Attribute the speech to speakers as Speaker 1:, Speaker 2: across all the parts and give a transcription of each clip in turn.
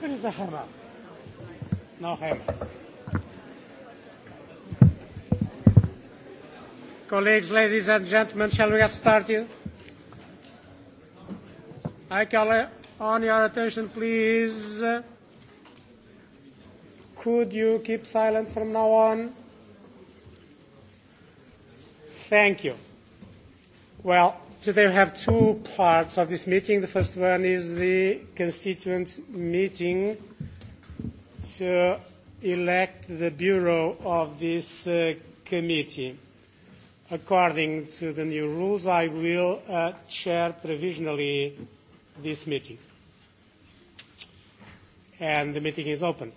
Speaker 1: Where is No Colleagues, ladies and gentlemen, shall we get started? I call on your attention, please. Could you keep silent from now on? Thank you. Well, today we have two parts of this meeting. The first one is the constituent meeting to elect the bureau of this uh, committee. According to the new rules, I will uh, chair provisionally this meeting. And the meeting is open.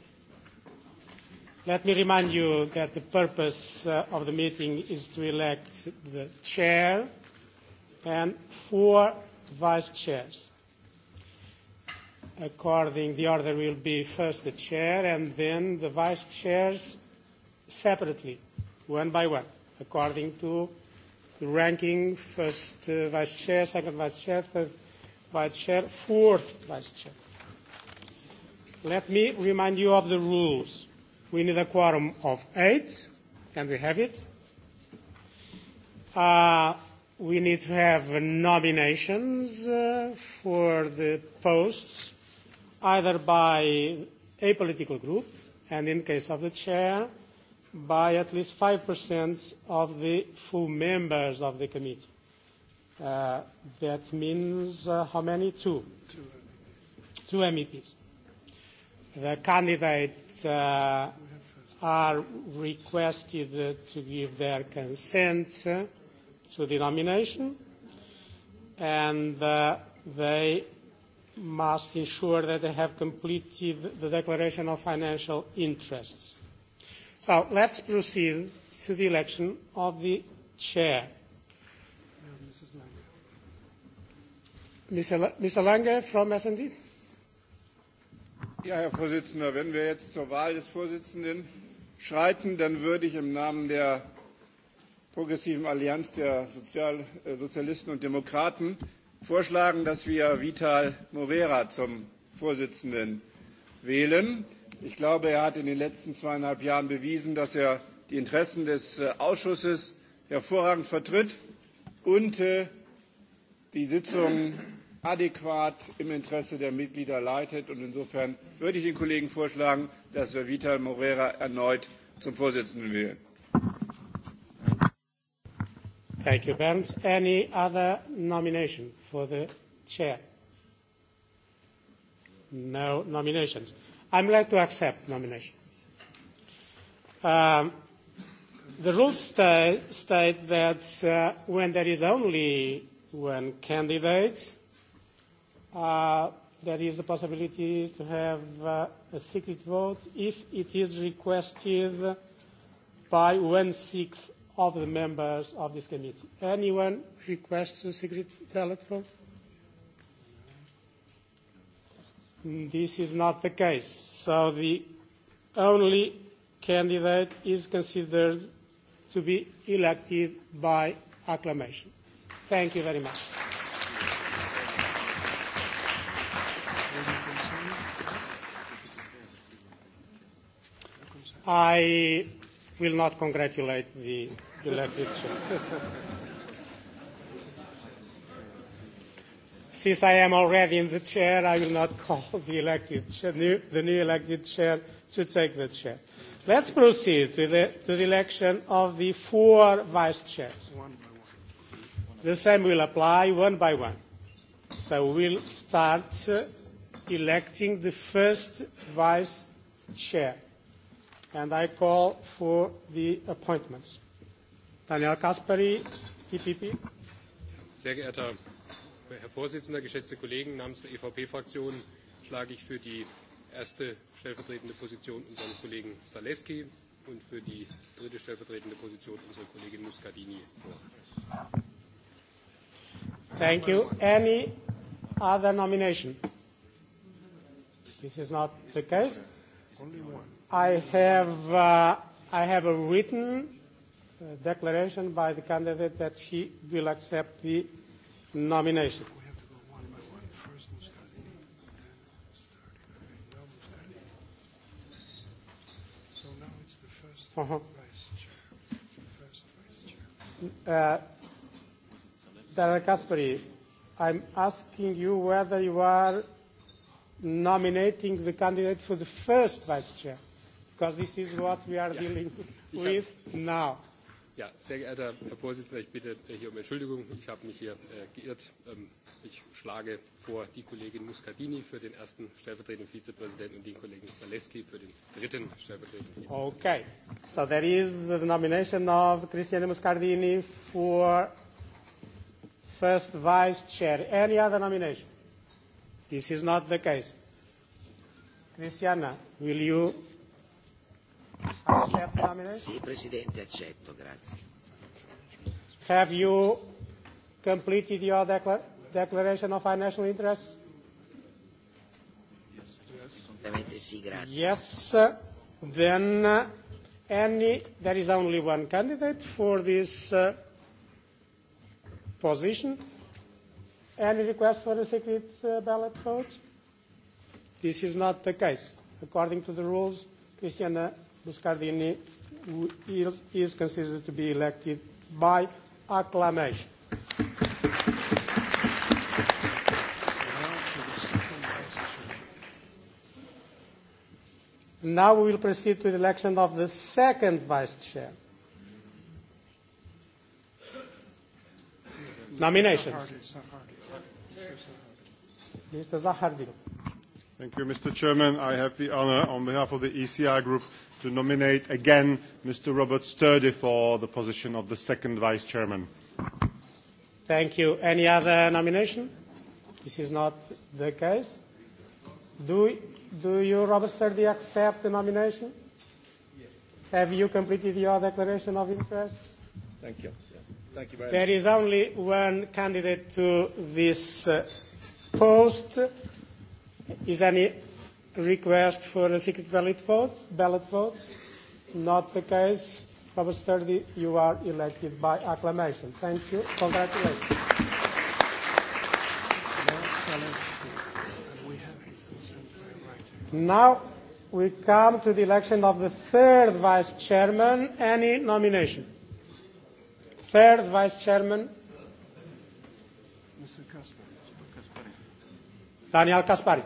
Speaker 1: Let me remind you that the purpose uh, of the meeting is to elect the chair, and four vice chairs. According, the order will be first the chair and then the vice chairs separately, one by one, according to the ranking, first uh, vice chair, second vice chair, third vice chair, fourth vice chair. Let me remind you of the rules. We need a quorum of eight, and we have it. Uh, we need to have nominations uh, for the posts, either by a political group, and in case of the chair, by at least 5% of the full members of the committee. Uh, that means uh, how many? Two. Two. Two MEPs. The candidates uh, are requested to give their consent. Uh, to the nomination, and uh, they must ensure that they have completed the declaration of financial interests. So let's proceed to the election of the chair. Mr. Lange from SD.
Speaker 2: Ja, Herr Vorsitzender, wenn wir jetzt zur Wahl des Vorsitzenden schreiten, dann würde ich im Namen der progressiven Allianz der Sozial äh, Sozialisten und Demokraten vorschlagen, dass wir Vital Moreira zum Vorsitzenden wählen. Ich glaube, er hat in den letzten zweieinhalb Jahren bewiesen, dass er die Interessen des äh, Ausschusses hervorragend vertritt und äh, die Sitzungen adäquat im Interesse der Mitglieder leitet. Und insofern würde ich den Kollegen vorschlagen, dass wir Vital Moreira erneut zum Vorsitzenden wählen.
Speaker 1: Thank you, Bernd. Any other nomination for the chair? No nominations. I'm glad to accept nomination. Um, the rules state that uh, when there is only one candidate, uh, there is a possibility to have uh, a secret vote if it is requested by one-sixth of the members of this committee. Anyone requests a secret ballot vote? Mm, this is not the case. So the only candidate is considered to be elected by acclamation. Thank you very much. I will not congratulate the elected chair. Since I am already in the chair, I will not call the elected chair, new, the new elected chair to take the chair. Let's proceed to the, to the election of the four vice chairs. One one. The same will apply one by one. So we'll start uh, electing the first vice chair and I call for the appointments. Daniel Kasperi, PPP.
Speaker 3: Sehr geehrter Herr Vorsitzender, geschätzte Kollegen, namens der EVP-Fraktion schlage ich für die erste stellvertretende Position unseren Kollegen Saleski und für die dritte stellvertretende Position unsere Kollegin Muscardini vor.
Speaker 1: Thank you. Any other nomination? This is not the case. Only one. I have, uh, I have a written uh, declaration by the candidate that she will accept the nomination. Uh-huh. Uh, Dr. Kasperi, I'm asking you whether you are nominating the candidate for the first vice chair because this is what we are dealing with now.
Speaker 3: Ja, sehr geehrter Herr Vorsitzender, ich bitte hier um Entschuldigung. Ich habe mich hier äh, geirrt. Ähm, ich schlage vor, die Kollegin Muscardini für den ersten stellvertretenden Vizepräsidenten und den Kollegen Zaleski für den dritten stellvertretenden
Speaker 1: Vizepräsidenten. Okay, so there is the nomination of Cristiano Muscardini for first vice chair. Any other nomination? This is not the case. Cristiana, will you Mr. Prime Minister? Sì, Presidente, accetto, grazie. Have you completed your decla declaration of financial interests? Assolutamente sì, grazie. Yes, then uh, any, there is only one candidate for this uh, position. Any request for a secret uh, ballot vote? This is not the case. According to the rules, Christiana Muscardini is considered to be elected by acclamation. Now we will proceed to the election of the second vice chair. Nominations. Mr. Zahardil.
Speaker 4: Thank you, Mr. Chairman. I have the honor, on behalf of the ECR Group, to nominate again Mr. Robert Sturdy for the position of the second vice chairman.
Speaker 1: Thank you. Any other nomination? This is not the case. Do, do you, Robert Sturdy, accept the nomination? Yes. Have you completed your declaration of interest? Thank you. Thank you very much. There is only one candidate to this uh, post. Is any request for a secret ballot vote? Ballot vote? Not the case. Robert Sturdy, you are elected by acclamation. Thank you. Congratulations. Now we come to the election of the third vice chairman. Any nomination? Third vice chairman.
Speaker 2: Mr. Kaspari.
Speaker 1: Daniel Kaspari.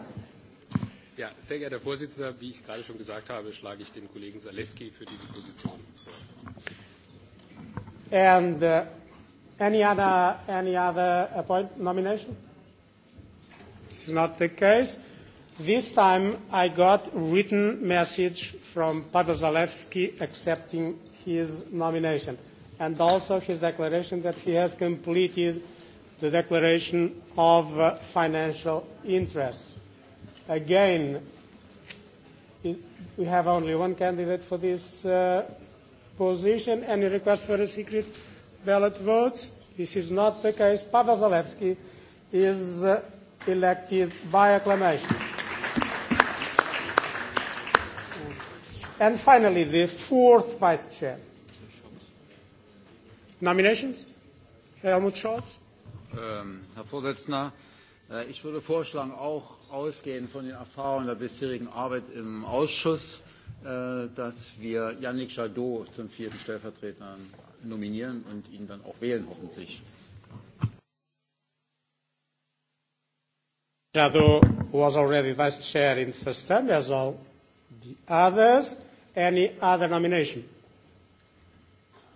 Speaker 2: Ja, sehr
Speaker 3: geehrter Herr Vorsitzender, wie ich gerade schon gesagt habe, schlage ich den Kollegen Zaleski für diese Position vor.
Speaker 1: And uh, any other any other appoint nomination? This is not the case. This time I got written message from Padozalewski accepting his nomination and also his declaration that he has completed the declaration of uh, financial interests. Again, we have only one candidate for this uh, position. Any request for a secret ballot vote? This is not the case. Pavel Zalewski is uh, elected by acclamation. And finally, the fourth vice chair. Nominations? Helmut Scholz?
Speaker 2: Um, Herr Vorsitzender, äh, ich würde vorschlagen, auch ausgehend von den Erfahrungen der bisherigen Arbeit im Ausschuss, äh, dass wir Yannick Jadot zum vierten
Speaker 1: Stellvertreter nominieren und ihn dann auch wählen, hoffentlich. Jadot was already vice chair in first term, as all the others. Any other nomination?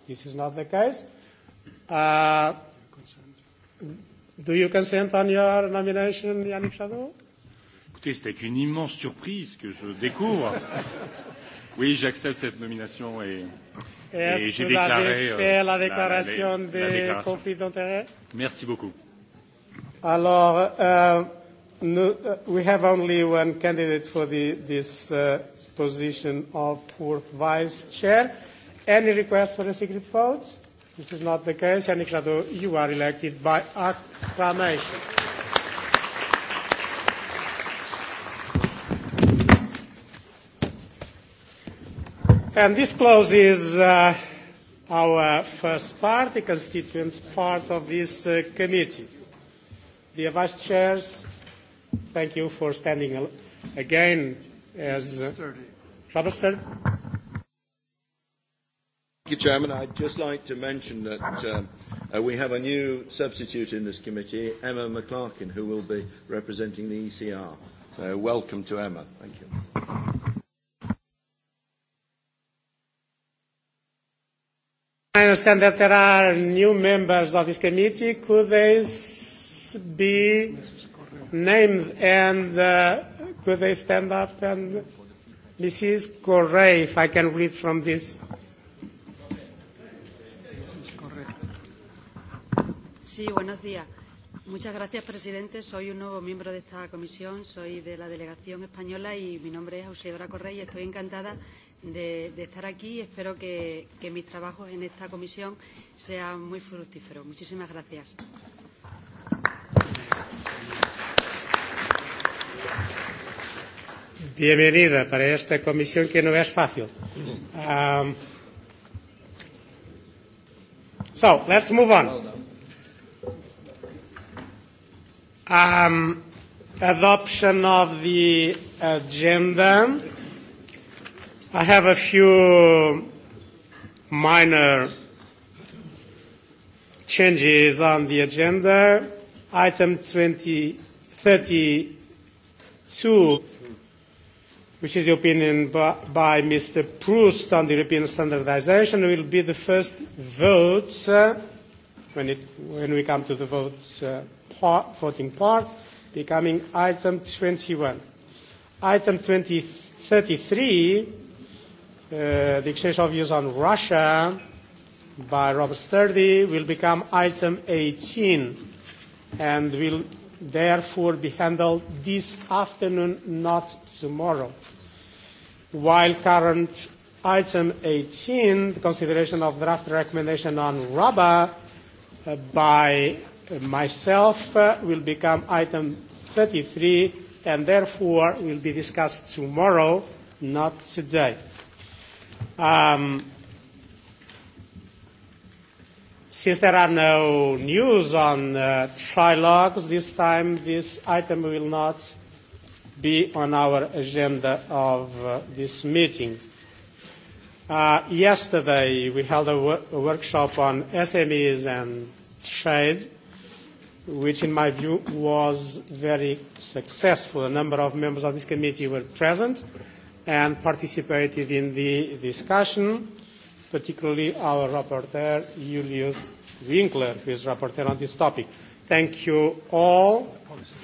Speaker 1: This is not the case. Uh, do you consent on your nomination, Yannick Jadot?
Speaker 4: Écoutez, c'est une immense surprise que je découvre. Oui, j'accepte cette nomination et, et j'ai déclaré fait euh, la déclaration la, la, la, la de conflit d'intérêts. Merci beaucoup.
Speaker 1: Alors, uh, no, uh, we have only one candidate for the, this uh, position of fourth vice chair. Any request for a secret vote? This is not the case. Yannick Jadot, you are elected by acclamation. And this closes uh, our first part, the constituent part of this uh, committee. Dear Vice Chairs, thank you for standing again as uh, Robert Sturdy. Thank you,
Speaker 5: Chairman. I'd just like to mention that uh, uh, we have a new substitute in this committee, Emma McClarkin, who will be representing the ECR. So welcome to Emma. Thank you.
Speaker 1: I understand that there are new members of this committee. Could they be named and uh, could they stand up? And Mrs. Correa, if I can read from this.
Speaker 6: Sí, buenos días.
Speaker 7: Muchas gracias, presidente. Soy un nuevo miembro de esta comisión, soy de la delegación española y mi nombre es Auxiliadora Correa y estoy encantada de, de estar aquí. y Espero que, que mis trabajos en esta comisión sean muy fructíferos. Muchísimas gracias.
Speaker 1: Bienvenida para esta comisión que no es fácil. Um, so, let's move on. Um, adoption of the agenda. I have a few minor changes on the agenda. Item 20, 32, which is the opinion by, by Mr. Proust on the European standardization, will be the first votes uh, when, it, when we come to the vote, uh, part, voting part, becoming item 21. Item 20, 33 Uh, the exchange of views on Russia by Robert Sturdy will become item 18 and will therefore be handled this afternoon, not tomorrow. While current item 18, the consideration of draft recommendation on RABA uh, by myself uh, will become item 33 and therefore will be discussed tomorrow, not today. Um, since there are no news on uh, trilogues this time, this item will not be on our agenda of uh, this meeting. Uh, yesterday, we held a, wor a workshop on SMEs and trade, which, in my view, was very successful. A number of members of this committee were present and participated in the discussion, particularly our rapporteur, Julius Winkler, who is rapporteur on this topic. Thank you all,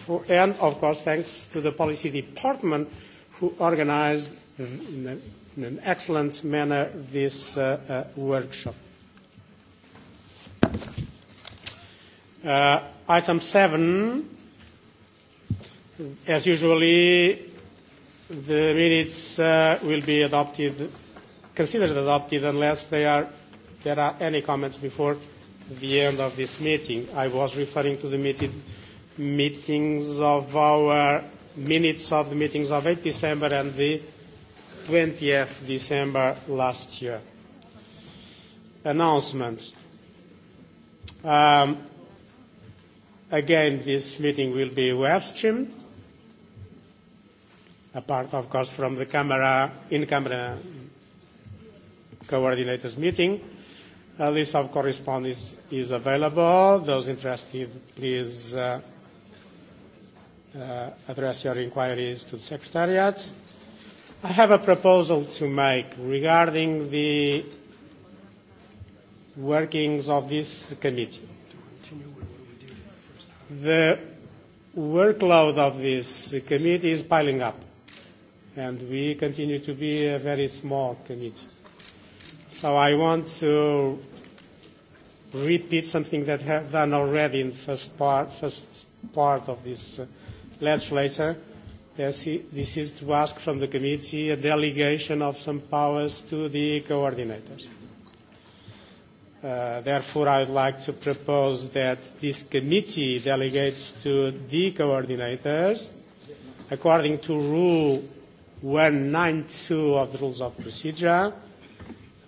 Speaker 1: for, and of course, thanks to the policy department who organized in, a, in an excellent manner this uh, uh, workshop. Uh, item seven, as usually, The minutes uh, will be adopted, considered adopted unless they are, there are any comments before the end of this meeting. I was referring to the meeting, meetings of our minutes of the meetings of 8 December and the 20th December last year. Announcements. Um, again, this meeting will be web streamed apart, of course, from the camera, in-camera coordinators meeting. A list of correspondence is available. Those interested, please uh, uh, address your inquiries to the Secretariat. I have a proposal to make regarding the workings of this committee. The workload of this committee is piling up and we continue to be a very small committee. So I want to repeat something that I have done already in the first part, first part of this uh, legislature. This is to ask from the committee a delegation of some powers to the coordinators. Uh, therefore, I would like to propose that this committee delegates to the coordinators, according to Rule 192 of the Rules of Procedure,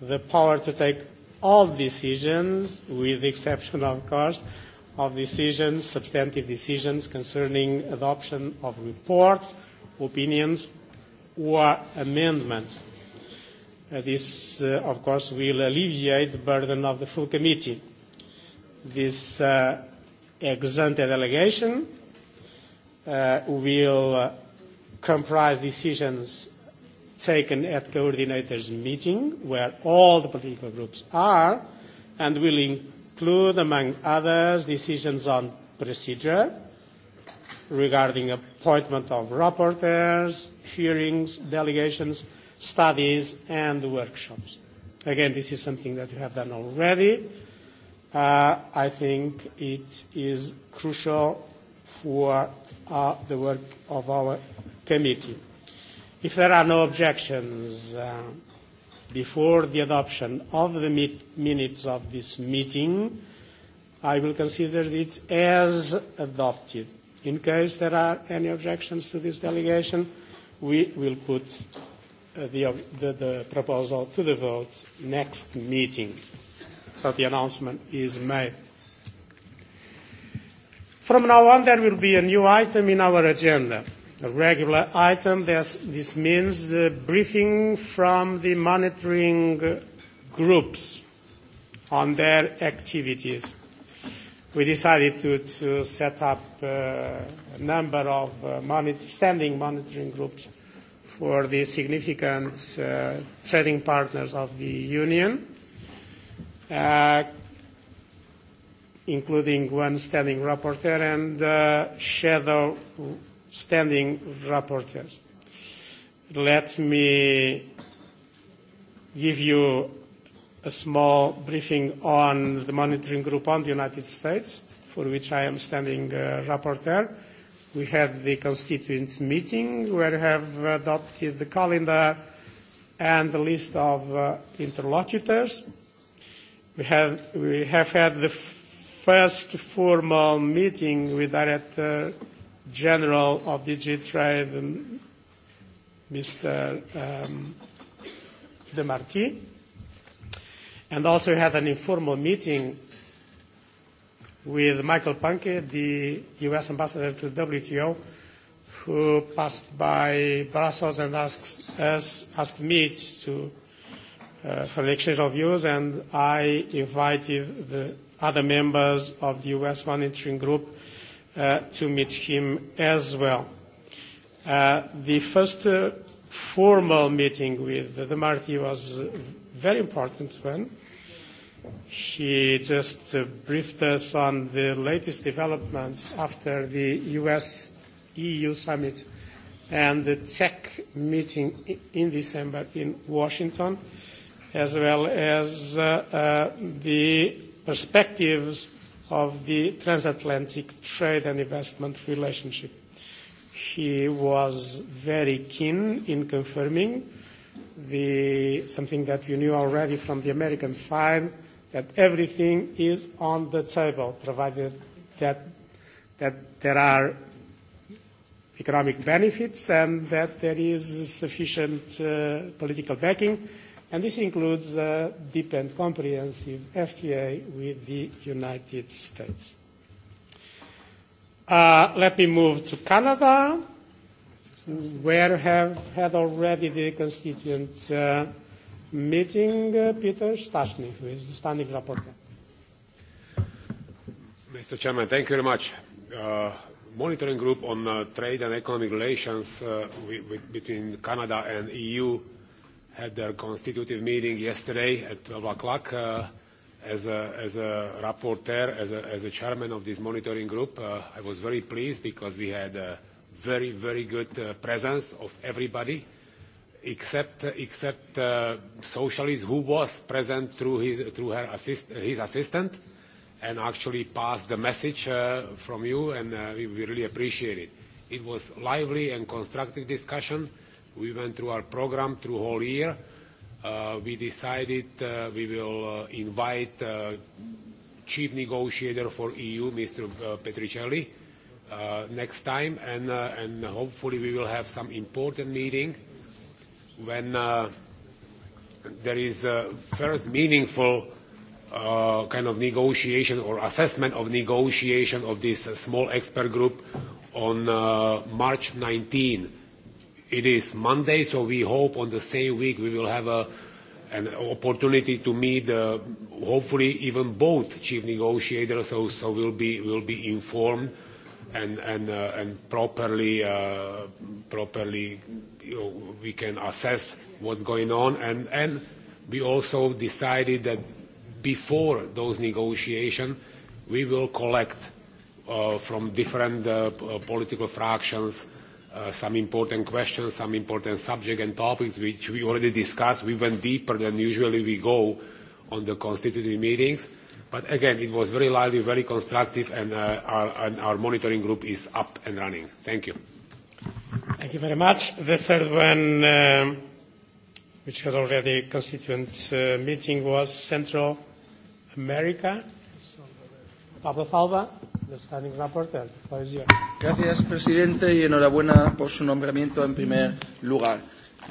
Speaker 1: the power to take all decisions, with the exception, of course, of decisions, substantive decisions concerning adoption of reports, opinions, or amendments. Uh, this, uh, of course, will alleviate the burden of the full committee. This uh, ex-ante delegation uh, will comprise decisions taken at coordinators' meeting, where all the political groups are, and will include, among others, decisions on procedure regarding appointment of rapporteurs, hearings, delegations, studies, and workshops. Again, this is something that we have done already. Uh, I think it is crucial for uh, the work of our committee. If there are no objections uh, before the adoption of the minutes of this meeting, I will consider it as adopted. In case there are any objections to this delegation, we will put uh, the, the, the proposal to the vote next meeting. So the announcement is made. From now on, there will be a new item in our agenda regular item. There's, this means the briefing from the monitoring groups on their activities. We decided to, to set up uh, a number of uh, monitor, standing monitoring groups for the significant uh, trading partners of the Union, uh, including one standing reporter and uh, shadow standing rapporteurs. Let me give you a small briefing on the monitoring group on the United States, for which I am standing uh, rapporteur. We had the constituent meeting where we have adopted the calendar and the list of uh, interlocutors. We have, we have had the first formal meeting with Director General of DigiTrade, Mr. Um, um, De Marti, and also had an informal meeting with Michael Panke, the U.S. ambassador to WTO, who passed by Brussels and asked us, asked me to uh, for the exchange of views, and I invited the other members of the U.S. monitoring group uh, to meet him as well. Uh, the first uh, formal meeting with the Marty was a uh, very important one. He just uh, briefed us on the latest developments after the US-EU summit and the Czech meeting in December in Washington, as well as uh, uh, the perspectives of the transatlantic trade and investment relationship. He was very keen in confirming the, something that you knew already from the American side, that everything is on the table, provided that, that there are economic benefits and that there is sufficient uh, political backing and this includes a deep and comprehensive FTA with the United States. Uh, let me move to Canada, where have had already the constituent uh, meeting uh, Peter Stashny, who is the standing rapporteur.
Speaker 4: Mr. Chairman, thank you very much. Uh, monitoring group on uh, trade and economic relations uh, with, with, between Canada and EU had their constitutive meeting yesterday at 12 o'clock. Uh, as a, as a rapporteur, as a, as a chairman of this monitoring group, uh, I was very pleased because we had a very, very good uh, presence of everybody except uh, except uh, socialist who was present through his through her assist his assistant and actually passed the message uh, from you and uh, we, we really appreciate it it was lively and constructive discussion We went through our program through whole year. Uh, we decided uh, we will uh, invite uh, chief negotiator for EU, Mr. Uh, Petricelli, uh, next time, and, and hopefully we will have some important meeting when there is a first meaningful kind of negotiation or assessment of negotiation of this small expert group on March 19 It is Monday, so we hope on the same week we will have a, an opportunity to meet, uh, hopefully even both chief negotiators, so, so we'll be will be informed and and uh, and properly uh, properly you know, we can assess what's going on and and we also decided that before those negotiations we will collect uh, from different uh, political fractions Uh, some important questions, some important subjects and topics which we already discussed. We went deeper than usually we go on the constitutive meetings. But again, it was very lively, very constructive, and, uh, our, and our monitoring group is up and running. Thank you.
Speaker 1: Thank you very much. The third one, um, which has already constituent uh, meeting, was Central America. Pablo Falva.
Speaker 6: Gracias, presidente, y enhorabuena por su nombramiento en primer lugar.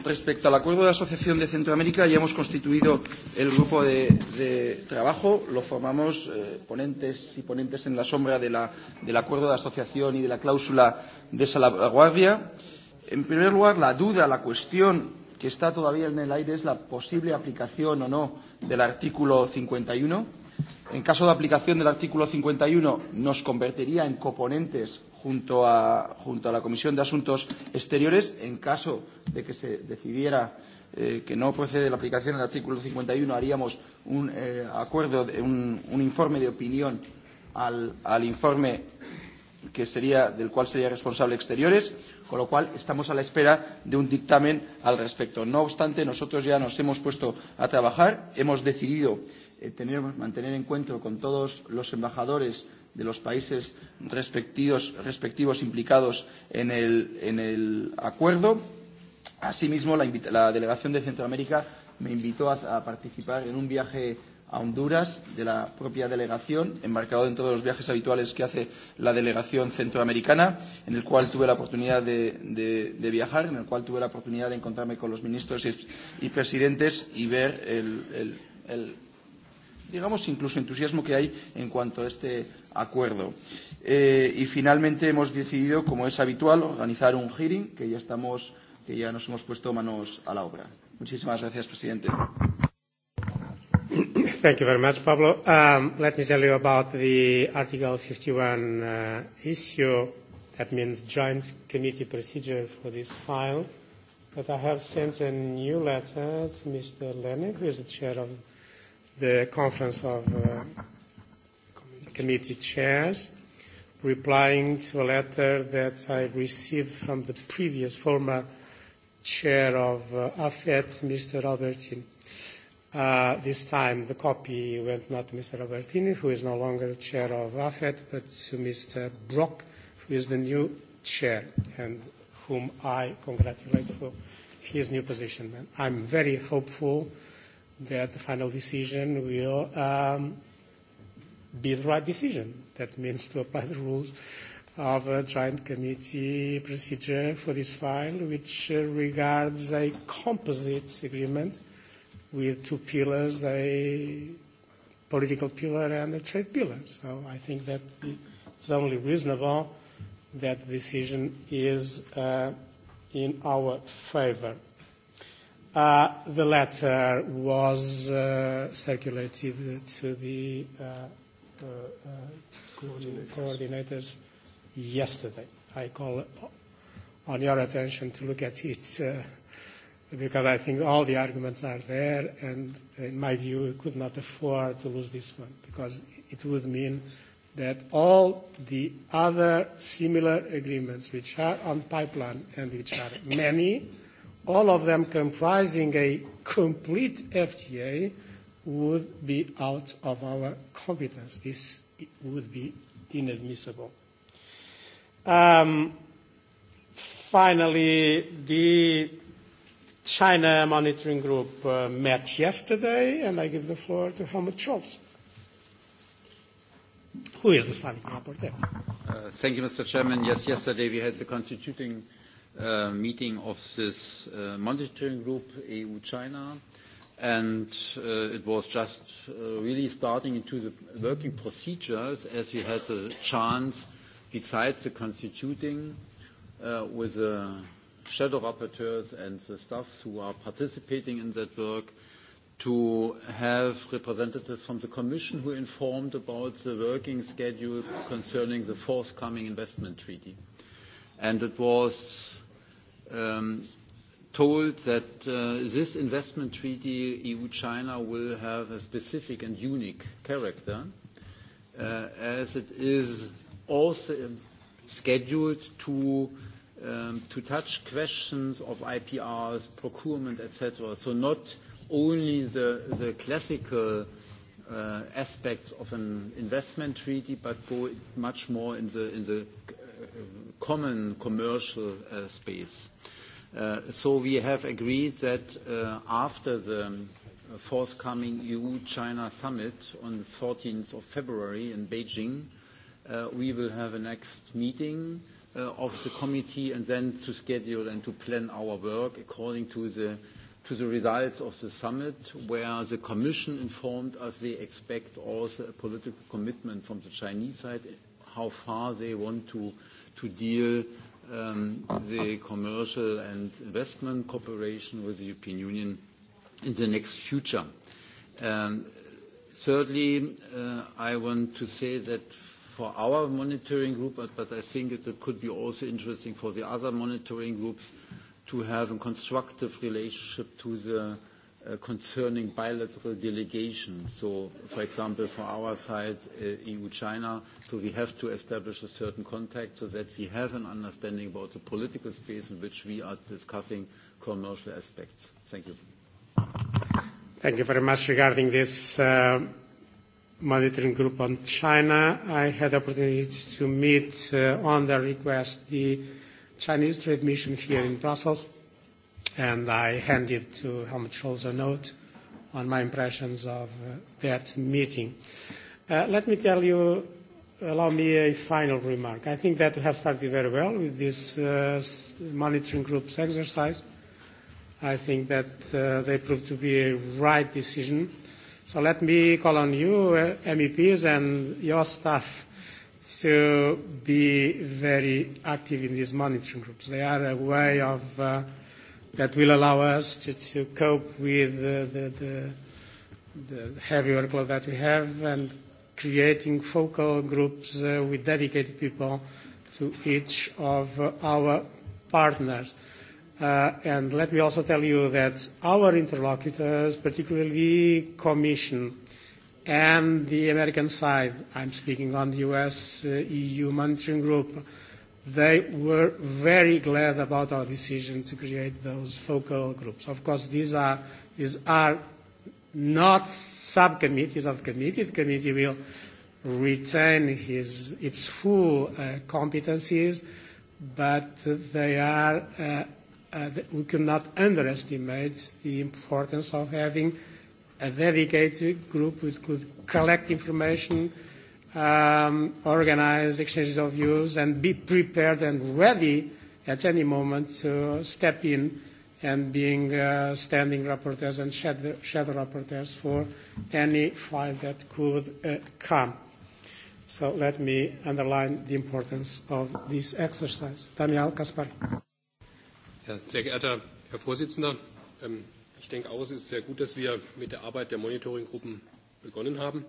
Speaker 6: Respecto al acuerdo de asociación de Centroamérica, ya hemos constituido el grupo de, de trabajo. Lo formamos eh, ponentes y ponentes en la sombra de la, del acuerdo de asociación y de la cláusula de salvaguardia. En primer lugar, la duda, la cuestión que está todavía en el aire es la posible aplicación o no del artículo 51 En caso de aplicación del artículo 51, nos convertiría en coponentes junto a, junto a la Comisión de Asuntos Exteriores. En caso de que se decidiera eh, que no procede la aplicación del artículo 51, haríamos un eh, acuerdo, de, un, un informe de opinión al, al informe que sería, del cual sería responsable Exteriores, con lo cual estamos a la espera de un dictamen al respecto. No obstante, nosotros ya nos hemos puesto a trabajar, hemos decidido eh, tener, mantener encuentro con todos los embajadores de los países respectivos, respectivos implicados en el, en el acuerdo. Asimismo, la, la delegación de Centroamérica me invitó a, a participar en un viaje a Honduras de la propia delegación, embarcado dentro de los viajes habituales que hace la delegación centroamericana, en el cual tuve la oportunidad de, de, de viajar, en el cual tuve la oportunidad de encontrarme con los ministros y, y presidentes y ver el, el, el digamos, incluso entusiasmo que hay en cuanto a este acuerdo. Eh, y finalmente hemos decidido, como es habitual, organizar un hearing que ya estamos, que ya nos hemos puesto manos a la obra. Muchísimas gracias, presidente.
Speaker 1: Thank you very much, Pablo. Um, let me tell you about the Article 51 uh, issue. That means joint committee procedure for this file. But I have sent a new letter to Mr. Lennon, who is the chair of the the Conference of uh, Committee Chairs, replying to a letter that I received from the previous former chair of uh, AFET, Mr. Albertini. Uh, this time the copy went not to Mr. Albertini, who is no longer chair of AFET, but to Mr. Brock, who is the new chair and whom I congratulate for his new position. And I'm very hopeful that the final decision will um, be the right decision. That means to apply the rules of a uh, joint committee procedure for this file, which uh, regards a composite agreement with two pillars, a political pillar and a trade pillar. So I think that it's only reasonable that the decision is uh, in our favor. Uh, the letter was uh, circulated to the uh, uh, coordinators. coordinators yesterday. I call on your attention to look at it uh, because I think all the arguments are there, and in my view, we could not afford to lose this one because it would mean that all the other similar agreements which are on pipeline and which are many all of them comprising a complete FTA, would be out of our competence. This would be inadmissible. Um, finally, the China Monitoring Group uh, met yesterday, and I give the floor to Helmut Scholz, who is the signing rapporteur.
Speaker 2: Uh, thank you, Mr. Chairman. Yes, yesterday we had the constituting Uh, meeting of this uh, monitoring group, EU-China, and uh, it was just uh, really starting into the working procedures as we had the chance, besides the constituting, uh, with the shadow rapporteurs and the staff who are participating in that work, to have representatives from the Commission who informed about the working schedule concerning the forthcoming investment treaty. And it was Um, told that uh, this investment treaty, EU-China, will have a specific and unique character, uh, as it is also scheduled to um, to touch questions of IPRs, procurement, etc. So not only the, the classical uh, aspects of an investment treaty, but go much more in the, in the common commercial uh, space. Uh, so we have agreed that uh, after the forthcoming EU-China summit on the 14th of February in Beijing, we will have a next meeting of the committee and then to schedule and to plan our work according to the to the results of the summit, where the Commission informed us they expect also a political commitment from the Chinese side how far they want to, to deal um, the commercial and investment cooperation with the European Union in the next future. Um, thirdly, uh, I want to say that for our monitoring group, but, but I think it, it could be also interesting for the other monitoring groups to have a constructive relationship to the Uh, concerning bilateral delegations. So, for example, for our side, uh, EU-China, so we have to establish a certain contact so that we have an understanding about the political space in which we are discussing commercial
Speaker 1: aspects. Thank you. Thank you very much. Regarding this uh, monitoring group on China, I had the opportunity to meet uh, on the request the Chinese Trade Mission here in Brussels and I handed to Helmut Scholz a note on my impressions of uh, that meeting. Uh, let me tell you, allow me a final remark. I think that we have started very well with this uh, monitoring group's exercise. I think that uh, they proved to be a right decision. So let me call on you, uh, MEPs, and your staff to be very active in these monitoring groups. They are a way of uh, that will allow us to, to cope with the, the, the, the heavy workload that we have and creating focal groups uh, with dedicated people to each of uh, our partners. Uh, and let me also tell you that our interlocutors, particularly the Commission and the American side, I'm speaking on the US-EU uh, monitoring group, they were very glad about our decision to create those focal groups. Of course, these are, these are not subcommittees of the committee. The committee will retain his, its full uh, competencies, but they are, uh, uh, we cannot underestimate the importance of having a dedicated group which could collect information, uh, um, organize exchanges of views and be prepared and ready at any moment to step in and being uh, standing rapporteurs and shadow, shadow rapporteurs for any file that could uh, come. So let me underline the importance of this exercise. Daniel Kaspar.
Speaker 3: Ja, sehr geehrter Herr Vorsitzender, ähm, ich denke auch, es ist sehr gut, dass wir mit der Arbeit der Monitoringgruppen begonnen haben.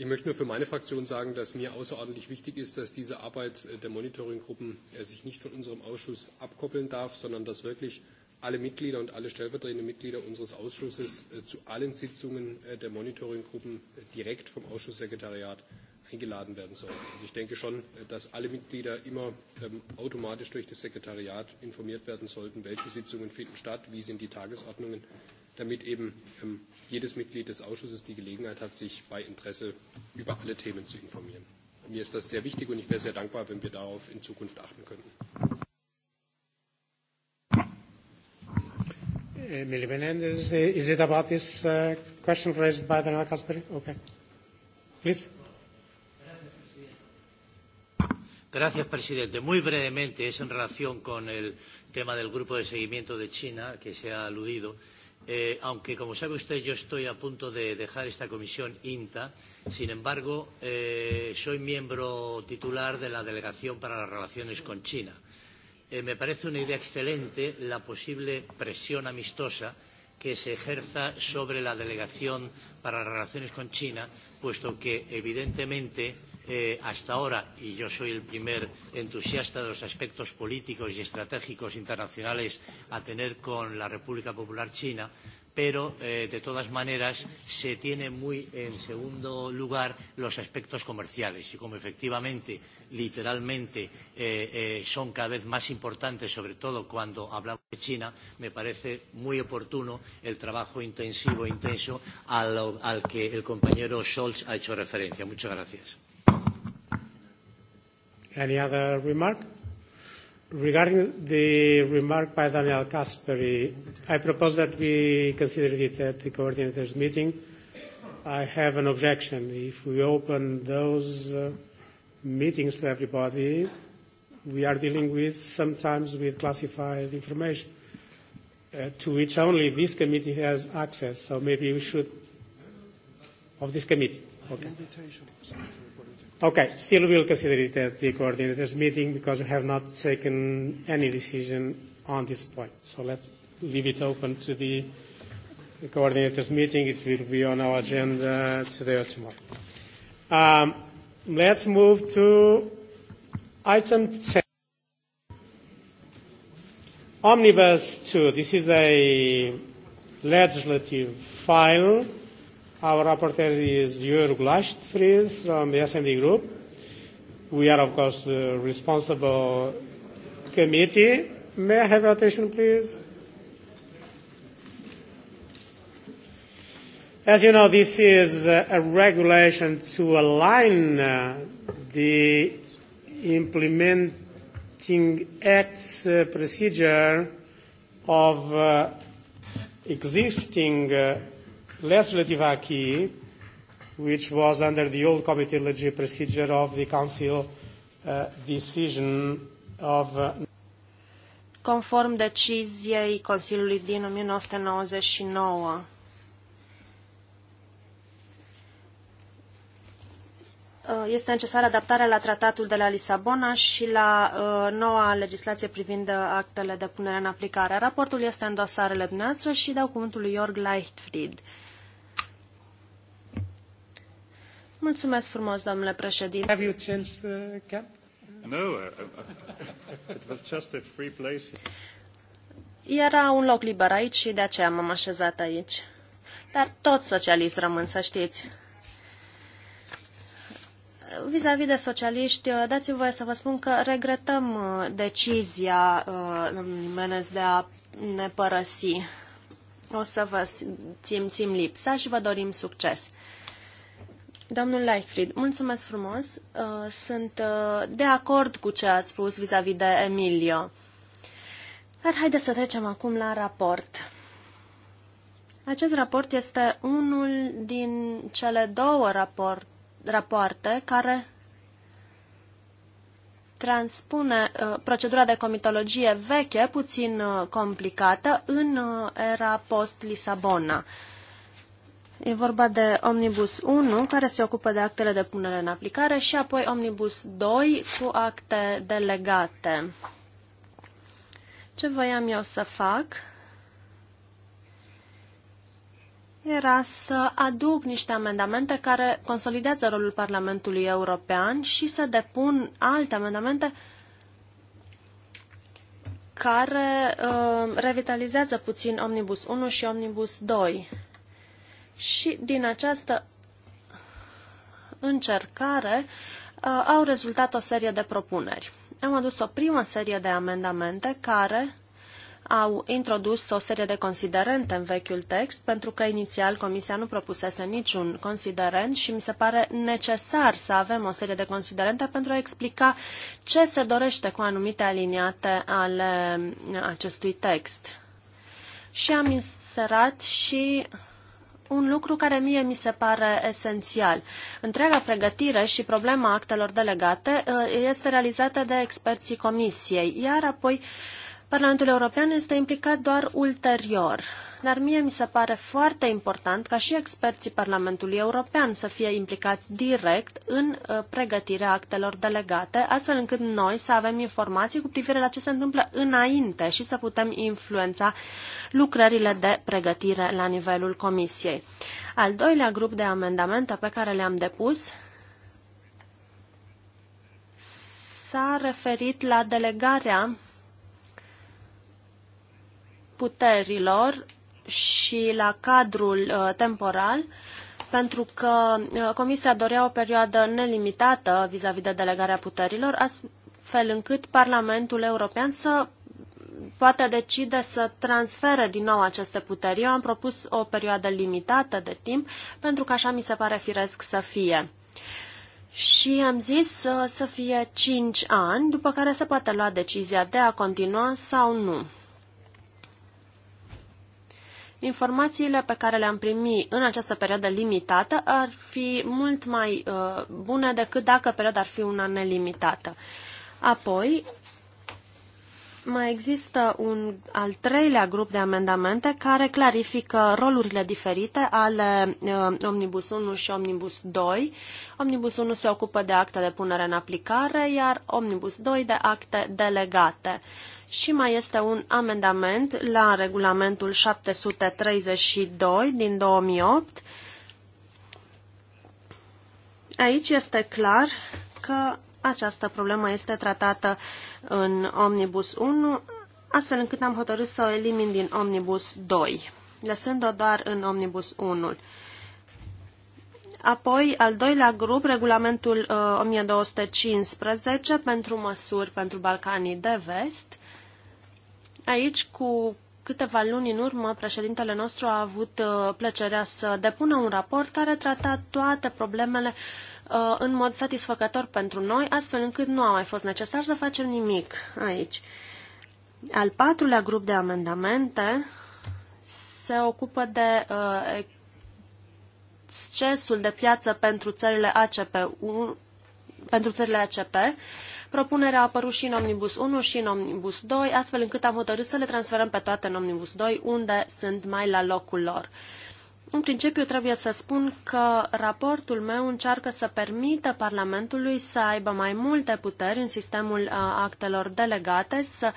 Speaker 3: Ich möchte nur für meine Fraktion sagen, dass mir außerordentlich wichtig ist, dass diese Arbeit äh, der Monitoringgruppen äh, sich nicht von unserem Ausschuss abkoppeln darf, sondern dass wirklich alle Mitglieder und alle stellvertretenden Mitglieder unseres Ausschusses äh, zu allen Sitzungen der Monitoringgruppen direkt vom Ausschusssekretariat eingeladen werden sollen. Also ich denke schon, dass alle Mitglieder immer ähm, automatisch durch das Sekretariat informiert werden sollten, welche Sitzungen finden statt, wie sind die Tagesordnungen damit eben ähm, jedes Mitglied des Ausschusses die Gelegenheit hat, sich bei Interesse über alle Themen zu informieren. Mir ist das sehr wichtig und ich wäre sehr dankbar, wenn wir darauf in
Speaker 4: Zukunft achten könnten.
Speaker 1: Eh, Emily eh, is it about this uh, question raised by Daniel Caspary? Okay. Please.
Speaker 8: Gracias, presidente. Muy brevemente, es en relación con el tema del grupo de seguimiento de China que se ha aludido. Eh, aunque, como sabe usted, yo estoy a punto de dejar esta comisión INTA, sin embargo, eh, soy miembro titular de la Delegación para las Relaciones con China. Eh, me parece una idea excelente la posible presión amistosa que se ejerza sobre la Delegación para las Relaciones con China, puesto que, evidentemente, eh, hasta ahora, y yo soy el primer entusiasta de los aspectos políticos y estratégicos internacionales a tener con la República Popular China, pero eh, de todas maneras se tiene muy en segundo lugar los aspectos comerciales y como efectivamente, literalmente, eh, eh, son cada vez más importantes, sobre todo cuando hablamos de China, me parece muy oportuno el trabajo intensivo e intenso al, al que el compañero Scholz ha hecho referencia. Muchas gracias.
Speaker 1: Any other remark? Regarding the remark by Daniel Caspary, I propose that we consider it at the coordinators' meeting. I have an objection. If we open those uh, meetings to everybody, we are dealing with sometimes with classified information uh, to which only this committee has access. So maybe we should of this committee. Okay. Okay. Still we'll consider it at the coordinators meeting because we have not taken any decision on this point. So Let's leave it open to the coordinators meeting. It will be on our agenda today or tomorrow. Um, let's move to item 10. Omnibus 2. This is a legislative file Our rapporteur is Jörg Lastfried from the SND Group. We are, of course, the responsible committee. May I have your attention, please? As you know, this is a regulation to align uh, the implementing acts uh, procedure of uh, existing legislative acquis, which was under the old legislative procedure of the Council uh, decision of. Uh,
Speaker 7: conform deciziei Consiliului din 1999. Uh, este necesară adaptarea la tratatul de la Lisabona și la uh, noua legislație privind uh, actele de punere în aplicare. Raportul este în dosarele dumneavoastră și dau cuvântul lui Jorg Leichtfried. Mulțumesc frumos, domnule președinte. Have you changed the cap?
Speaker 1: No, uh, uh, it was just a free place.
Speaker 7: Era un loc liber aici și de aceea m-am așezat aici. Dar tot socialist rămân, să știți. Vis-a-vis de socialiști, uh, dați-mi voie să vă spun că regretăm decizia Menez de a ne părăsi. O să vă simțim lipsa și vă dorim succes. Domnul Leifried, mulțumesc frumos. Uh, sunt uh, de acord cu ce ați spus vis-a-vis -vis de Emilio. Dar haideți să trecem acum la raport. Acest raport este unul din cele două raport, rapoarte care transpune uh, procedura de comitologie veche, puțin uh, complicată, în uh, era post-Lisabona. Uh, E vorba de Omnibus 1, care se ocupă de actele de punere în aplicare, și apoi Omnibus 2 cu acte delegate. Ce voiam eu să fac era să aduc niște amendamente care consolidează rolul Parlamentului European și să depun alte amendamente care uh, revitalizează puțin Omnibus 1 și Omnibus 2 și din această încercare uh, au rezultat o serie de propuneri. Am adus o primă serie de amendamente care au introdus o serie de considerente în vechiul text, pentru că inițial Comisia nu propusese niciun considerent și mi se pare necesar să avem o serie de considerente pentru a explica ce se dorește cu anumite aliniate ale acestui text. Și am inserat și uh, un lucru care mie mi se pare esențial. Întreaga pregătire și problema actelor delegate uh, este realizată de experții comisiei, iar apoi uh, Parlamentul European este implicat doar ulterior, dar mie mi se pare foarte important ca și experții Parlamentului European să fie implicați direct în uh, pregătirea actelor delegate, astfel încât noi să avem informații cu privire la ce se întâmplă înainte și să putem influența lucrările de pregătire la nivelul Comisiei. Al doilea grup de amendamente pe care le-am depus s-a referit la delegarea puterilor și la cadrul uh, temporal, pentru că uh, Comisia dorea o perioadă nelimitată vis-a-vis -vis de delegarea puterilor, astfel încât Parlamentul European să poate decide să transfere din nou aceste puteri. Eu am propus o perioadă limitată de timp, pentru că așa mi se pare firesc să fie. Și am zis să, uh, să fie 5 ani, după care se poate lua decizia de a continua sau nu informațiile pe care le-am primit în această perioadă limitată ar fi mult mai uh, bune decât dacă perioada ar fi una nelimitată. Apoi, mai există un al treilea grup de amendamente care clarifică rolurile diferite ale uh, Omnibus 1 și Omnibus 2. Omnibus 1 se ocupă de acte de punere în aplicare, iar Omnibus 2 de acte delegate. Uh, și mai este un amendament la regulamentul 732 din 2008. Aici este clar că această problemă este tratată în Omnibus 1, astfel încât am hotărât să o elimin din Omnibus 2, lăsând-o doar în Omnibus 1. Apoi, al doilea grup, regulamentul uh, 1215 pentru măsuri pentru Balcanii de Vest. Aici, cu câteva luni în urmă, președintele nostru a avut uh, plăcerea să depună un raport care trata toate problemele uh, în mod satisfăcător pentru noi, astfel încât nu a mai fost necesar să facem nimic aici. Al patrulea grup de amendamente se ocupă de uh, excesul de piață pentru țările ACP, pentru țările ACP Propunerea a apărut și în Omnibus 1 și în Omnibus 2, astfel încât am hotărât să le transferăm pe toate în Omnibus 2, unde sunt mai la locul lor. În principiu, trebuie să spun că raportul meu încearcă să permită Parlamentului să aibă mai multe puteri în sistemul uh, actelor delegate, să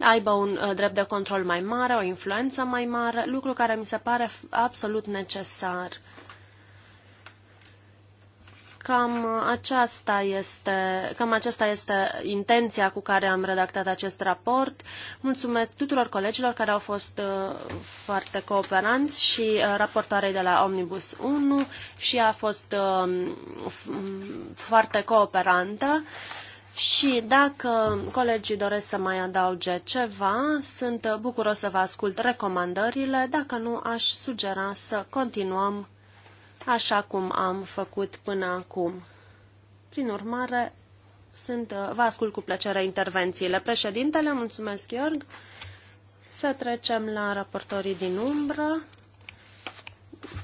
Speaker 7: aibă un uh, drept de control mai mare, o influență mai mare, lucru care mi se pare absolut necesar. Cam aceasta este, cam aceasta este intenția cu care am redactat acest raport. Mulțumesc tuturor colegilor care au fost uh, foarte cooperanți și uh, raportoarei de la Omnibus 1 și a fost um, foarte cooperantă. Și dacă colegii doresc să mai adauge ceva, sunt bucuros să vă ascult recomandările. Dacă nu, aș sugera să continuăm așa cum am făcut până acum. Prin urmare, sunt, uh, vă ascult cu plăcere intervențiile. Președintele, mulțumesc, Iorg. Să trecem la raportorii din umbră.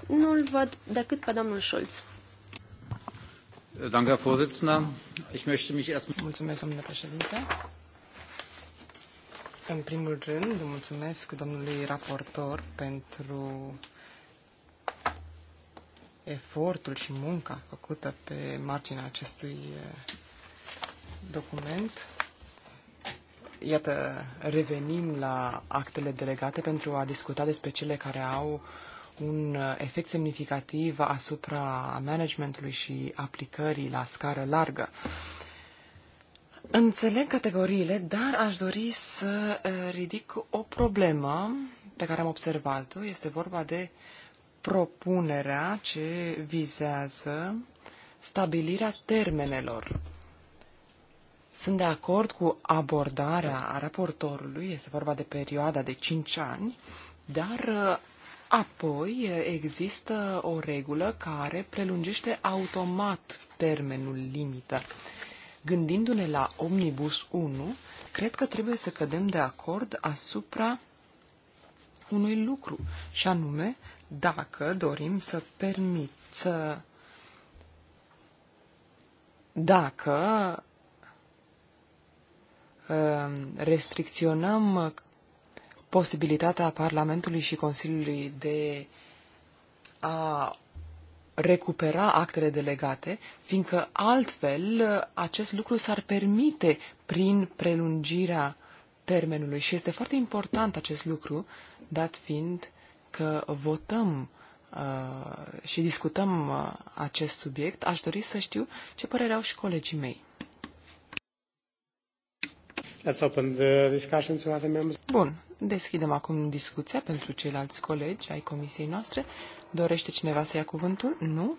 Speaker 7: Nu-l văd decât pe domnul Schulz.
Speaker 9: Mulțumesc, domnule președinte. În primul rând, mulțumesc domnului raportor pentru efortul și munca făcută pe marginea acestui eh, document. Iată, revenim la actele delegate pentru a discuta despre cele care au un eh, efect semnificativ asupra managementului și aplicării la scară largă. Înțeleg categoriile, dar aș dori să eh, ridic o problemă pe care am observat-o. Este vorba de uh, propunerea ce vizează stabilirea termenelor. Sunt de acord cu abordarea a raportorului, este vorba de perioada de 5 ani, dar uh, apoi uh, există o regulă care prelungește automat termenul limită. Gândindu-ne la Omnibus 1, cred că trebuie să cădem de acord asupra unui lucru, și anume dacă dorim să permit, să... dacă uh, restricționăm posibilitatea Parlamentului și Consiliului de a recupera actele delegate, fiindcă altfel uh, acest lucru s-ar permite prin prelungirea termenului. Și este foarte important acest lucru, dat fiind că votăm uh, și discutăm uh, acest subiect, aș dori să știu ce părere au și colegii mei. Let's
Speaker 1: open the discussion to other members.
Speaker 9: Bun, deschidem acum discuția pentru ceilalți colegi ai comisiei noastre. Dorește cineva să ia cuvântul? Nu?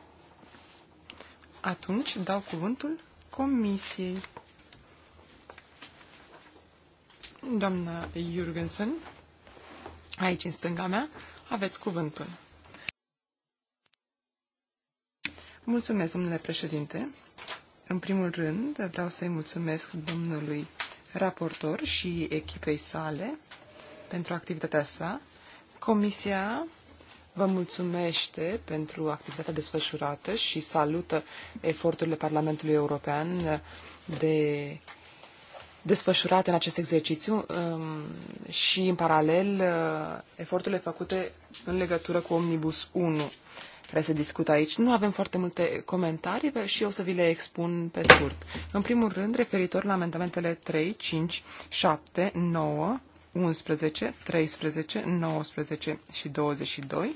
Speaker 9: Atunci dau cuvântul comisiei. Doamna Jurgensen, aici în stânga mea, aveți cuvântul. Mulțumesc, domnule președinte. În primul rând, vreau să-i mulțumesc domnului raportor și echipei sale pentru activitatea sa. Comisia vă mulțumește pentru activitatea desfășurată și salută eforturile Parlamentului European de desfășurate în acest exercițiu um, și, în paralel, uh, eforturile făcute în legătură cu Omnibus 1, care se discută aici. Nu avem foarte multe comentarii și eu o să vi le expun pe scurt. În primul rând, referitor la amendamentele 3, 5, 7, 9, 11, 13, 19 și 22,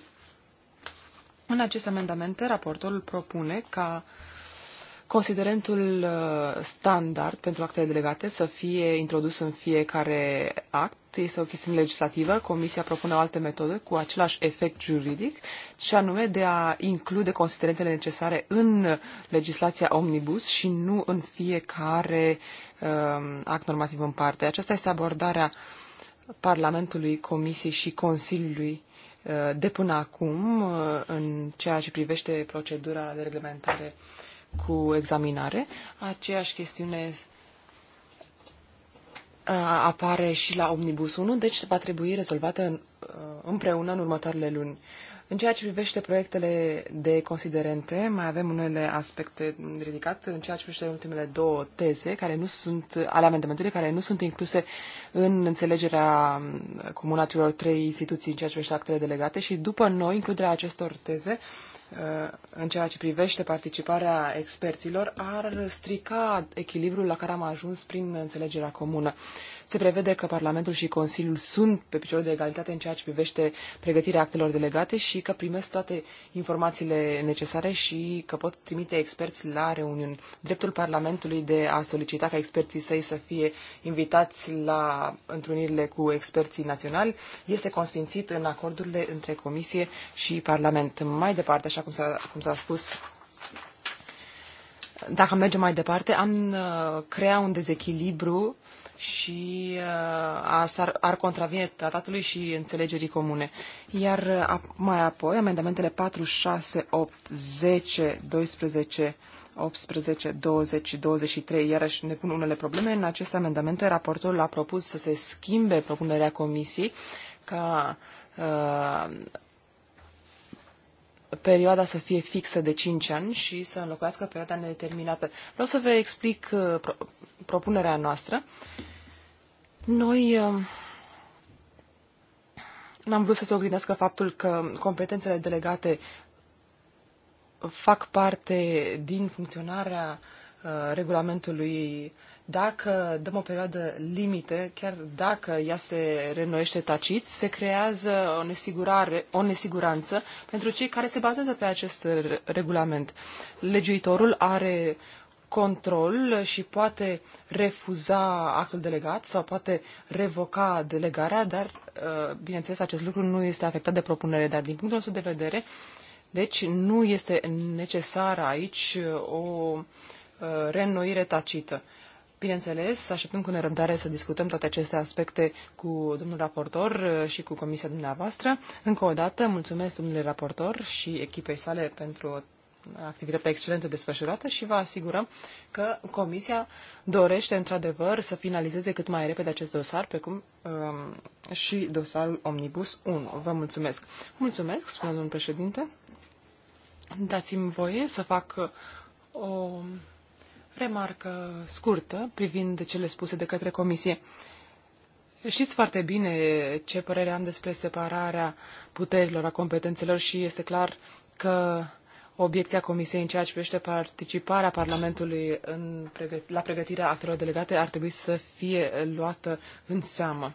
Speaker 9: în aceste amendamente, raportorul propune ca uh, considerentul uh, standard pentru actele delegate să fie introdus în fiecare act este o chestiune legislativă. Comisia propune o altă metodă cu același efect juridic și anume de a include considerentele necesare în legislația omnibus și nu în fiecare um, act normativ în parte. Aceasta este abordarea Parlamentului, Comisiei și Consiliului uh, de până acum uh, în ceea ce privește procedura de reglementare uh, cu examinare. Aceeași chestiune uh, apare și la Omnibus 1, deci va trebui rezolvată uh, împreună în următoarele luni. În ceea ce privește proiectele de considerente, mai avem unele aspecte ridicat în ceea ce privește ultimele două teze care nu sunt, ale amendamentului care nu sunt incluse în înțelegerea um, comunatelor trei instituții în ceea ce privește actele delegate și după noi includerea acestor teze Uh, în ceea ce privește participarea experților ar strica echilibrul la care am ajuns prin înțelegerea comună se prevede că Parlamentul și Consiliul sunt pe picior de egalitate în ceea ce privește pregătirea actelor delegate și că primesc toate informațiile necesare și că pot trimite experți la reuniuni. Dreptul Parlamentului de a solicita ca experții săi să fie invitați la întrunirile cu experții naționali este consfințit în acordurile între Comisie și Parlament. Mai departe, așa cum s-a, cum s-a spus, dacă mergem mai departe, am uh, crea un dezechilibru și uh, ar, ar contravine tratatului și înțelegerii comune. Iar uh, a, mai apoi, amendamentele 4, 6, 8, 10, 12, 18, 20 și 23, iarăși ne pun unele probleme. În aceste amendamente, raportorul a propus să se schimbe propunerea comisiei ca uh, perioada să fie fixă de 5 ani și să înlocuiască perioada nedeterminată. Vreau să vă explic uh, pro- propunerea noastră. Noi uh, n-am vrut să se oglindească faptul că competențele delegate fac parte din funcționarea uh, regulamentului uh, dacă dăm o perioadă limite, chiar dacă ea se renoiește tacit, se creează o, nesigurare, o nesiguranță pentru cei care se bazează pe acest regulament. Legiuitorul are control și poate refuza actul delegat sau poate revoca delegarea, dar, uh, bineînțeles, acest lucru nu este afectat de propunere, dar din punctul nostru de vedere, deci nu este necesară aici uh, o uh, reînnoire tacită. Bineînțeles, așteptăm cu nerăbdare să discutăm toate aceste aspecte cu domnul raportor uh, și cu comisia dumneavoastră. Încă o dată, mulțumesc domnule raportor și echipei sale pentru activitatea excelentă desfășurată și vă asigurăm că Comisia dorește într-adevăr să finalizeze cât mai repede acest dosar, precum um, și dosarul Omnibus 1. Vă mulțumesc. Mulțumesc, spune domnul președinte. Dați-mi voie să fac uh, o remarcă scurtă privind cele spuse de către Comisie. Știți foarte bine ce părere am despre separarea puterilor, a competențelor și este clar că obiecția Comisiei în ceea ce privește participarea Parlamentului în la pregătirea actelor delegate ar trebui să fie luată în seamă.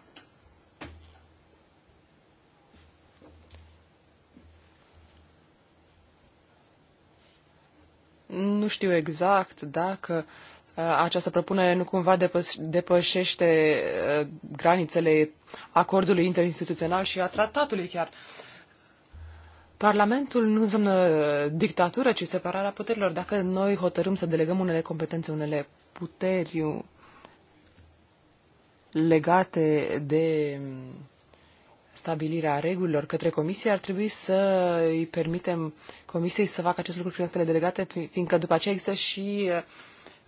Speaker 9: Nu știu exact dacă uh, această propunere nu cumva depășește uh, granițele acordului interinstituțional și a tratatului chiar. Parlamentul nu înseamnă uh, dictatură, ci separarea puterilor. Dacă noi hotărâm să delegăm unele competențe, unele puteri legate de um, stabilirea regulilor către comisie, ar trebui să îi permitem comisiei să facă acest lucru prin actele delegate, fiindcă după aceea există și uh,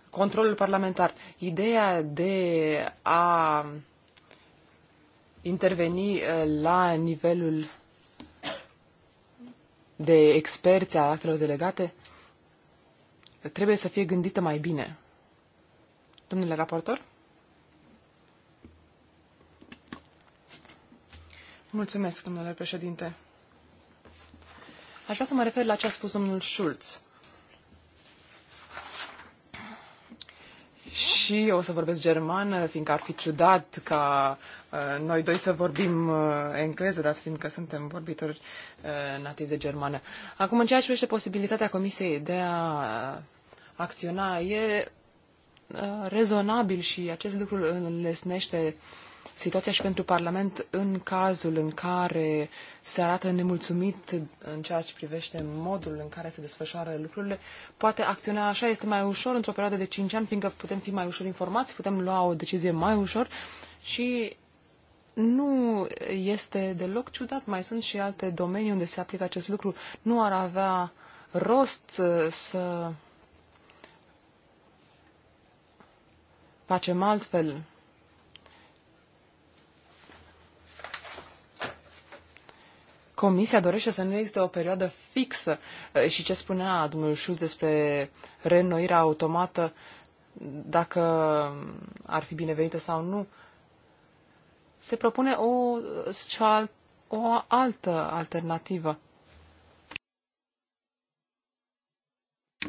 Speaker 9: controlul parlamentar. Ideea de a interveni uh, la nivelul de experți a actelor delegate trebuie să fie gândită mai bine. Domnule raportor? Mulțumesc, domnule președinte. Aș vrea să mă refer la ce a spus domnul Schulz. Și o să vorbesc germană, fiindcă ar fi ciudat ca uh, noi doi să vorbim uh, engleză, dar fiindcă suntem vorbitori uh, nativi de germană. Acum, în ceea ce privește posibilitatea Comisiei de a uh, acționa, e uh, rezonabil și acest lucru înlesnește uh, situația și pentru Parlament în cazul în care se arată nemulțumit în ceea ce privește modul în care se desfășoară lucrurile, poate acționa așa este mai ușor într-o perioadă de 5 ani, fiindcă putem fi mai ușor informați, putem lua o decizie mai ușor și nu este deloc ciudat. Mai sunt și alte domenii unde se aplică acest lucru. Nu ar avea rost uh, să facem altfel Comisia dorește să nu existe o perioadă fixă și ce spunea domnul Schulz despre reînnoirea automată, dacă ar fi binevenită sau nu, se propune o, o altă alternativă.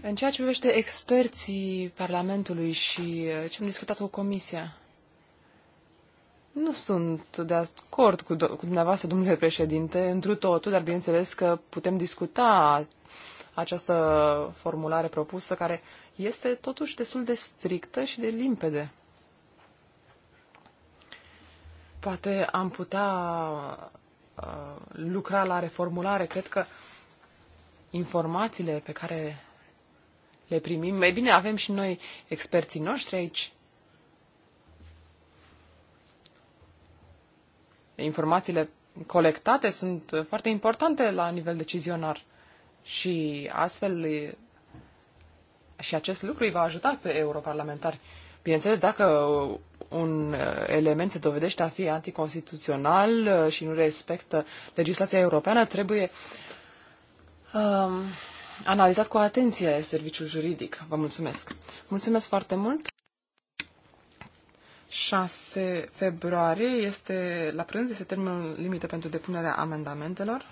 Speaker 9: În ceea ce privește experții Parlamentului și ce am discutat cu Comisia, nu sunt de acord cu, do- cu dumneavoastră, domnule președinte, întru totul, dar bineînțeles că putem discuta această formulare propusă, care este totuși destul de strictă și de limpede. Poate am putea uh, lucra la reformulare. Cred că informațiile pe care le primim, mai bine avem și noi experții noștri aici informațiile colectate sunt uh, foarte importante la nivel decizionar și astfel și acest lucru îi va ajuta pe europarlamentari. Bineînțeles, dacă un uh, element se dovedește a fi anticonstituțional uh, și nu respectă legislația europeană, trebuie um, analizat cu atenție serviciul juridic. Vă mulțumesc. Mulțumesc foarte mult. 6 februarie este, la prânz este termenul limită pentru depunerea amendamentelor.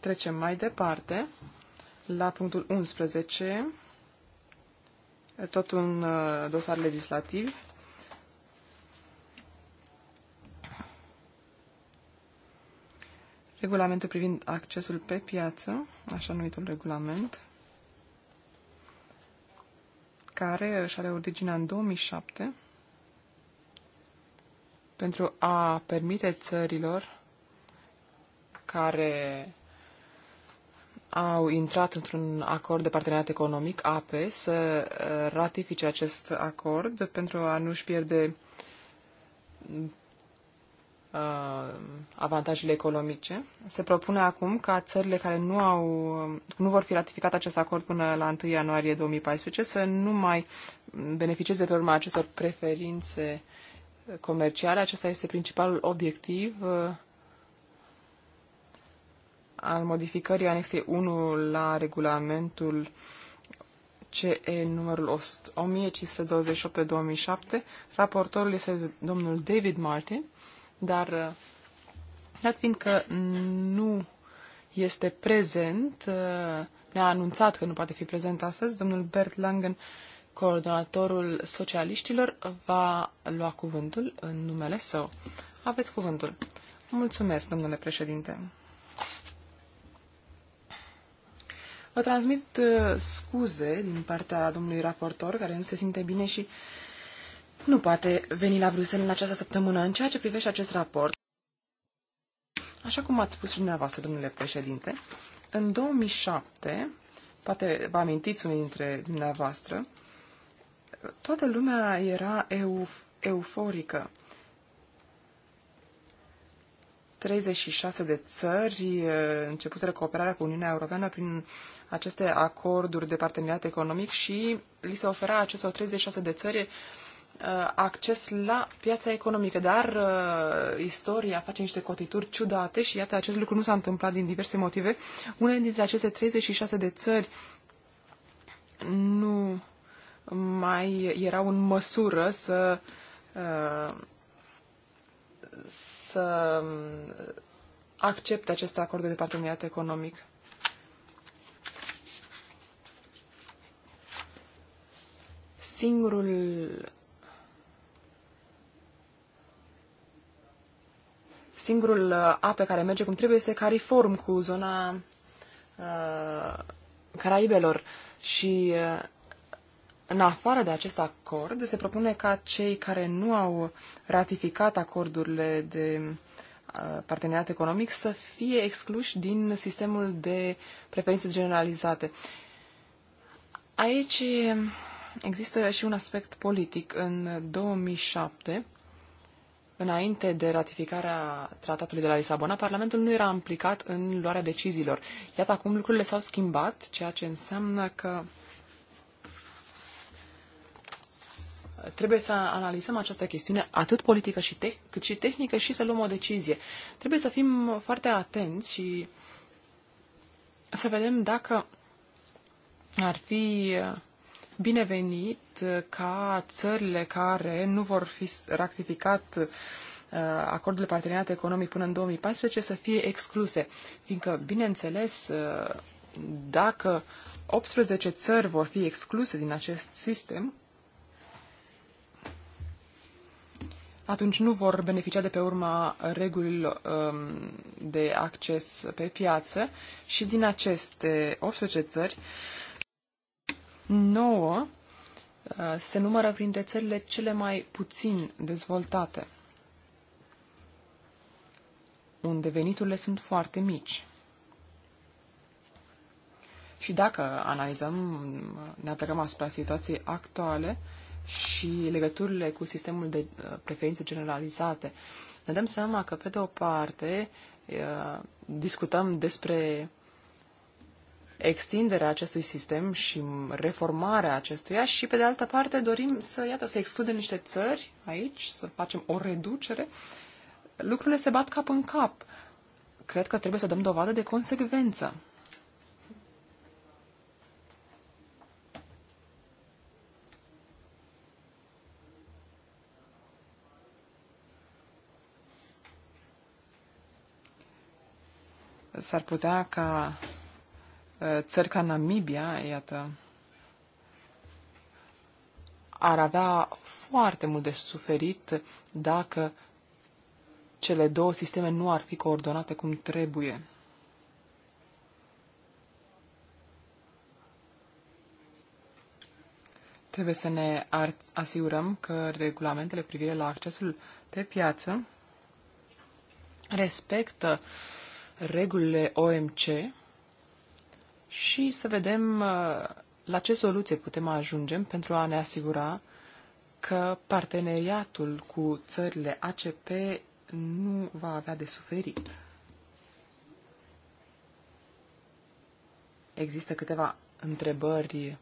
Speaker 9: Trecem mai departe la punctul 11, tot un uh, dosar legislativ. Regulamentul privind accesul pe piață, așa numitul regulament, care își are originea în 2007 pentru a permite țărilor care au intrat într-un acord de parteneriat economic, APE, să uh, ratifice acest acord pentru a nu-și pierde uh, avantajele economice. Se propune acum ca țările care nu, au, uh, nu vor fi ratificat acest acord până la 1 ianuarie 2014 să nu mai beneficieze pe urma acestor preferințe comerciale. Acesta este principalul obiectiv uh, al modificării anexei 1 la regulamentul CE numărul 1528 pe 2007. Raportorul este domnul David Martin, dar uh, dat fiind că nu este prezent, uh, ne-a anunțat că nu poate fi prezent astăzi, domnul Bert Langen Coordonatorul socialiștilor va lua cuvântul în numele său. Aveți cuvântul. Mulțumesc, domnule președinte. Vă transmit uh, scuze din partea domnului raportor, care nu se simte bine și nu poate veni la Bruxelles în această săptămână. În ceea ce privește acest raport, așa cum ați spus și dumneavoastră, domnule președinte, în 2007, poate vă amintiți unii dintre dumneavoastră, toată lumea era euf- euforică. 36 de țări uh, începuseră cooperarea cu Uniunea Europeană prin aceste acorduri de parteneriat economic și li se ofera acestor 36 de țări uh, acces la piața economică, dar uh, istoria face niște cotituri ciudate și iată acest lucru nu s-a întâmplat din diverse motive. Unele dintre aceste 36 de țări nu mai erau în măsură să uh, să accepte acest acord de parteneriat economic. Singurul singurul uh, ape care merge cum trebuie este Cariform cu zona uh, Caraibelor și uh, în afară de acest acord, se propune ca cei care nu au ratificat acordurile de uh, parteneriat economic să fie excluși din sistemul de preferințe generalizate. Aici există și un aspect politic. În 2007, înainte de ratificarea tratatului de la Lisabona, Parlamentul nu era implicat în luarea deciziilor. Iată acum lucrurile s-au schimbat, ceea ce înseamnă că Trebuie să analizăm această chestiune atât politică și te- cât și tehnică și să luăm o decizie. Trebuie să fim foarte atenți și să vedem dacă ar fi binevenit ca țările care nu vor fi ratificat uh, acordurile parteneriat economic până în 2014 să fie excluse, fiindcă, bineînțeles, uh, dacă 18 țări vor fi excluse din acest sistem, atunci nu vor beneficia de pe urma regulilor um, de acces pe piață și din aceste 18 țări, 9 uh, se numără printre țările cele mai puțin dezvoltate, unde veniturile sunt foarte mici. Și dacă analizăm, ne aplicăm asupra situației actuale, uh, și legăturile cu sistemul de uh, preferințe generalizate, ne dăm seama că, pe de o parte, uh, discutăm despre extinderea acestui sistem și reformarea acestuia și, pe de altă parte, dorim să, iată, să excludem niște țări aici, să facem o reducere. Lucrurile se bat cap în cap. Cred că trebuie să dăm dovadă de consecvență. S-ar putea ca uh, țări ca Namibia, iată, ar avea foarte mult de suferit dacă cele două sisteme nu ar fi coordonate cum trebuie. Trebuie să ne asigurăm că regulamentele privire la accesul pe piață respectă uh, regulile OMC și să vedem uh, la ce soluție putem ajunge pentru a ne asigura că parteneriatul cu țările ACP nu va avea de suferit. Există câteva întrebări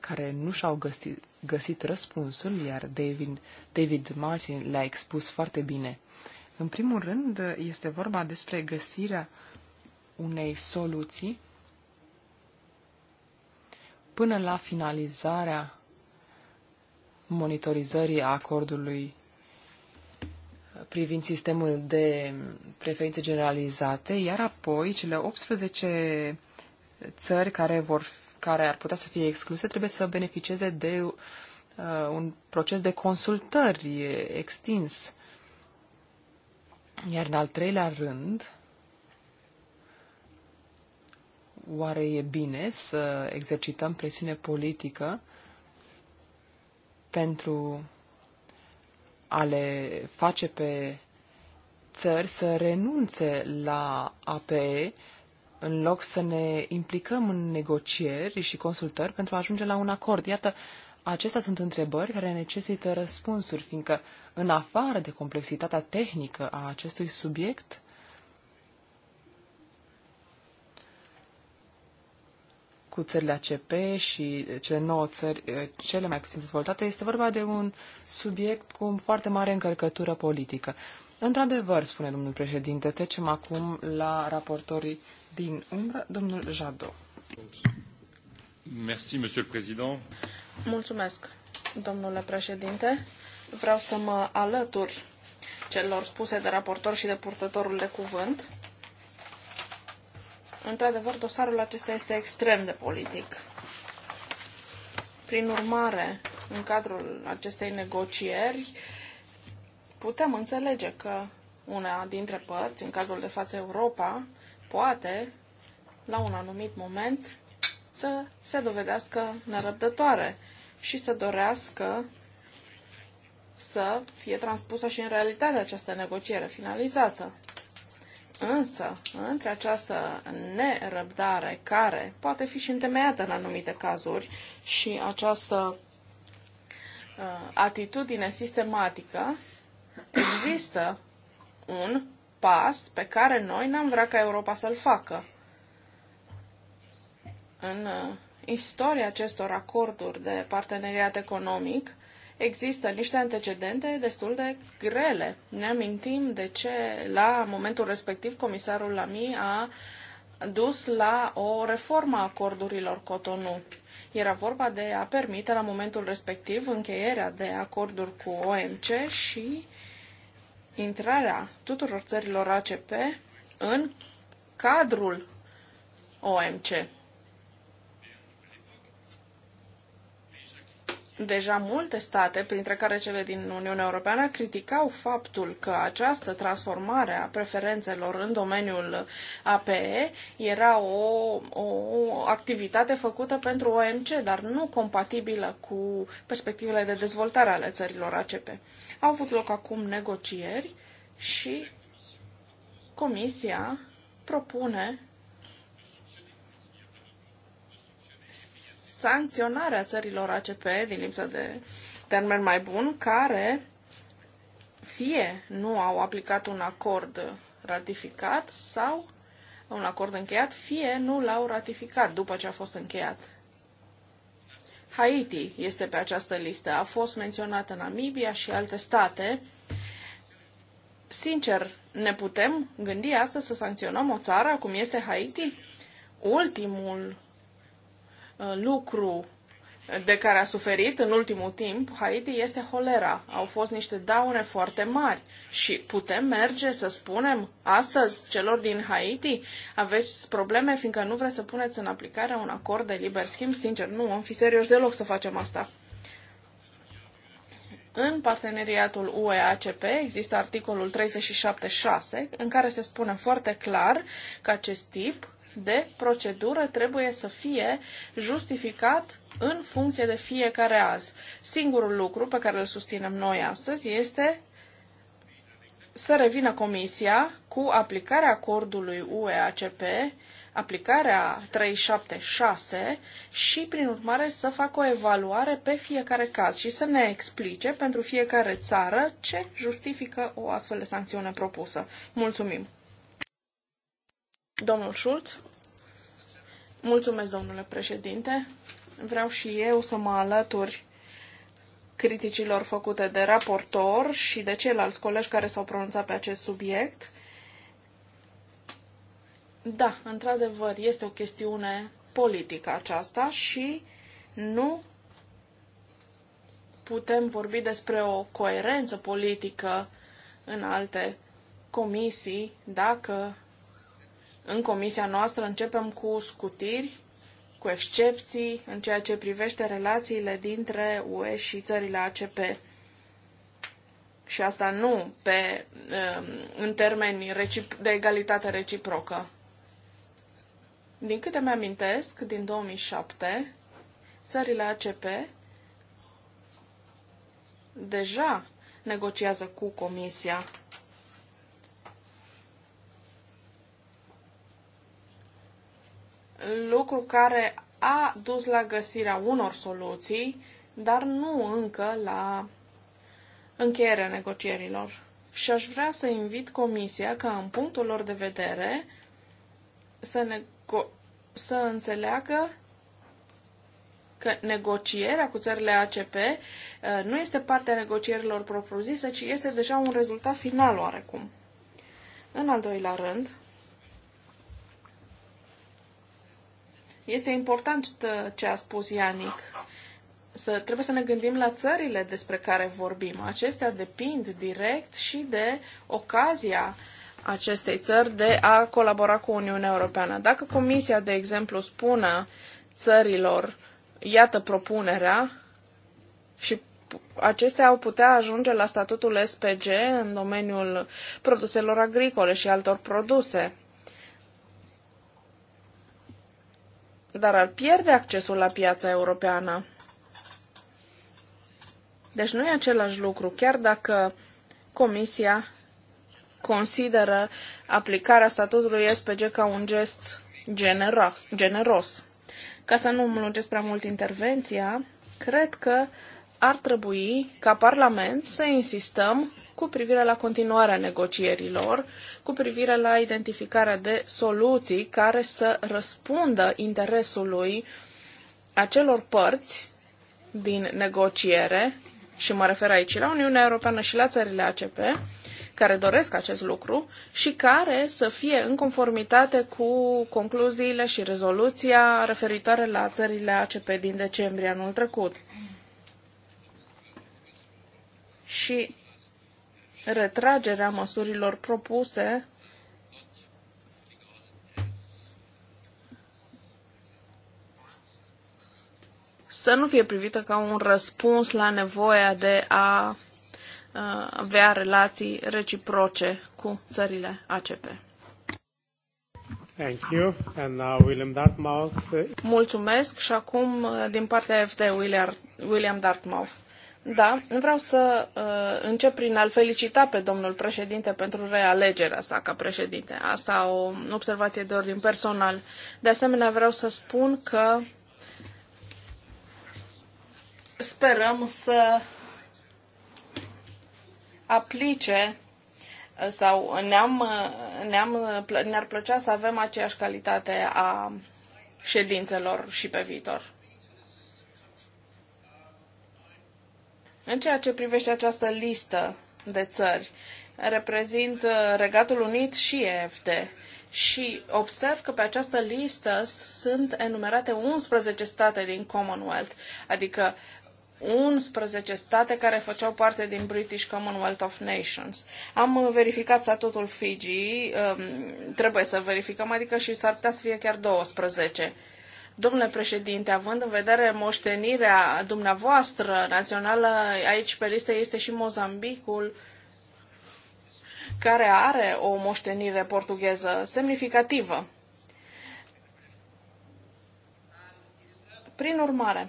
Speaker 9: care nu și-au găsit, găsit răspunsul, iar David, David Martin le-a expus foarte bine. În primul rând, este vorba despre găsirea unei soluții până la finalizarea monitorizării acordului privind sistemul de preferințe generalizate, iar apoi cele 18 țări care, vor, care ar putea să fie excluse trebuie să beneficieze de uh, un proces de consultări extins iar în al treilea rând, oare e bine să exercităm presiune politică pentru a le face pe țări să renunțe la APE în loc să ne implicăm în negocieri și consultări pentru a ajunge la un acord. Iată, acestea sunt întrebări care necesită răspunsuri, fiindcă în afară de complexitatea tehnică a acestui subiect, cu țările ACP și cele nouă țări eh, cele mai puțin dezvoltate, este vorba de un subiect cu foarte mare încărcătură politică. Într-adevăr, spune domnul președinte, trecem acum la raportorii din umbră, domnul Jadot. Merci, monsieur le
Speaker 8: président.
Speaker 10: Mulțumesc, domnule președinte. Vreau să mă alătur celor spuse de raportor și de purtătorul de cuvânt. Într-adevăr, dosarul acesta este extrem de politic. Prin urmare, în cadrul acestei negocieri, putem înțelege că una dintre părți, în cazul de față Europa, poate, la un anumit moment, să se dovedească nerăbdătoare și să dorească să fie transpusă și în realitate această negociere finalizată. Însă, între această nerăbdare, care poate fi și întemeiată în anumite cazuri, și această uh, atitudine sistematică, există un pas pe care noi n-am vrea ca Europa să-l facă. În uh, istoria acestor acorduri de parteneriat economic, există niște antecedente destul de grele. Ne amintim de ce la momentul respectiv comisarul Lamy a dus la o reformă a acordurilor Cotonou. Era vorba de a permite la momentul respectiv încheierea de acorduri cu OMC și intrarea tuturor țărilor ACP în cadrul OMC. Deja multe state, printre care cele din Uniunea Europeană, criticau faptul că această transformare a preferențelor în domeniul APE era o, o activitate făcută pentru OMC, dar nu compatibilă cu perspectivele de dezvoltare ale țărilor ACP. Au avut loc acum negocieri și Comisia propune sancționarea țărilor ACP din lipsă de termen mai bun, care fie nu au aplicat un acord ratificat sau un acord încheiat, fie nu l-au ratificat după ce a fost încheiat. Haiti este pe această listă. A fost menționată Namibia și alte state. Sincer, ne putem gândi astăzi să sancționăm o țară cum este Haiti? Ultimul Uh, lucru de care a suferit în ultimul timp Haiti este holera. Au fost niște daune foarte mari și putem merge să spunem astăzi celor din Haiti aveți probleme fiindcă nu vreți să puneți în aplicare un acord de liber schimb? Sincer, nu, am fi serios deloc să facem asta. În parteneriatul UEACP există articolul 37.6 în care se spune foarte clar că acest tip de procedură trebuie să fie justificat în funcție de fiecare az. Singurul lucru pe care îl susținem noi astăzi este să revină Comisia cu aplicarea acordului ue aplicarea 376 și, prin urmare, să facă o evaluare pe fiecare caz și să ne explice pentru fiecare țară ce justifică o astfel de sancțiune propusă. Mulțumim! Domnul Schulz. Mulțumesc, domnule președinte. Vreau și eu să mă alături criticilor făcute de raportor și de ceilalți colegi care s-au pronunțat pe acest subiect. Da, într-adevăr, este o chestiune politică aceasta și nu putem vorbi despre o coerență politică în alte comisii dacă în comisia noastră începem cu scutiri, cu excepții în ceea ce privește relațiile dintre UE și țările ACP. Și asta nu pe, um, în termeni de egalitate reciprocă. Din câte mi-amintesc, din 2007, țările ACP deja negociază cu Comisia lucru care a dus la găsirea unor soluții, dar nu încă la încheierea negocierilor. Și aș vrea să invit Comisia ca în punctul lor de vedere să, nego- să înțeleagă că negocierea cu țările ACP uh, nu este partea negocierilor propriu-zise, ci este deja un rezultat final oarecum. În al doilea rând, Este important ce a spus Ianic. Să, trebuie să ne gândim la țările despre care vorbim. Acestea depind direct și de ocazia acestei țări de a colabora cu Uniunea Europeană. Dacă Comisia, de exemplu, spună țărilor, iată propunerea, și acestea au putea ajunge la statutul SPG în domeniul produselor agricole și altor produse. dar ar pierde accesul la piața europeană. Deci nu e același lucru, chiar dacă Comisia consideră aplicarea statutului SPG ca un gest generos. generos. Ca să nu mă lungesc prea mult intervenția, cred că ar trebui ca Parlament să insistăm cu privire la continuarea negocierilor, cu privire la identificarea de soluții care să răspundă interesului acelor părți din negociere, și mă refer aici la Uniunea Europeană și la țările ACP, care doresc acest lucru și care să fie în conformitate cu concluziile și rezoluția referitoare la țările ACP din decembrie anul trecut. Și retragerea măsurilor propuse să nu fie privită ca un răspuns la nevoia de a avea relații reciproce cu țările ACP.
Speaker 1: Thank you. And now William Dartmouth.
Speaker 10: Mulțumesc și acum din partea FD William Dartmouth. Da, vreau să uh, încep prin a-l felicita pe domnul președinte pentru realegerea sa ca președinte. Asta o observație de ordin personal. De asemenea, vreau să spun că sperăm să aplice uh, sau ne-am, uh, ne-am, uh, ne-ar plăcea să avem aceeași calitate a ședințelor și pe viitor. În ceea ce privește această listă de țări, reprezint uh, Regatul Unit și EFD și observ că pe această listă sunt enumerate 11 state din Commonwealth, adică 11 state care făceau parte din British Commonwealth of Nations. Am uh, verificat statutul Fiji, um, trebuie să verificăm, adică și s-ar putea să fie chiar 12. Domnule președinte, având în vedere moștenirea dumneavoastră națională, aici pe listă este și Mozambicul, care are o moștenire portugheză semnificativă. Prin urmare,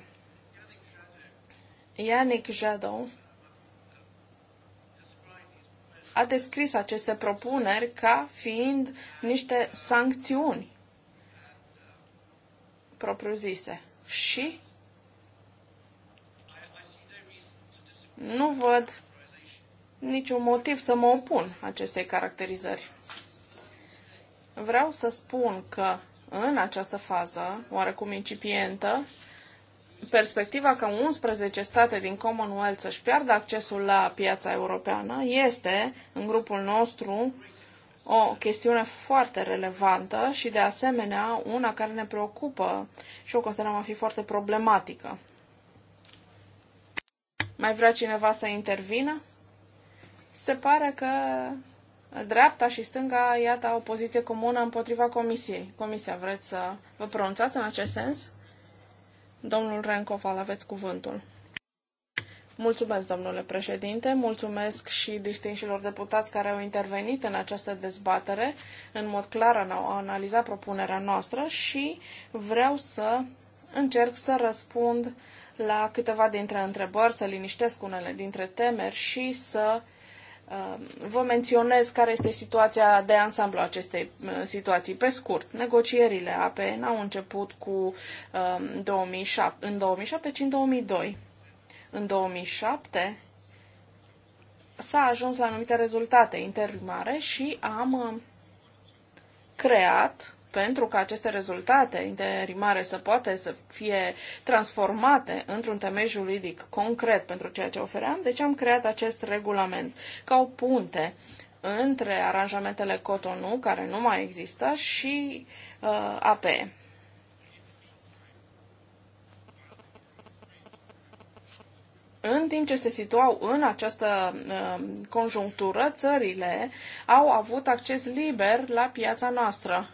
Speaker 10: Yannick Jadot a descris aceste propuneri ca fiind niște sancțiuni propriu-zise. Și nu văd niciun motiv să mă opun acestei caracterizări. Vreau să spun că în această fază, oarecum incipientă, perspectiva ca 11 state din Commonwealth să-și piardă accesul la piața europeană este, în grupul nostru, o chestiune foarte relevantă și, de asemenea, una care ne preocupă și o considerăm a fi foarte problematică. Mai vrea cineva să intervină? Se pare că dreapta și stânga, iată, o poziție comună împotriva comisiei. Comisia, vreți să vă pronunțați în acest sens? Domnul Renkov, aveți cuvântul. Mulțumesc, domnule președinte, mulțumesc și distinșilor deputați care au intervenit în această dezbatere. În mod clar au analizat propunerea noastră și vreau să încerc să răspund la câteva dintre întrebări, să liniștesc unele dintre temeri și să um, vă menționez care este situația de ansamblu acestei uh, situații. Pe scurt, negocierile APN au început cu 2007, um, în 2007, ci în 2002 în 2007 s-a ajuns la anumite rezultate interimare și am uh, creat pentru ca aceste rezultate interimare să poată să fie transformate într-un temei juridic concret pentru ceea ce ofeream, deci am creat acest regulament ca o punte între aranjamentele Cotonou, care nu mai există, și uh, APE. În timp ce se situau în această uh, conjunctură, țările au avut acces liber la piața noastră.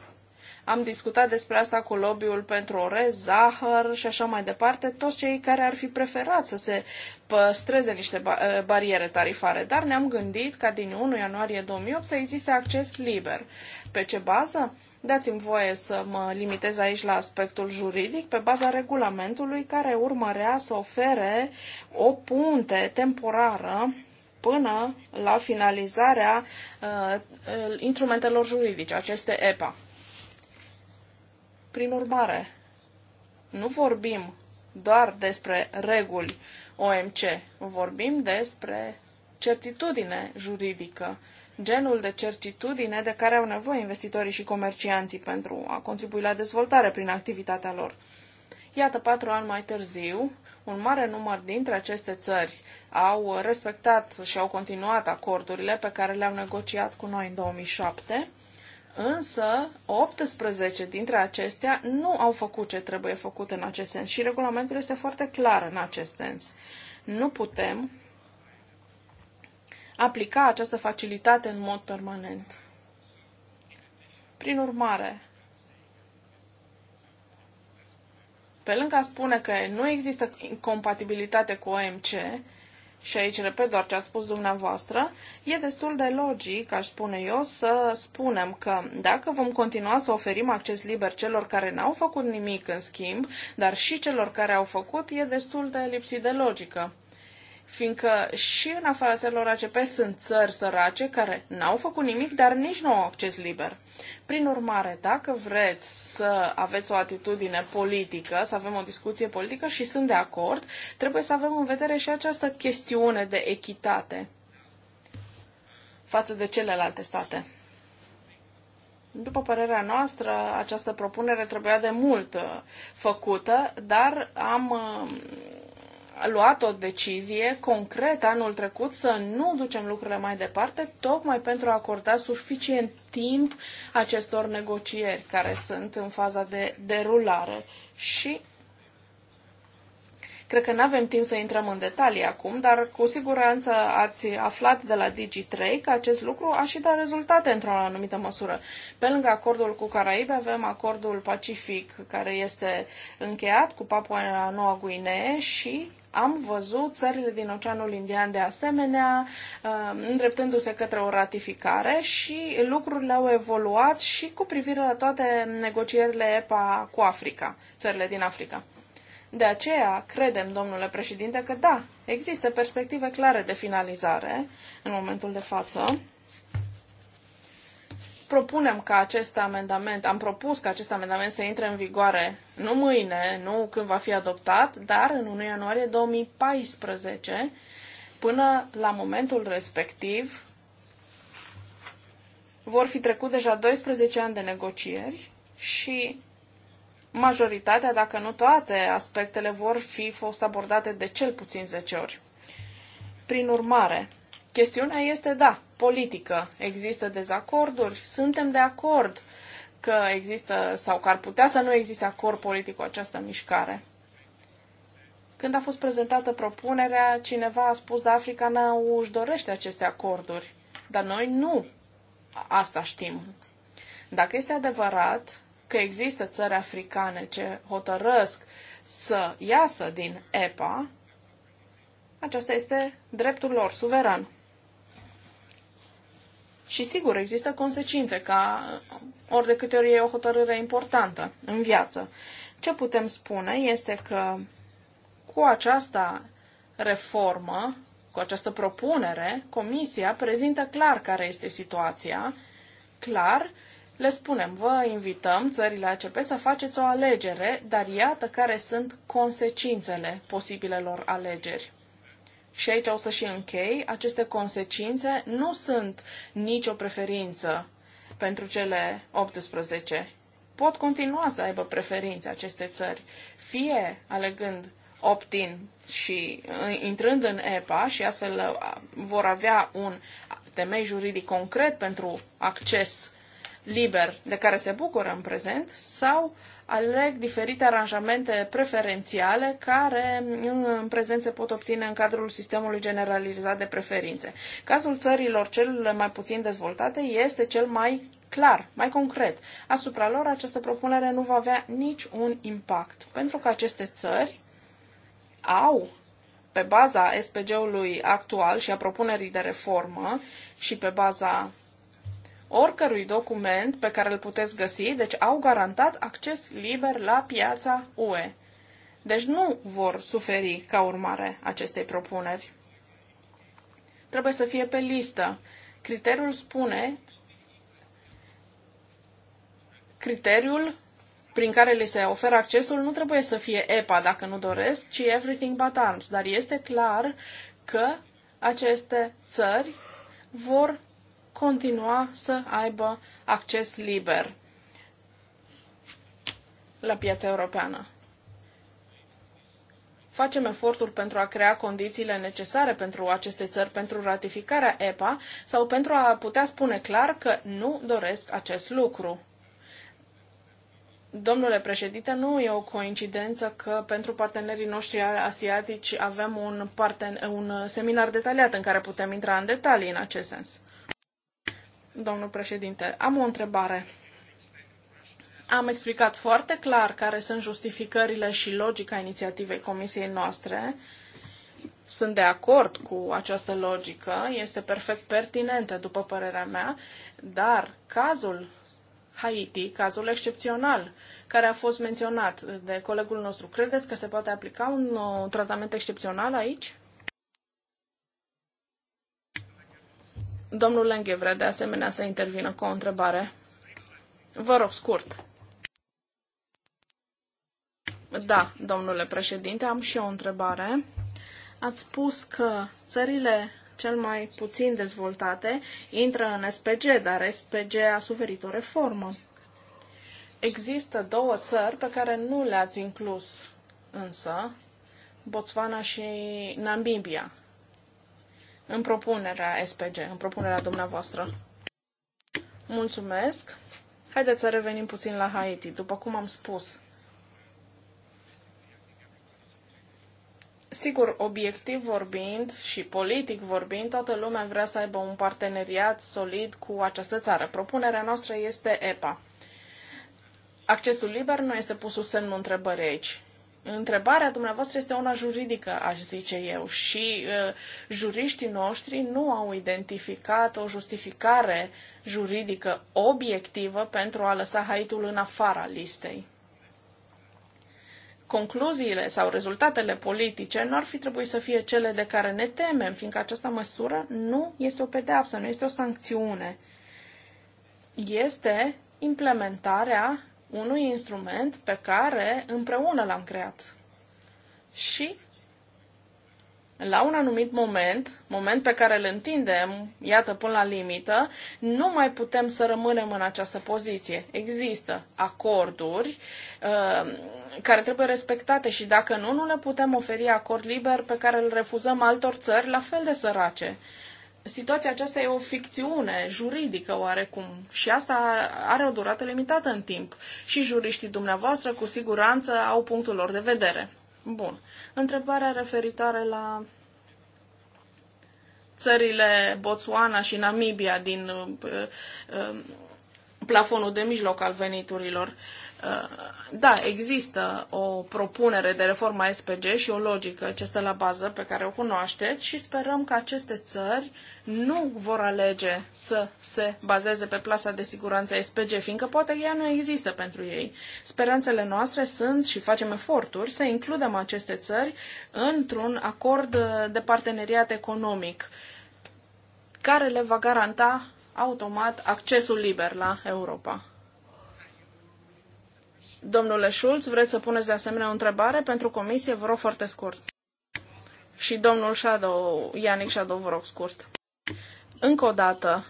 Speaker 10: Am discutat despre asta cu lobby-ul pentru orez, zahăr și așa mai departe, toți cei care ar fi preferat să se păstreze niște uh, bariere tarifare, dar ne-am gândit ca din 1 ianuarie 2008 să existe acces liber. Pe ce bază? Dați-mi voie să mă limitez aici la aspectul juridic pe baza regulamentului care urmărea să ofere o punte temporară până la finalizarea uh, instrumentelor juridice, aceste EPA. Prin urmare, nu vorbim doar despre reguli OMC, vorbim despre certitudine juridică genul de certitudine de care au nevoie investitorii și comercianții pentru a contribui la dezvoltare prin activitatea lor. Iată, patru ani mai târziu, un mare număr dintre aceste țări au respectat și au continuat acordurile pe care le-au negociat cu noi în 2007, însă 18 dintre acestea nu au făcut ce trebuie făcut în acest sens și regulamentul este foarte clar în acest sens. Nu putem aplica această facilitate în mod permanent. Prin urmare, pe lângă a spune că nu există incompatibilitate cu OMC, și aici repet doar ce ați spus dumneavoastră, e destul de logic, aș spune eu, să spunem că dacă vom continua să oferim acces liber celor care n-au făcut nimic în schimb, dar și celor care au făcut, e destul de lipsit de logică fiindcă și în afara țărilor ACP sunt țări sărace care n-au făcut nimic, dar nici nu au acces liber. Prin urmare, dacă vreți să aveți o atitudine politică, să avem o discuție politică și sunt de acord, trebuie să avem în vedere și această chestiune de echitate față de celelalte state. După părerea noastră, această propunere trebuia de mult uh, făcută, dar am uh, luat o decizie concret anul trecut să nu ducem lucrurile mai departe, tocmai pentru a acorda suficient timp acestor negocieri care sunt în faza de derulare. Și cred că nu avem timp să intrăm în detalii acum, dar cu siguranță ați aflat de la Digi3 că acest lucru a și dat rezultate într-o anumită măsură. Pe lângă acordul cu Caraibe avem acordul Pacific care este încheiat cu Papua Noua Guinee și am văzut țările din Oceanul Indian de asemenea um, îndreptându-se către o ratificare și lucrurile au evoluat și cu privire la toate negocierile EPA cu Africa, țările din Africa. De aceea, credem, domnule președinte, că da, există perspective clare de finalizare în momentul de față propunem ca acest amendament, am propus ca acest amendament să intre în vigoare nu mâine, nu când va fi adoptat, dar în 1 ianuarie 2014, până la momentul respectiv, vor fi trecut deja 12 ani de negocieri și majoritatea, dacă nu toate, aspectele vor fi fost abordate de cel puțin 10 ori. Prin urmare, Chestiunea este, da, politică. Există dezacorduri, suntem de acord că există sau că ar putea să nu existe acord politic cu această mișcare. Când a fost prezentată propunerea, cineva a spus, da, Africa nu își dorește aceste acorduri. Dar noi nu. Asta știm. Dacă este adevărat că există țări africane ce hotărăsc să iasă din EPA, aceasta este dreptul lor suveran. Și sigur, există consecințe ca ori de câte ori e o hotărâre importantă în viață. Ce putem spune este că cu această reformă, cu această propunere, Comisia prezintă clar care este situația, clar le spunem, vă invităm țările ACP să faceți o alegere, dar iată care sunt consecințele posibilelor alegeri și aici o să și închei, aceste consecințe nu sunt nicio preferință pentru cele 18. Pot continua să aibă preferințe aceste țări, fie alegând opt-in și uh, intrând în EPA și astfel uh, vor avea un temei juridic concret pentru acces liber de care se bucură în prezent sau uh, aleg diferite aranjamente preferențiale care în prezență pot obține în cadrul sistemului generalizat de preferințe. Cazul țărilor cel mai puțin dezvoltate este cel mai clar, mai concret. Asupra lor această propunere nu va avea niciun impact, pentru că aceste țări au pe baza SPG-ului actual și a propunerii de reformă și pe baza oricărui document pe care îl puteți găsi, deci au garantat acces liber la piața UE. Deci nu vor suferi ca urmare acestei propuneri. Trebuie să fie pe listă. Criteriul spune criteriul prin care li se oferă accesul nu trebuie să fie EPA dacă nu doresc, ci Everything But Arms. Dar este clar că aceste țări vor continua să aibă acces liber la piața europeană. Facem eforturi pentru a crea condițiile necesare pentru aceste țări pentru ratificarea EPA sau pentru a putea spune clar că nu doresc acest lucru. Domnule președinte, nu e o coincidență că pentru partenerii noștri asiatici avem un, parten- un seminar detaliat în care putem intra în detalii în acest sens domnul președinte. Am o întrebare. Am explicat foarte clar care sunt justificările și logica inițiativei comisiei noastre. Sunt de acord cu această logică, este perfect pertinentă, după părerea mea, dar cazul Haiti, cazul excepțional care a fost menționat de colegul nostru, credeți că se poate aplica un, un tratament excepțional aici? Domnul Lenghe vrea de asemenea să intervină cu o întrebare. Vă rog, scurt. Da, domnule președinte, am și eu o întrebare. Ați spus că țările cel mai puțin dezvoltate intră în SPG, dar SPG a suferit o reformă. Există două țări pe care nu le-ați inclus însă, Botswana și Namibia în propunerea SPG, în propunerea dumneavoastră. Mulțumesc. Haideți să revenim puțin la Haiti. După cum am spus, sigur, obiectiv vorbind și politic vorbind, toată lumea vrea să aibă un parteneriat solid cu această țară. Propunerea noastră este EPA. Accesul liber nu este pus sub semnul întrebării aici. Întrebarea dumneavoastră este una juridică, aș zice eu, și uh, juriștii noștri nu au identificat o justificare juridică obiectivă pentru a lăsa Haitul în afara listei. Concluziile sau rezultatele politice nu ar fi trebuit să fie cele de care ne temem, fiindcă această măsură nu este o pedeapsă, nu este o sancțiune. Este implementarea unui instrument pe care împreună l-am creat. Și la un anumit moment, moment pe care îl întindem, iată, până la limită, nu mai putem să rămânem în această poziție. Există acorduri uh, care trebuie respectate și dacă nu, nu le putem oferi acord liber pe care îl refuzăm altor țări la fel de sărace situația aceasta e o ficțiune juridică oarecum și asta are o durată limitată în timp și juriștii dumneavoastră cu siguranță au punctul lor de vedere. Bun. Întrebarea referitoare la țările Botswana și Namibia din uh, uh, plafonul de mijloc al veniturilor. Uh, Uh, da, există o propunere de reformă SPG și o logică ce stă la bază pe care o cunoașteți și sperăm că aceste țări nu vor alege să se bazeze pe plasa de siguranță SPG, fiindcă poate ea nu există pentru ei. Speranțele noastre sunt și facem eforturi să includem aceste țări într-un acord de parteneriat economic care le va garanta automat accesul liber la Europa. Domnule Schulz, vreți să puneți de asemenea o întrebare pentru comisie? Vă rog foarte scurt. Și domnul Shadow, Ianic Shadow, vă rog scurt. Încă o dată,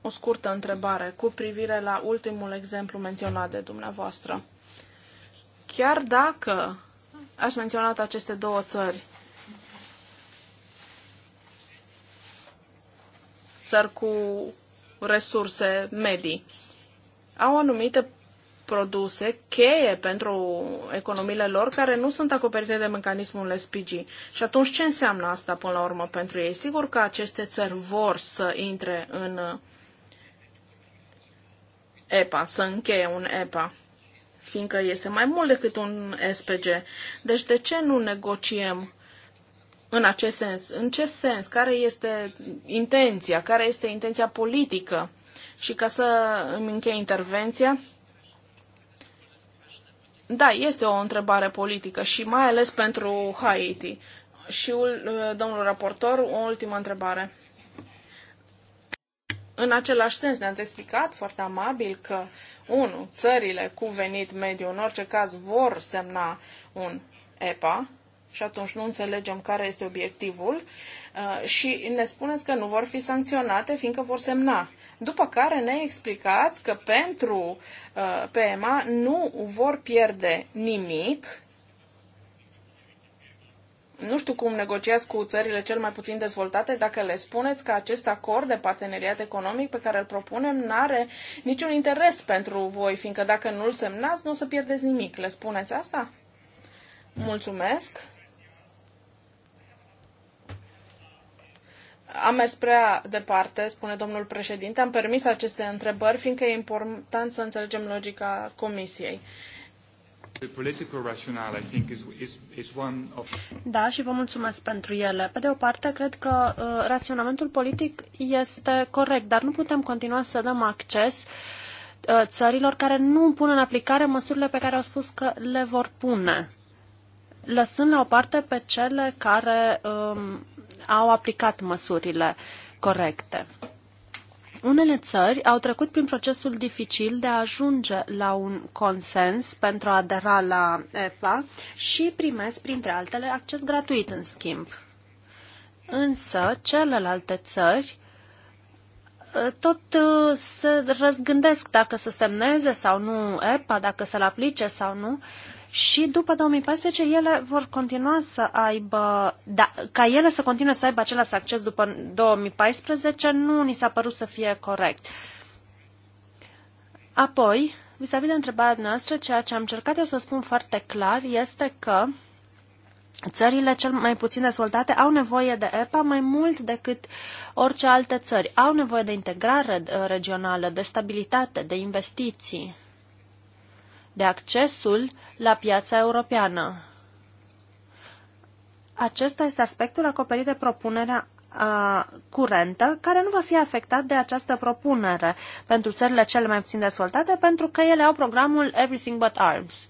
Speaker 10: o scurtă întrebare cu privire la ultimul exemplu menționat de dumneavoastră. Chiar dacă aș menționat aceste două țări, țări cu resurse medii, au anumite produse cheie pentru economiile lor care nu sunt acoperite de mecanismul SPG. Și atunci ce înseamnă asta până la urmă pentru ei? Sigur că aceste țări vor să intre în EPA, să încheie un EPA, fiindcă este mai mult decât un SPG. Deci de ce nu negociem în acest sens? În ce sens? Care este intenția? Care este intenția politică? Și ca să îmi închei intervenția, da, este o întrebare politică și mai ales pentru Haiti. Și uh, domnul raportor, o ultimă întrebare. În același sens ne-ați explicat foarte amabil că, unu, țările cu venit mediu în orice caz vor semna un EPA, și atunci nu înțelegem care este obiectivul uh, și ne spuneți că nu vor fi sancționate fiindcă vor semna. După care ne explicați că pentru uh, PMA nu vor pierde nimic. Nu știu cum negociați cu țările cel mai puțin dezvoltate dacă le spuneți că acest acord de parteneriat economic pe care îl propunem nu are niciun interes pentru voi, fiindcă dacă nu-l semnați, nu o să pierdeți nimic. Le spuneți asta? Mulțumesc! Am mers prea departe, spune domnul președinte. Am permis aceste întrebări, fiindcă e important să înțelegem logica comisiei.
Speaker 7: Da, și vă mulțumesc pentru ele. Pe de o parte, cred că uh, raționamentul politic este corect, dar nu putem continua să dăm acces uh, țărilor care nu pun în aplicare măsurile pe care au spus că le vor pune lăsând la o parte pe cele care um, au aplicat măsurile corecte. Unele țări au trecut prin procesul dificil de a ajunge la un consens pentru a adera la EPA și primesc, printre altele, acces gratuit în schimb. Însă, celelalte țări uh, tot uh, se răzgândesc dacă să semneze sau nu EPA, dacă să-l aplice sau nu și după 2014 ele vor continua să aibă, da, ca ele să continue să aibă același acces după 2014 nu ni s-a părut să fie corect. Apoi, vis-a-vis -vis de întrebarea noastră, ceea ce am încercat eu să spun foarte clar este că Țările cel mai puțin dezvoltate au nevoie de EPA mai mult decât orice alte țări. Au nevoie de integrare uh, regională, de stabilitate, de investiții, de accesul la piața europeană. Acesta este aspectul acoperit de propunerea curentă, care nu va fi afectat de această propunere pentru țările cele mai puțin dezvoltate, pentru că ele au programul Everything But Arms.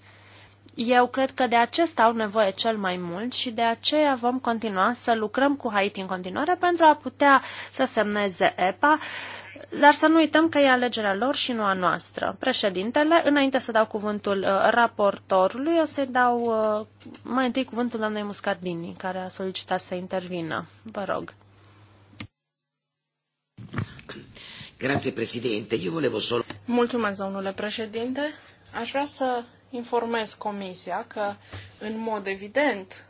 Speaker 7: Eu cred că de acesta au nevoie cel mai mult și de aceea vom continua să lucrăm cu Haiti în continuare pentru a putea să semneze EPA dar să nu uităm că e alegerea lor și nu a noastră. Președintele, înainte să dau cuvântul uh, raportorului, o să-i dau uh, mai întâi cuvântul doamnei Muscardini, care a solicitat să intervină. Vă rog.
Speaker 8: Grazie, președinte. Eu volevo solo...
Speaker 10: Mulțumesc, domnule președinte. Aș vrea să informez Comisia că, în mod evident,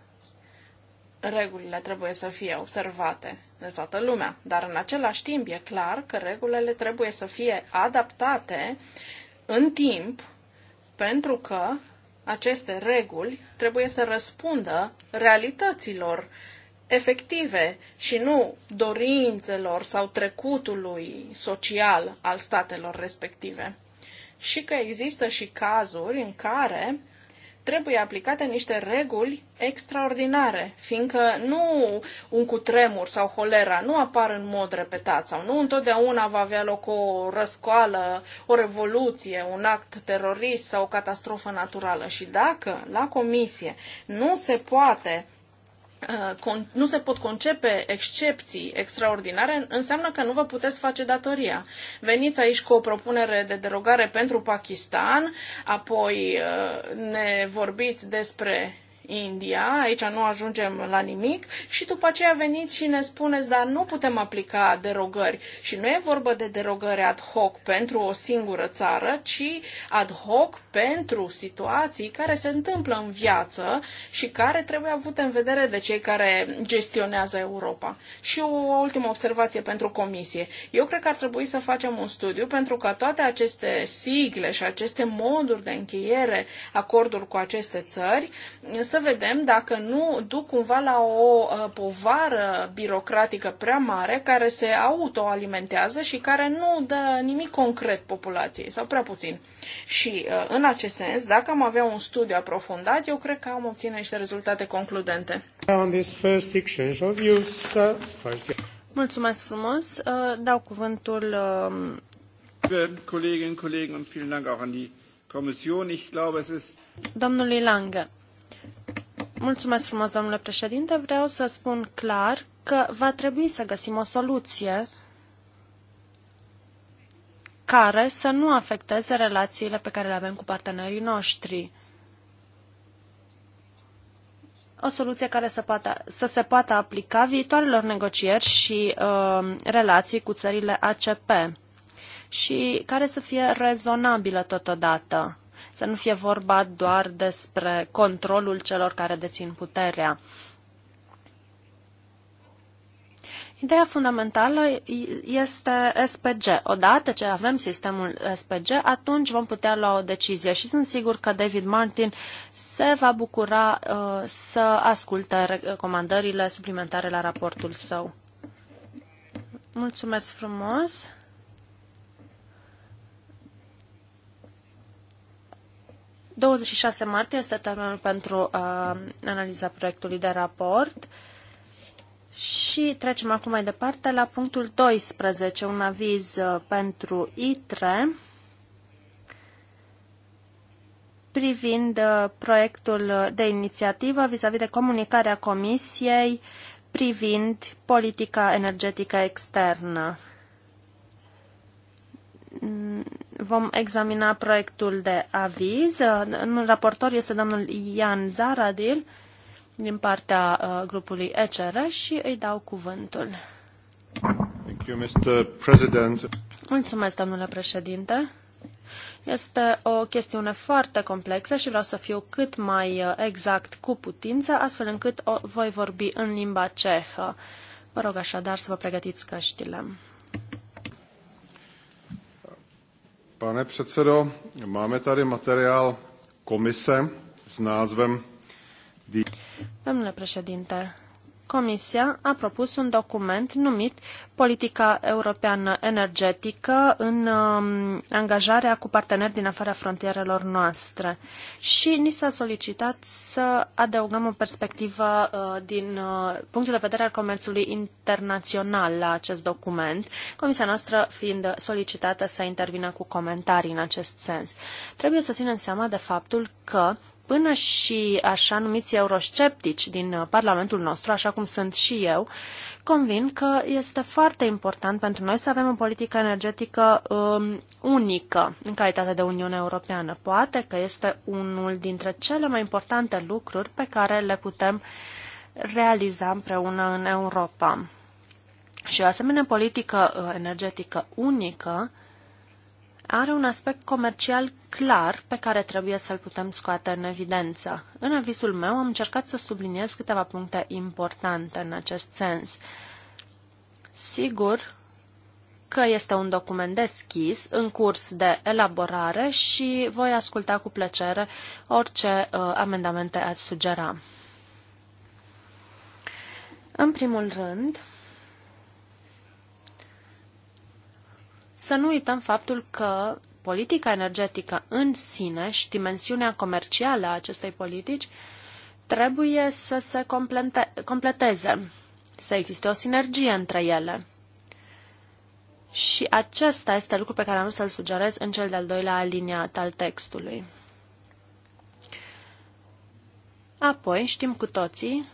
Speaker 10: regulile trebuie să fie observate de toată lumea, dar în același timp e clar că regulile trebuie să fie adaptate în timp pentru că aceste reguli trebuie să răspundă realităților efective și nu dorințelor sau trecutului social al statelor respective. Și că există și cazuri în care trebuie aplicate niște reguli extraordinare, fiindcă nu un cutremur sau holera nu apar în mod repetat sau nu întotdeauna va avea loc o răscoală, o revoluție, un act terorist sau o catastrofă naturală. Și dacă la comisie nu se poate Uh, nu se pot concepe excepții extraordinare, înseamnă că nu vă puteți face datoria. Veniți aici cu o propunere de derogare pentru Pakistan, apoi uh, ne vorbiți despre India, aici nu ajungem la nimic și după aceea veniți și ne spuneți, dar nu putem aplica derogări. Și nu e vorba de derogări ad hoc pentru o singură țară, ci ad hoc pentru situații care se întâmplă în viață și care trebuie avute în vedere de cei care gestionează Europa. Și o ultimă observație pentru comisie. Eu cred că ar trebui să facem un studiu pentru ca toate aceste sigle și aceste moduri de încheiere acorduri cu aceste țări să vedem dacă nu duc cumva la o uh, povară birocratică prea mare care se autoalimentează și care nu dă nimic concret populației sau prea puțin. Și uh, în acest sens, dacă am avea un studiu aprofundat, eu cred că am obține niște rezultate concludente.
Speaker 1: Uh,
Speaker 7: Mulțumesc frumos. Dau cuvântul
Speaker 2: Kolleginnen
Speaker 7: Domnului Lange. Mulțumesc frumos, domnule președinte. Vreau să spun clar că va trebui să găsim o soluție care să nu afecteze relațiile pe care le avem cu partenerii noștri. O soluție care să, poată, să se poată aplica viitoarelor negocieri și uh, relații cu țările ACP și care să fie rezonabilă totodată să nu fie vorba doar despre controlul celor care dețin puterea. Ideea fundamentală este SPG. Odată ce avem sistemul SPG, atunci vom putea lua o decizie și sunt sigur că David Martin se va bucura uh, să asculte recomandările suplimentare la raportul său. Mulțumesc frumos! 26 martie este termenul pentru uh, analiza proiectului de raport. Și trecem acum mai departe la punctul 12, un aviz uh, pentru ITRE privind uh, proiectul de inițiativă vis-a-vis -vis de comunicarea Comisiei privind politica energetică externă vom examina proiectul de aviz. Raportor este domnul Ian Zaradil din partea uh, grupului ECR și îi dau cuvântul.
Speaker 4: Thank you, Mr.
Speaker 7: Mulțumesc, domnule președinte. Este o chestiune foarte complexă și vreau să fiu cât mai uh, exact cu putință, astfel încât voi vorbi în limba cehă. Vă rog așadar să vă pregătiți căștile.
Speaker 9: Pane předsedo, máme tady materiál Komise s názvem...
Speaker 7: Domnule președinte, Comisia a propus un document numit Politica Europeană Energetică în um, angajarea cu parteneri din afara frontierelor noastre și ni s-a solicitat să adăugăm o perspectivă uh, din uh, punctul de vedere al comerțului internațional la acest document, Comisia noastră fiind solicitată să intervină cu comentarii în acest sens. Trebuie să ținem seama de faptul că până și așa numiți eurosceptici din uh, Parlamentul nostru, așa cum sunt și eu, convin că este foarte important pentru noi să avem o politică energetică um, unică în calitate de Uniune Europeană. Poate că este unul dintre cele mai importante lucruri pe care le putem realiza împreună în Europa. Și o asemenea politică uh, energetică unică are un aspect comercial clar pe care trebuie să-l putem scoate în evidență. În avizul meu am încercat să subliniez câteva puncte importante în acest sens. Sigur că este un document deschis, în curs de elaborare și voi asculta cu plăcere orice uh, amendamente ați sugera. În primul rând, să nu uităm faptul că politica energetică în sine și dimensiunea comercială a acestei politici trebuie să se complete, completeze, să existe o sinergie între ele. Și acesta este lucru pe care am să-l sugerez în cel de-al doilea aliniat al textului. Apoi știm cu toții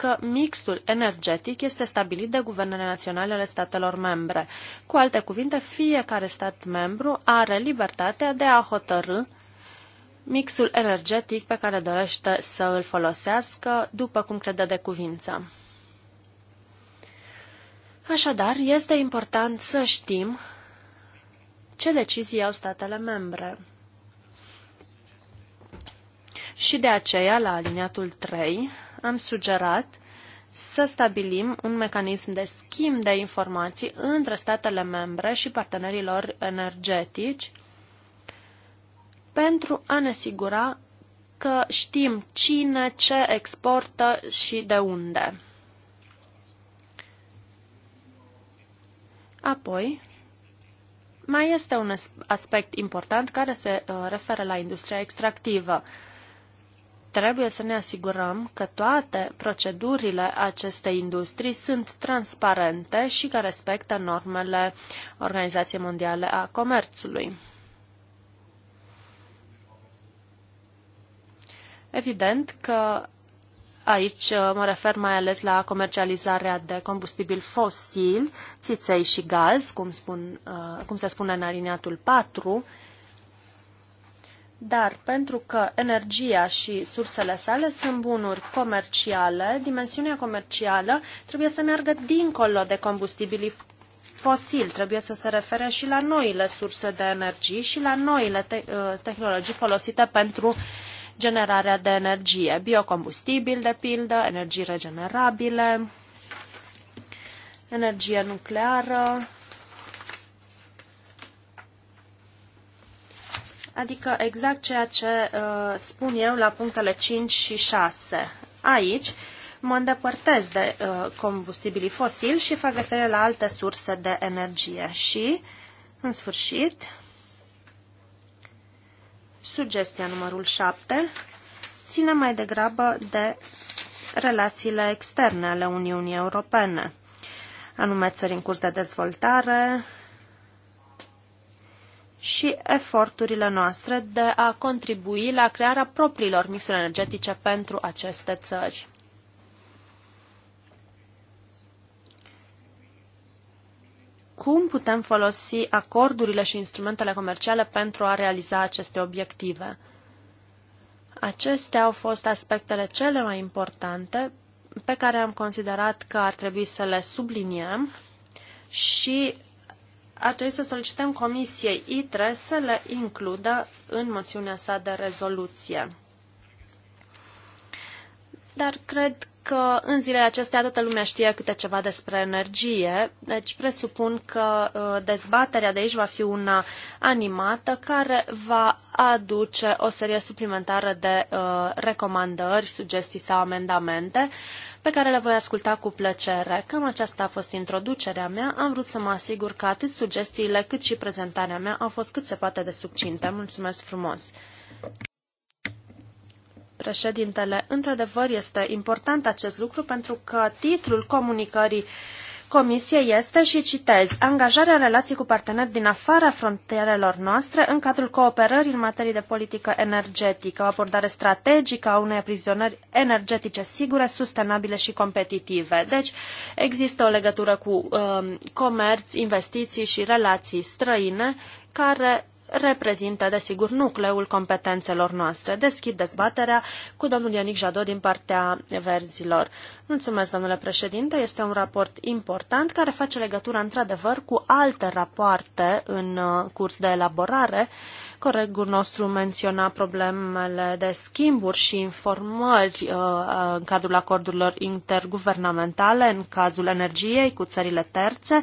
Speaker 7: că mixul energetic este stabilit de guvernele naționale ale statelor membre. Cu alte cuvinte, fiecare stat membru are libertatea de a hotărâ mixul energetic pe care dorește să îl folosească după cum crede de cuvință. Așadar, este important să știm ce decizii au statele membre. Și de aceea, la aliniatul 3, am sugerat să stabilim un mecanism de schimb de informații între statele membre și partenerii lor energetici pentru a ne asigura că știm cine, ce exportă și de unde. Apoi, mai este un aspect important care se uh, referă la industria extractivă. Trebuie să ne asigurăm că toate procedurile acestei industrii sunt transparente și că respectă normele Organizației Mondiale a Comerțului. Evident că Aici uh, mă refer mai ales la comercializarea de combustibil fosil, țiței și gaz, cum, spun, uh, cum se spune în aliniatul 4, dar pentru că energia și sursele sale sunt bunuri comerciale, dimensiunea comercială trebuie să meargă dincolo de combustibilii fosil, trebuie să se refere și la noile surse de energie și la noile te- uh, tehnologii folosite pentru generarea de energie, biocombustibil de pildă, energii regenerabile, energie nucleară, adică exact ceea ce uh, spun eu la punctele 5 și 6. Aici mă îndepărtez de uh, combustibilii fosili și fac referire la alte surse de energie și, în sfârșit, sugestia numărul 7 ține mai degrabă de relațiile externe ale Uniunii Europene, anume țări în curs de dezvoltare, și eforturile noastre de a contribui la crearea propriilor mixuri energetice pentru aceste țări. Cum putem folosi acordurile și instrumentele comerciale pentru a realiza aceste obiective? Acestea au fost aspectele cele mai importante pe care am considerat că ar trebui să le subliniem și ar trebui să solicităm Comisiei ITRE să le includă în moțiunea sa de rezoluție. Dar cred că în zilele acestea toată lumea știe câte ceva despre energie, deci presupun că uh, dezbaterea de aici va fi una animată care va aduce o serie suplimentară de uh, recomandări, sugestii sau amendamente pe care le voi asculta cu plăcere. Cam aceasta a fost introducerea mea. Am vrut să mă asigur că atât sugestiile cât și prezentarea mea au fost cât se poate de succinte. Mulțumesc frumos! președintele. Într-adevăr, este important acest lucru pentru că titlul comunicării Comisiei este, și citez, angajarea în relații cu parteneri din afara frontierelor noastre în cadrul cooperării în materie de politică energetică, o abordare strategică a unei aprizionări energetice sigure, sustenabile și competitive. Deci există o legătură cu um, comerț, investiții și relații străine care reprezintă, desigur, nucleul competențelor noastre. Deschid dezbaterea cu domnul Ionic Jadot din partea verzilor. Mulțumesc, domnule președinte. Este un raport important care face legătura, într-adevăr, cu alte rapoarte în uh, curs de elaborare. Colegul nostru menționa problemele de schimburi și informări uh, uh, în cadrul acordurilor interguvernamentale, în cazul energiei cu țările terțe.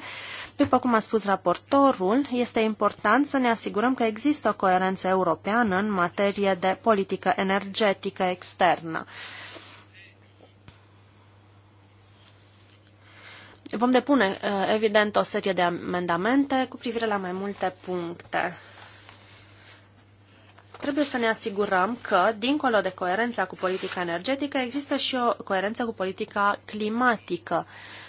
Speaker 7: După cum a spus raportorul, este important să ne asigurăm că există o coerență europeană în materie de politică energetică externă. Vom depune, eh, evident, o serie de amendamente cu privire la mai multe puncte. Trebuie să ne asigurăm că, dincolo de coerența cu politica energetică, există și o coerență cu politica climatică. Uh,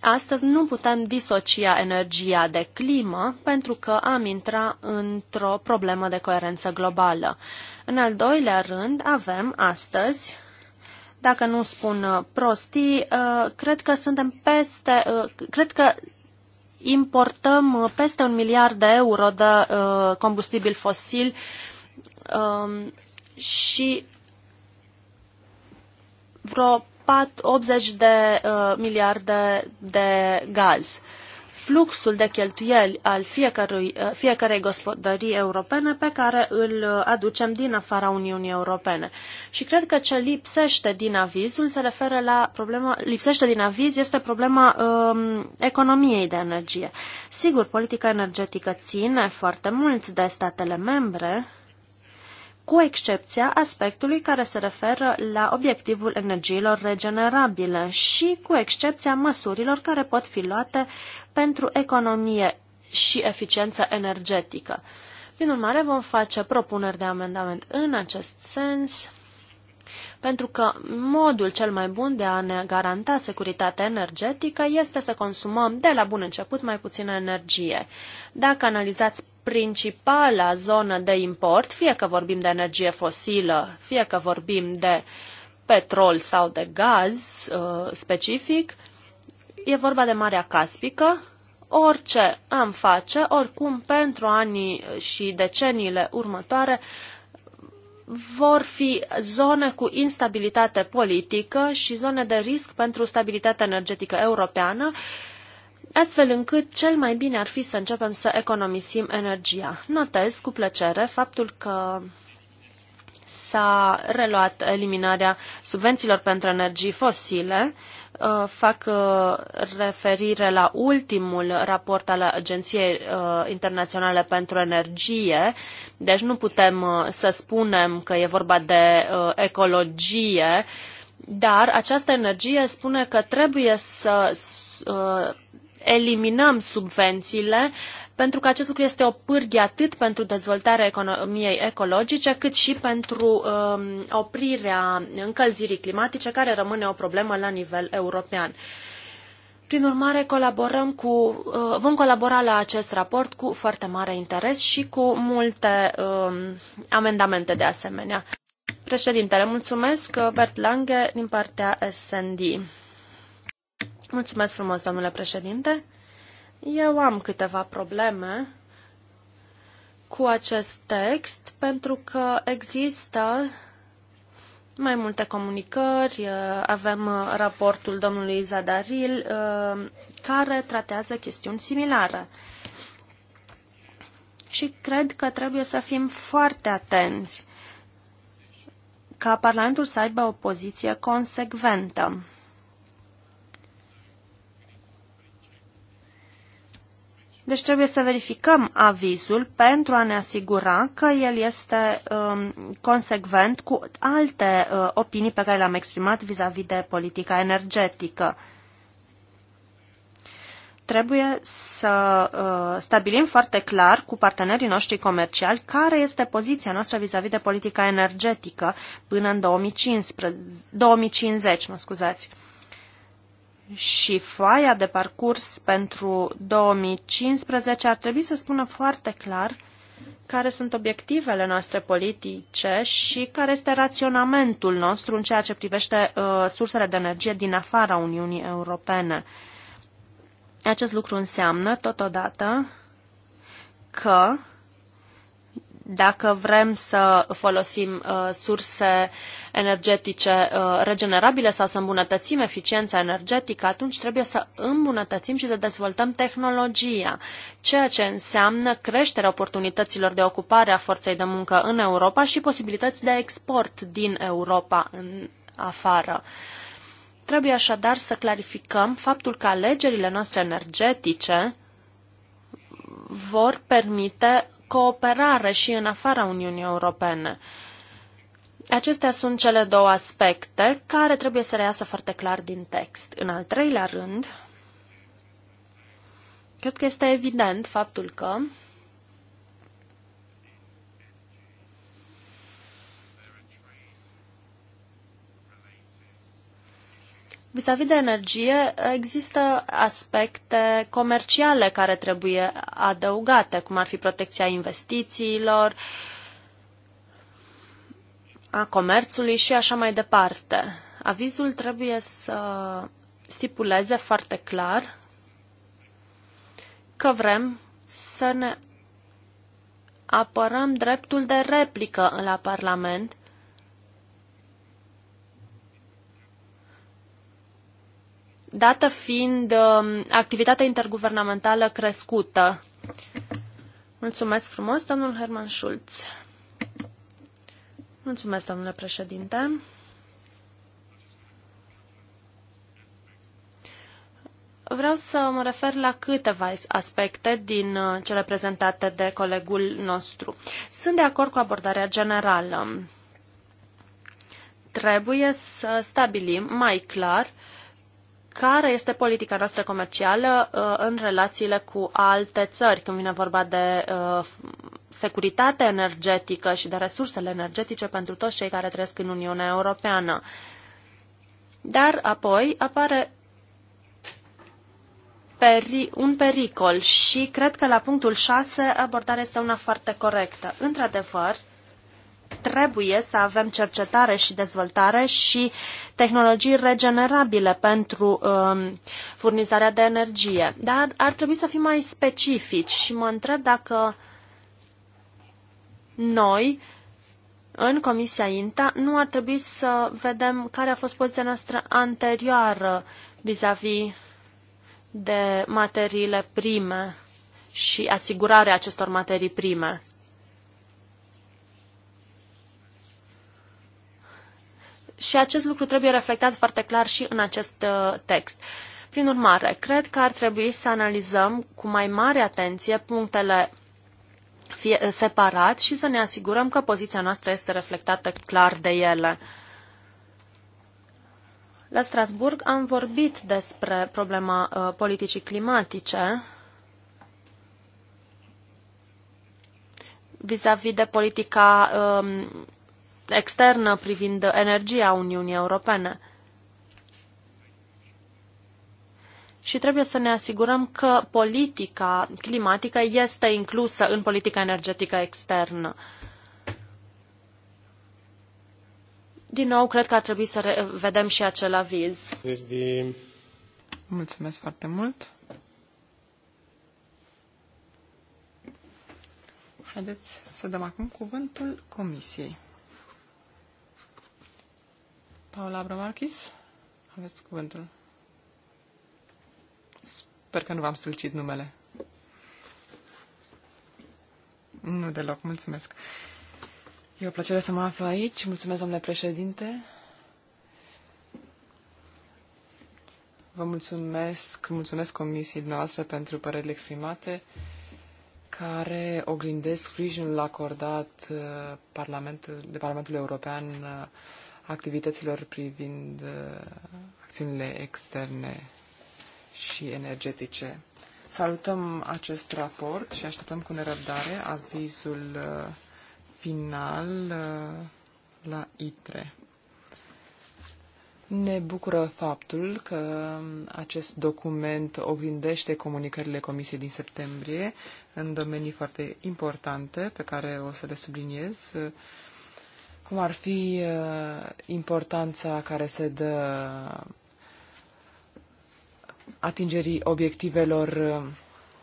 Speaker 7: astăzi nu putem disocia energia de climă pentru că am intra într-o problemă de coerență globală. În al doilea rând, avem astăzi, dacă nu spun uh, prostii, uh, cred că suntem peste, uh, cred că importăm peste un miliard de euro de combustibil fosil um, și vreo 80 de uh, miliarde de gaz. Fluxul de cheltuieli al fiecărui, uh, fiecarei gospodării europene pe care îl uh, aducem din afara Uniunii Europene. Și cred că ce lipsește din avizul se referă la problema, lipsește din aviz este problema um, economiei de energie. Sigur, politica energetică ține foarte mult de statele membre, cu excepția aspectului care se referă la obiectivul energiilor regenerabile și cu excepția măsurilor care pot fi luate pentru economie și eficiență energetică. Prin urmare, vom face propuneri de amendament în acest sens, pentru că modul cel mai bun de a ne garanta securitatea energetică este să consumăm de la bun început mai puțină energie. Dacă analizați principala zonă de import, fie că vorbim de energie fosilă, fie că vorbim de petrol sau de gaz uh, specific, e vorba de Marea Caspică. Orice am face, oricum, pentru anii și deceniile următoare, vor fi zone cu instabilitate politică și zone de risc pentru stabilitatea energetică europeană astfel încât cel mai bine ar fi să începem să economisim energia. Notez cu plăcere faptul că s-a reluat eliminarea subvențiilor pentru energii fosile. Uh, fac uh, referire la ultimul raport al Agenției uh, Internaționale pentru Energie, deci nu putem să spunem că e vorba de ecologie, dar această energie spune că trebuie să eliminăm subvențiile, pentru că acest lucru este o pârghie atât pentru dezvoltarea economiei ecologice, cât și pentru um, oprirea încălzirii climatice, care rămâne o problemă la nivel european. Prin urmare, colaborăm cu, uh, vom colabora la acest raport cu foarte mare interes și cu multe um, amendamente de asemenea. Președintele, mulțumesc, uh, Bert Lange, din partea SND. Mulțumesc frumos, domnule președinte. Eu am câteva probleme cu acest text pentru că există mai multe comunicări, avem raportul domnului Zadaril uh, care tratează chestiuni similare. Și cred că trebuie să fim foarte atenți ca Parlamentul să aibă o poziție consecventă. Deci trebuie să verificăm avizul pentru a ne asigura că el este um, consecvent cu alte uh, opinii pe care le-am exprimat vis-a-vis -vis de politica energetică. Trebuie să uh, stabilim foarte clar cu partenerii noștri comerciali care este poziția noastră vis-a-vis -vis de politica energetică până în 2015, 2050. Mă scuzați și foaia de parcurs pentru 2015 ar trebui să spună foarte clar care sunt obiectivele noastre politice și care este raționamentul nostru în ceea ce privește uh, sursele de energie din afara Uniunii Europene. Acest lucru înseamnă, totodată, că dacă vrem să folosim uh, surse energetice uh, regenerabile sau să îmbunătățim eficiența energetică, atunci trebuie să îmbunătățim și să dezvoltăm tehnologia, ceea ce înseamnă creșterea oportunităților de ocupare a forței de muncă în Europa și posibilități de export din Europa în afară. Trebuie așadar să clarificăm faptul că alegerile noastre energetice vor permite cooperare și în afara Uniunii Europene. Acestea sunt cele două aspecte care trebuie să reiasă foarte clar din text. În al treilea rând, cred că este evident faptul că Vis-a-vis de energie, există aspecte comerciale care trebuie adăugate, cum ar fi protecția investițiilor, a comerțului și așa mai departe. Avizul trebuie să stipuleze foarte clar că vrem să ne apărăm dreptul de replică la Parlament dată fiind um, activitatea interguvernamentală crescută. Mulțumesc frumos, domnul Herman Schulz. Mulțumesc, domnule președinte. Vreau să mă refer la câteva aspecte din uh, cele prezentate de colegul nostru. Sunt de acord cu abordarea generală. Trebuie să stabilim mai clar uh, care este politica noastră comercială uh, în relațiile cu alte țări, când vine vorba de uh, securitate energetică și de resursele energetice pentru toți cei care trăiesc în Uniunea Europeană. Dar apoi apare peri- un pericol și cred că la punctul 6 abordarea este una foarte corectă. Într-adevăr, trebuie să avem cercetare și dezvoltare și tehnologii regenerabile pentru um, furnizarea de energie. Dar ar trebui să fim mai specifici și mă întreb dacă noi, în Comisia INTA, nu ar trebui să vedem care a fost poziția noastră anterioară vis-a-vis -vis de materiile prime și asigurarea acestor materii prime. și acest lucru trebuie reflectat foarte clar și în acest uh, text. Prin urmare, cred că ar trebui să analizăm cu mai mare atenție punctele fie, uh, separat și să ne asigurăm că poziția noastră este reflectată clar de ele. La Strasburg am vorbit despre problema uh, politicii climatice vis-a-vis -vis de politica uh, externă privind energia Uniunii Europene. Și trebuie să ne asigurăm că politica climatică este inclusă în politica energetică externă. Din nou, cred că ar trebui să vedem și acel aviz.
Speaker 9: Mulțumesc foarte mult. Haideți să dăm acum cuvântul Comisiei. Paul Abramarchis, aveți cuvântul. Sper că nu v-am stâlcit numele. Nu deloc, mulțumesc. E o plăcere să mă aflu aici. Mulțumesc, domnule președinte. Vă mulțumesc, mulțumesc comisiei noastre pentru părerile exprimate care oglindesc sprijinul acordat uh, Parlamentul, de Parlamentul European uh, activităților privind uh, acțiunile externe și energetice. Salutăm acest raport și așteptăm cu nerăbdare avizul uh, final uh, la ITRE. Ne bucură faptul că um, acest document oglindește comunicările Comisiei din septembrie în domenii foarte importante pe care o să le subliniez cum ar fi uh, importanța care se dă atingerii obiectivelor uh,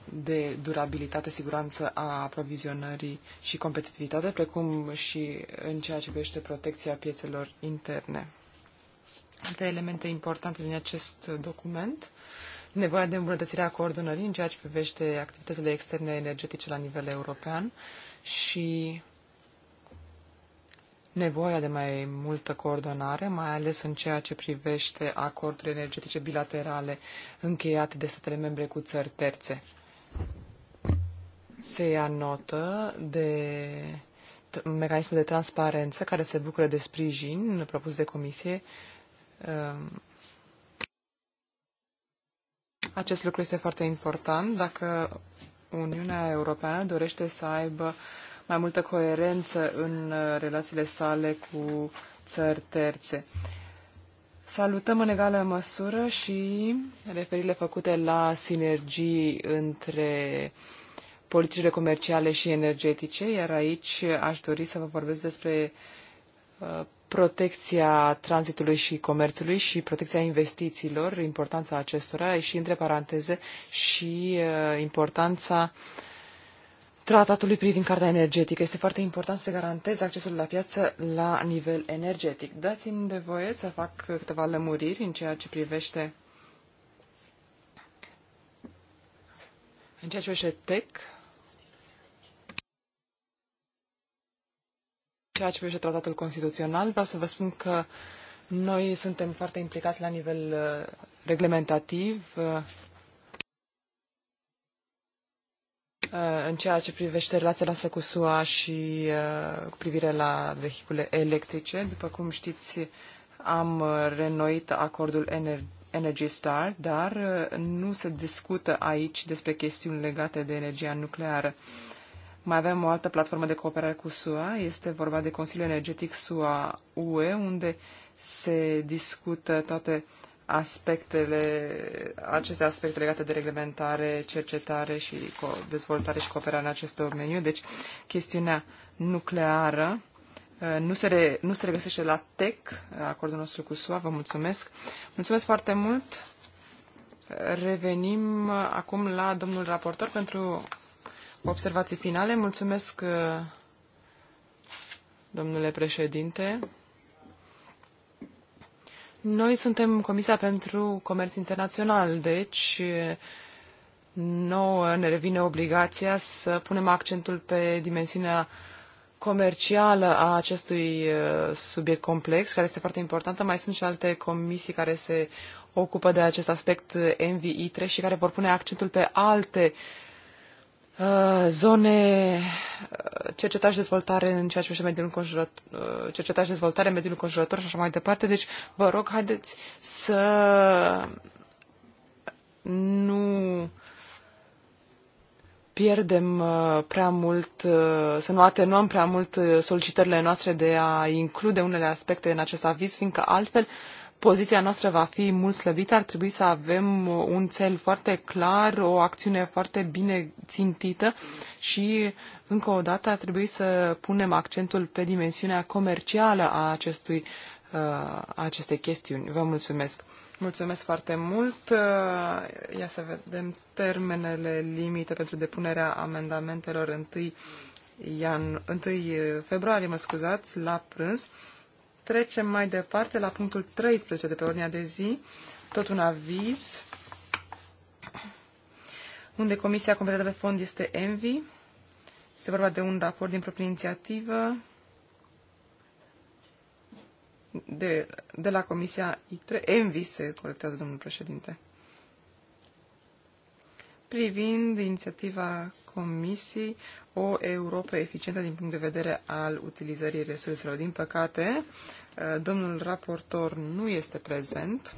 Speaker 9: de durabilitate, siguranță a aprovizionării și competitivitate, precum și în ceea ce privește protecția piețelor interne. Alte elemente importante din acest document, nevoia de îmbunătățirea coordonării în ceea ce privește activitățile externe energetice la nivel european și nevoia de mai multă coordonare, mai ales în ceea ce privește acordurile energetice bilaterale încheiate de statele membre cu țări terțe. Se ia notă de mecanismul de transparență care se bucură de sprijin propus de comisie. Um, acest lucru este foarte important dacă Uniunea Europeană dorește să aibă uh, mai multă coerență în uh, relațiile sale cu țări terțe. Salutăm în egală măsură și referirile făcute la sinergii între politicile comerciale și energetice, iar aici aș dori să vă vorbesc despre uh, protecția tranzitului și comerțului și protecția investițiilor, importanța acestora și, între paranteze, și uh, importanța uh, tratatului privind cartea energetică. Este foarte important să garantez accesul la piață la nivel energetic. Dați-mi de voie să fac câteva lămuriri în ceea ce privește în ceea ce privește TEC, ceea ce privește tratatul constituțional, vreau să vă spun că noi suntem foarte implicați la nivel uh, reglementativ, uh, Uh, în ceea ce privește relația noastră cu SUA și uh, cu privire la vehicule electrice. După cum știți, am uh, renoit acordul Energy Star, dar nu se discută aici despre chestiuni legate de energia nucleară. Mai avem o altă platformă de cooperare cu SUA, este vorba de Consiliul Energetic SUA-UE, unde se discută toate aspectele, aceste aspecte legate de reglementare, cercetare și dezvoltare și cooperare în acest domeniu. Deci, chestiunea nucleară uh, nu se, re, nu se regăsește la TEC, acordul nostru cu SUA. Vă mulțumesc. Mulțumesc foarte mult. Revenim uh, acum la domnul raportor pentru observații finale. Mulțumesc, uh, domnule președinte. Noi suntem Comisia pentru Comerț Internațional, deci nouă ne revine obligația să punem accentul pe dimensiunea comercială a acestui uh, subiect complex, care este foarte importantă. Mai sunt și alte comisii care se ocupă de acest aspect MVI3 uh, și care vor pune accentul pe alte uh, Uh, zone uh, cercetare și dezvoltare în ceea ce privește mediul înconjurător, uh, cercetare și dezvoltare în mediul înconjurător și așa mai departe. Deci, vă rog, haideți să nu pierdem prea mult, să nu atenuăm prea mult solicitările noastre de a include unele aspecte în acest aviz, fiindcă altfel poziția noastră va fi mult slăbită, ar trebui să avem un cel foarte clar, o acțiune foarte bine țintită și, încă o dată, ar trebui să punem accentul pe dimensiunea comercială a acestui, a uh, acestei chestiuni. Vă mulțumesc! Mulțumesc foarte mult. Uh, ia să vedem termenele limite pentru depunerea amendamentelor 1, ian... 1 februarie, mă scuzați, la prânz. Trecem mai departe la punctul 13 de pe ordinea de zi, tot un aviz, unde comisia competentă pe fond este ENVI. Este vorba de un raport din proprie inițiativă de, de la comisia I3. ENVI se corectează domnul președinte, privind inițiativa comisiei o Europa eficientă din punct de vedere al utilizării resurselor. Din păcate, uh, domnul raportor nu este prezent.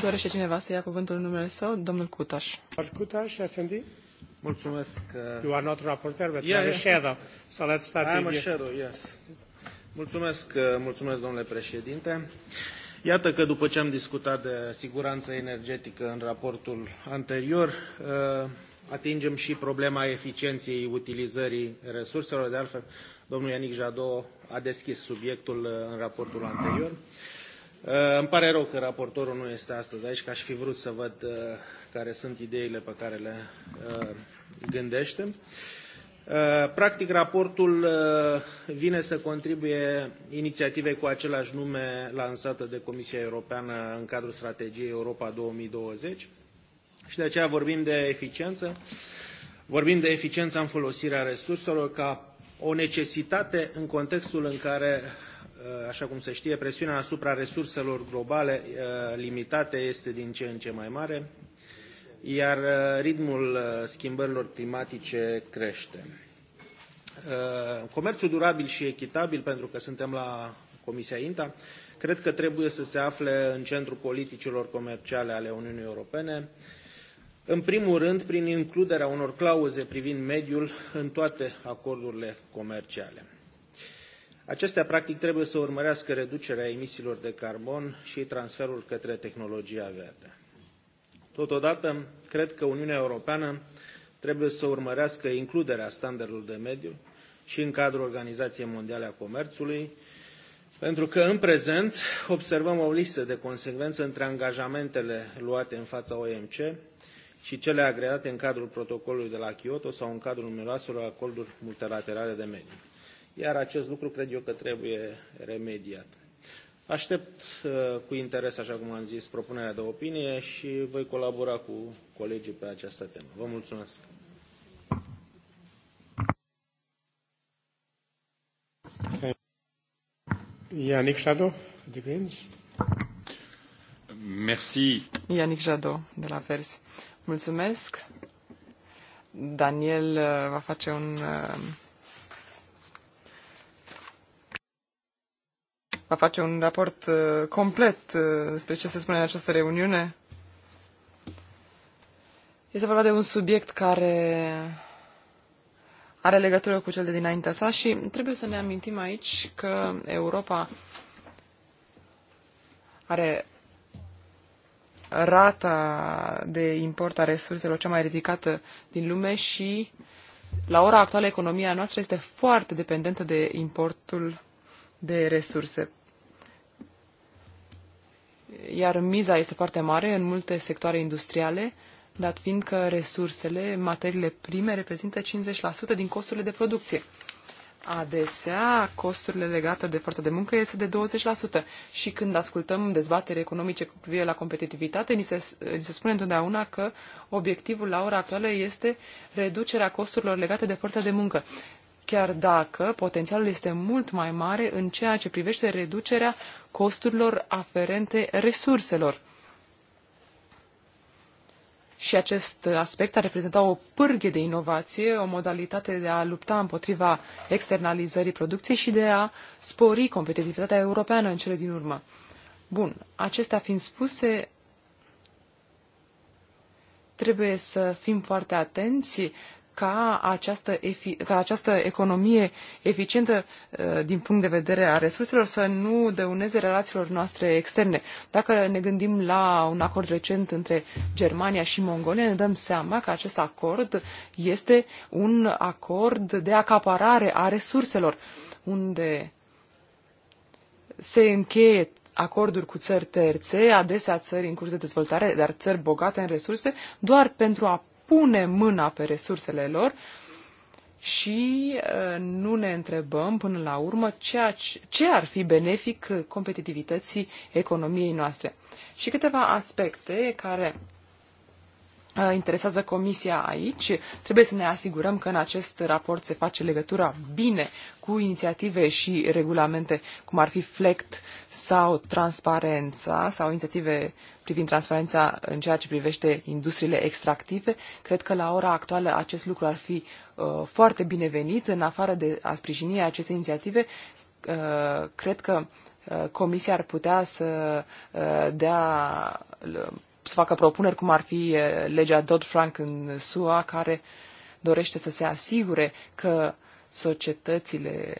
Speaker 9: Dorește cineva să ia cuvântul numele său? Domnul Cutaș. Cutaș, SND. Mulțumesc.
Speaker 1: Uh, you are not rapporteur,
Speaker 9: but yeah, you are a shadow.
Speaker 1: So let's start I am a shadow,
Speaker 5: yes. Mulțumesc, uh, mulțumesc, domnule președinte. Uh, Iată că după ce am discutat de siguranță energetică în raportul anterior, uh, atingem și problema eficienței utilizării resurselor. De altfel, domnul Ianic Jadot a deschis subiectul uh, în raportul anterior. Uh, îmi pare rău că raportorul nu este astăzi aici, că aș fi vrut să văd care sunt ideile pe care le gândește. Uh, practic, raportul uh, vine să contribuie inițiativei cu același nume lansată de Comisia Europeană în cadrul strategiei Europa 2020 și de aceea vorbim de eficiență. Vorbim de eficiența în folosirea resurselor ca o necesitate în contextul în care, uh, așa cum se știe, presiunea asupra resurselor globale limitate este din ce în ce mai mare, iar uh, ritmul uh, schimbărilor climatice crește. Uh, comerțul durabil și echitabil, pentru că suntem la Comisia INTA, cred că trebuie să se afle în centrul politicilor comerciale ale Uniunii Europene, în primul rând prin includerea unor clauze privind mediul în toate acordurile comerciale. Acestea, practic, trebuie să urmărească reducerea emisiilor de carbon și transferul către tehnologia verde. Totodată, cred că Uniunea Europeană trebuie să urmărească includerea standardelor de mediu și în cadrul Organizației Mondiale a Comerțului, pentru că în prezent observăm o listă de consecvență între angajamentele luate în fața OMC și cele agreate în cadrul protocolului de la Kyoto sau în cadrul numeroaselor acorduri multilaterale de mediu. Iar acest lucru cred eu că trebuie remediat. Aștept uh, cu interes, așa cum am zis, propunerea de opinie și voi colabora cu colegii pe această temă. Vă mulțumesc!
Speaker 9: Yannick Jadot, de Greens.
Speaker 3: Merci.
Speaker 9: Yannick Jadot, de la Vers. Mulțumesc. Daniel uh, va face un uh, va face un raport uh, complet uh, despre ce se spune în această reuniune. Este vorba de un subiect care are legătură cu cel de dinaintea sa și trebuie să ne amintim aici că Europa are rata de import a resurselor cea mai ridicată din lume și la ora actuală economia noastră este foarte dependentă de importul de resurse iar miza este foarte mare în multe sectoare industriale, dat fiind că resursele, materiile prime, reprezintă 50% din costurile de producție. Adesea, costurile legate de forța de muncă este de 20% și când ascultăm dezbatere economice cu privire la competitivitate, ni se, ni se spune întotdeauna că obiectivul la ora actuală este reducerea costurilor legate de forța de muncă chiar dacă potențialul este mult mai mare în ceea ce privește reducerea costurilor aferente resurselor. Și acest aspect ar reprezenta o pârghie de inovație, o modalitate de a lupta împotriva externalizării producției și de a spori competitivitatea europeană în cele din urmă. Bun, acestea fiind spuse, trebuie să fim foarte atenți ca această, ca această economie eficientă uh, din punct de vedere a resurselor să nu dăuneze relațiilor noastre externe. Dacă ne gândim la un acord recent între Germania și Mongolia, ne dăm seama că acest acord este un acord de acaparare a resurselor, unde se încheie acorduri cu țări terțe, adesea țări în curs de dezvoltare, dar țări bogate în resurse, doar pentru a pune mâna pe resursele lor și uh, nu ne întrebăm până la urmă ceea ce, ce ar fi benefic competitivității economiei noastre. Și câteva aspecte care uh, interesează Comisia aici. Trebuie să ne asigurăm că în acest raport se face legătura bine cu inițiative și regulamente, cum ar fi FLECT sau transparența sau inițiative privind transparența în ceea ce privește industriile extractive. Cred că la ora actuală acest lucru ar fi uh, foarte binevenit, în afară de a sprijini aceste inițiative. Uh, cred că uh, Comisia ar putea să uh, dea să facă propuneri cum ar fi uh, legea Dodd-Frank în SUA, care dorește să se asigure că societățile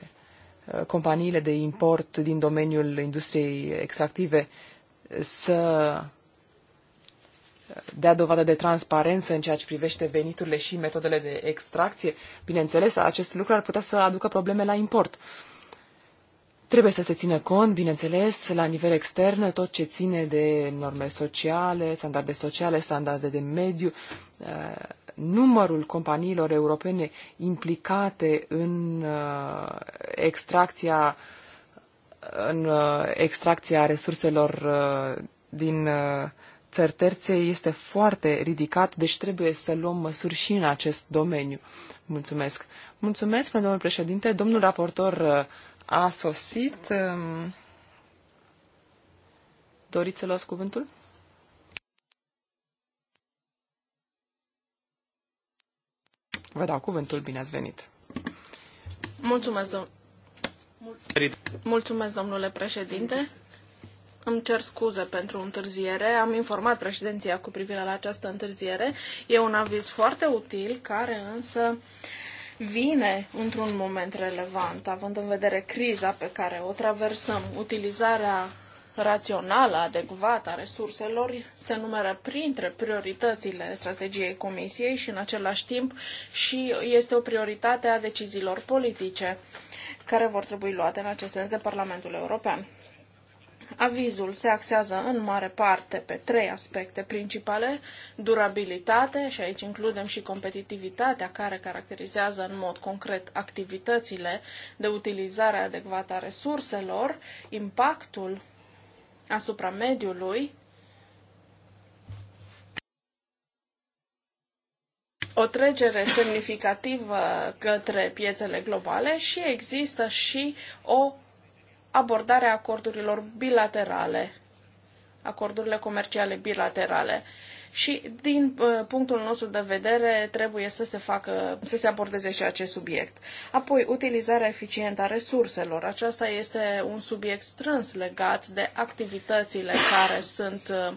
Speaker 9: Uh, companiile de import din domeniul industriei extractive să dea dovadă de transparență în ceea ce privește veniturile și metodele de extracție, bineînțeles, acest lucru ar putea să aducă probleme la import. Trebuie să se țină cont, bineînțeles, la nivel extern, tot ce ține de norme sociale, standarde sociale, standarde de mediu, uh, numărul companiilor europene implicate în uh, extracția, în uh, extracția resurselor uh, din țări terțe este foarte ridicat, deci trebuie să luăm măsuri și în acest domeniu. Mulțumesc. Mulțumesc, domnule președinte. Domnul raportor a sosit. Um, doriți să luați cuvântul? Vă dau cuvântul, bine ați venit.
Speaker 10: Mulțumesc, domn... Mulțumesc domnule președinte. Îmi cer scuze pentru întârziere. Am informat președinția cu privire la această întârziere. E un aviz foarte util, care însă vine într-un moment relevant, având în vedere criza pe care o traversăm, utilizarea rațională, adecvată a resurselor se numără printre prioritățile strategiei Comisiei și în același timp și este o prioritate a deciziilor politice care vor trebui luate în acest sens de Parlamentul European. Avizul se axează în mare parte pe trei aspecte principale, durabilitate, și aici includem și competitivitatea care caracterizează în mod concret activitățile de utilizare adecvată a resurselor, impactul asupra mediului, o trecere semnificativă către piețele globale și există și o abordare a acordurilor bilaterale, acordurile comerciale bilaterale și din uh, punctul nostru de vedere trebuie să se facă, să se abordeze și acest subiect. Apoi, utilizarea eficientă a resurselor. Aceasta este un subiect strâns legat de activitățile care sunt uh,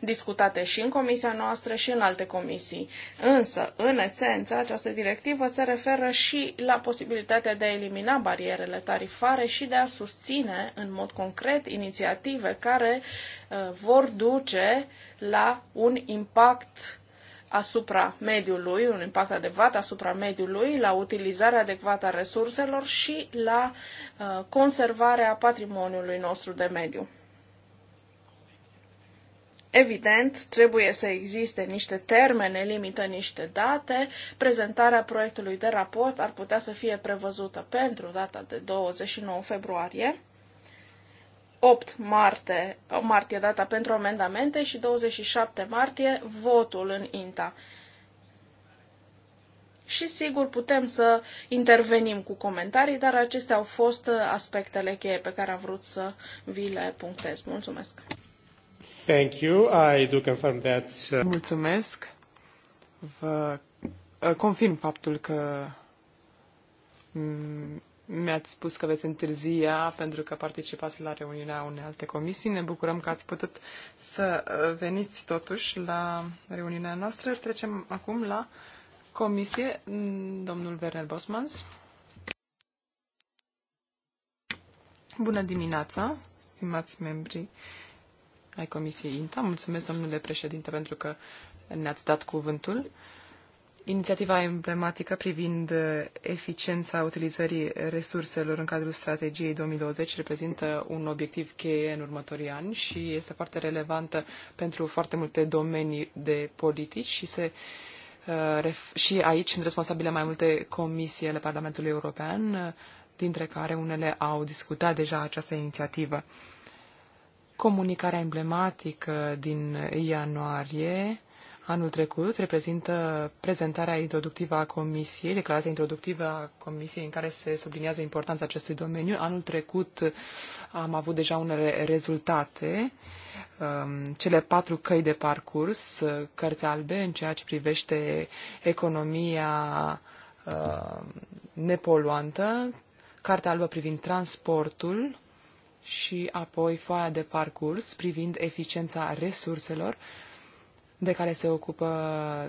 Speaker 10: discutate și în comisia noastră și în alte comisii. Însă, în esență, această directivă se referă și la posibilitatea de a elimina barierele tarifare și de a susține în mod concret inițiative care uh, vor duce la un impact asupra mediului, un impact adecvat asupra mediului, la utilizarea adecvată a resurselor și la uh, conservarea patrimoniului nostru de mediu. Evident, trebuie să existe niște termene, limită niște date. Prezentarea proiectului de raport ar putea să fie prevăzută pentru data de 29 februarie, 8 martie, martie data pentru amendamente și 27 martie votul în INTA. Și sigur putem să intervenim cu comentarii, dar acestea au fost aspectele cheie pe care am vrut să vi le punctez. Mulțumesc!
Speaker 1: Thank you. I do confirm that. Uh, Mulțumesc.
Speaker 9: Vă uh, confirm faptul că mm, mi-ați spus că veți întârzia pentru că participați la reuniunea unei alte comisii. Ne bucurăm că ați putut să uh, veniți totuși la reuniunea noastră. Trecem acum la comisie. Domnul Werner Bosmans. Bună dimineața, stimați membrii ai Comisiei INTA. Mulțumesc, domnule președinte, pentru că ne-ați dat cuvântul. Inițiativa emblematică privind eficiența utilizării resurselor în cadrul strategiei 2020 reprezintă un obiectiv cheie în următorii ani și este foarte relevantă pentru foarte multe domenii de politici și se uh, și aici sunt responsabile mai multe comisii ale Parlamentului European, dintre care unele au discutat deja această inițiativă. Comunicarea emblematică din ianuarie anul trecut reprezintă prezentarea introductivă a Comisiei, declarația introductivă a Comisiei în care se subliniază importanța acestui domeniu. Anul trecut am avut deja unele rezultate, um, cele patru căi de parcurs, cărți albe în ceea ce privește economia uh, nepoluantă, cartea albă privind transportul, și apoi foaia de parcurs privind eficiența resurselor de care se ocupă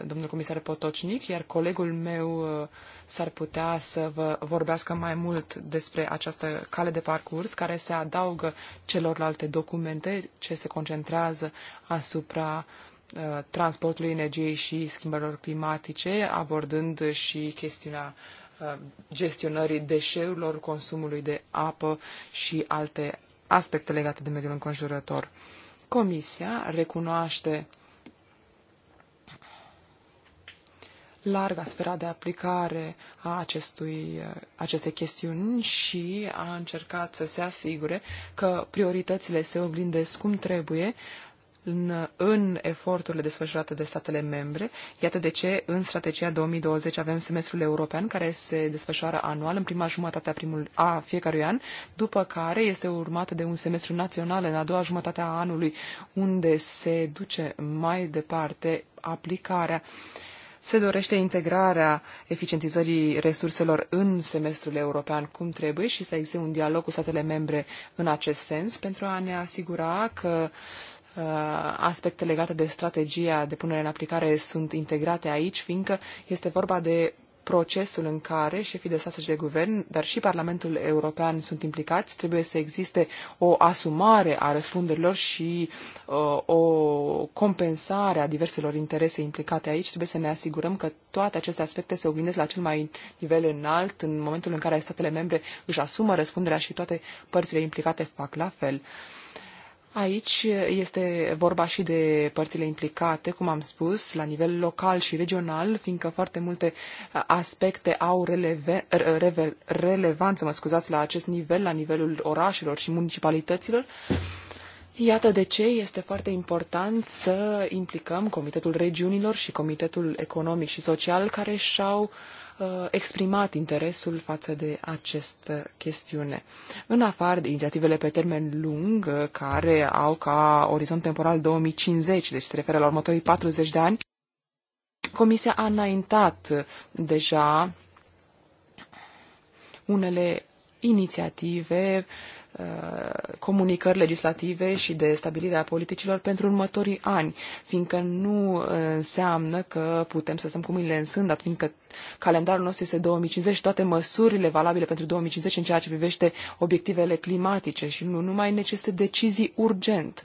Speaker 9: domnul comisar Potocnic, iar colegul meu uh, s-ar putea să vă vorbească mai mult despre această cale de parcurs care se adaugă celorlalte documente ce se concentrează asupra uh, transportului energiei și schimbărilor climatice, abordând și chestiunea uh, gestionării deșeurilor, consumului de apă și alte aspecte legate de mediul înconjurător. Comisia recunoaște larga sfera de aplicare a acestui, acestei chestiuni și a încercat să se asigure că prioritățile se oglindesc cum trebuie în, în eforturile desfășurate de statele membre. Iată de ce în strategia 2020 avem semestrul european care se desfășoară anual în prima jumătate a, primul, a fiecărui an, după care este urmat de un semestru național în a doua jumătate a anului unde se duce mai departe aplicarea se dorește integrarea eficientizării resurselor în semestrul european cum trebuie și să existe un dialog cu statele membre în acest sens pentru a ne asigura că uh, Uh, aspecte legate de strategia de punere în aplicare sunt integrate aici, fiindcă este vorba de procesul în care șefii de stat și de guvern, dar și Parlamentul European sunt implicați, trebuie să existe o asumare a răspunderilor și uh, o compensare a diverselor interese implicate aici. Trebuie să ne asigurăm că toate aceste aspecte se oglindesc la cel mai nivel înalt în momentul în care statele membre își asumă răspunderea și toate părțile implicate fac la fel. Uh, Aici este vorba și de părțile implicate, cum am spus, la nivel local și regional, fiindcă foarte multe uh, aspecte au releve, uh, rele, relevanță, mă scuzați, la acest nivel, la nivelul orașelor și municipalităților. Iată de ce este foarte important să implicăm Comitetul Regiunilor și Comitetul Economic și Social, care și-au uh, Uh, exprimat interesul față de această chestiune. În afară de inițiativele pe termen lung, uh, care au ca orizont temporal 2050, deci se referă la următorii 40 de ani, Comisia a înaintat uh, deja unele inițiative Uh, comunicări legislative și de stabilirea politicilor pentru următorii ani, fiindcă nu uh, înseamnă că putem să stăm cu mâinile în sân, dar fiindcă calendarul nostru este 2050 și toate măsurile valabile pentru 2050 în ceea ce privește obiectivele climatice și nu numai necesită decizii urgente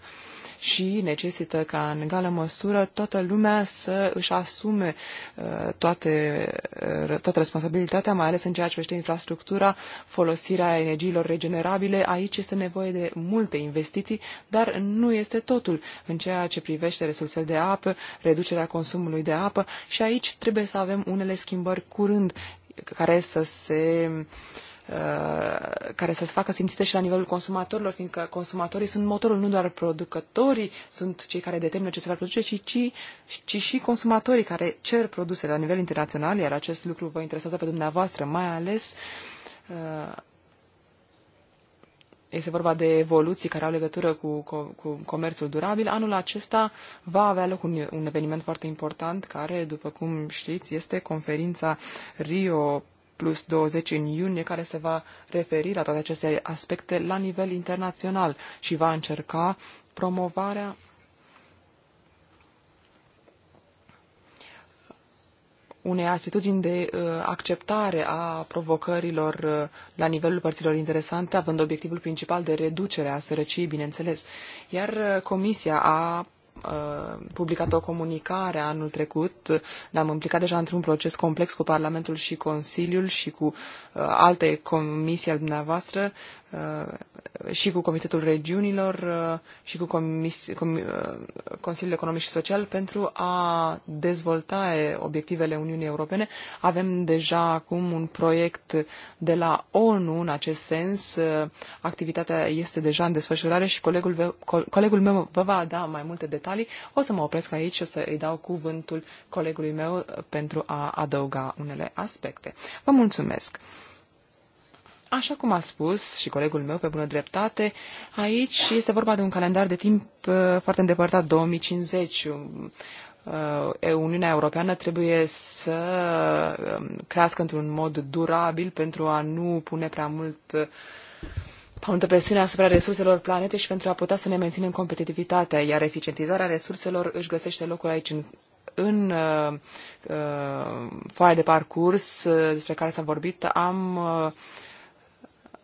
Speaker 9: și necesită ca în egală măsură toată lumea să își asume uh, toate, uh, toată responsabilitatea, mai ales în ceea ce privește infrastructura, folosirea energiilor regenerabile. Aici este nevoie de multe investiții, dar nu este totul în ceea ce privește resursele de apă, reducerea consumului de apă și aici trebuie să avem unele schimbări curând care să se uh, Uh, care să se facă simțite și la nivelul consumatorilor, fiindcă consumatorii sunt motorul, nu doar producătorii sunt cei care determină ce se va produce, ci, ci, ci și consumatorii care cer produse la nivel internațional, iar acest lucru vă interesează pe dumneavoastră, mai ales uh, este vorba de evoluții care au legătură cu, cu, cu comerțul durabil. Anul acesta va avea loc un, un eveniment foarte important care, după cum știți, este conferința Rio plus 20 în iunie, care se va referi la toate aceste aspecte la nivel internațional și va încerca promovarea unei atitudini de uh, acceptare a provocărilor uh, la nivelul părților interesante, având obiectivul principal de reducere a sărăciei, bineînțeles. Iar uh, Comisia a Uh, publicat o comunicare anul trecut. Ne-am implicat deja într-un proces complex cu Parlamentul și Consiliul și cu uh, alte comisii al dumneavoastră Uh, și cu Comitetul Regiunilor uh, și cu Comis Com uh, Consiliul Economic și Social pentru a dezvolta obiectivele Uniunii Europene. Avem deja acum un proiect de la ONU în acest sens. Activitatea este deja în desfășurare și colegul, colegul meu vă va da mai multe detalii. O să mă opresc aici și o să îi dau cuvântul colegului meu pentru a adăuga unele aspecte. Vă mulțumesc! Așa cum a spus și colegul meu pe bună dreptate, aici este vorba de un calendar de timp uh, foarte îndepărtat, 2050. Uh, Uniunea Europeană trebuie să um, crească într-un mod durabil pentru a nu pune prea mult uh, prea multă presiune asupra resurselor planete și pentru a putea să ne menținem competitivitatea, iar eficientizarea resurselor își găsește locul aici în în uh, uh, foaia de parcurs uh, despre care s-a vorbit, am uh,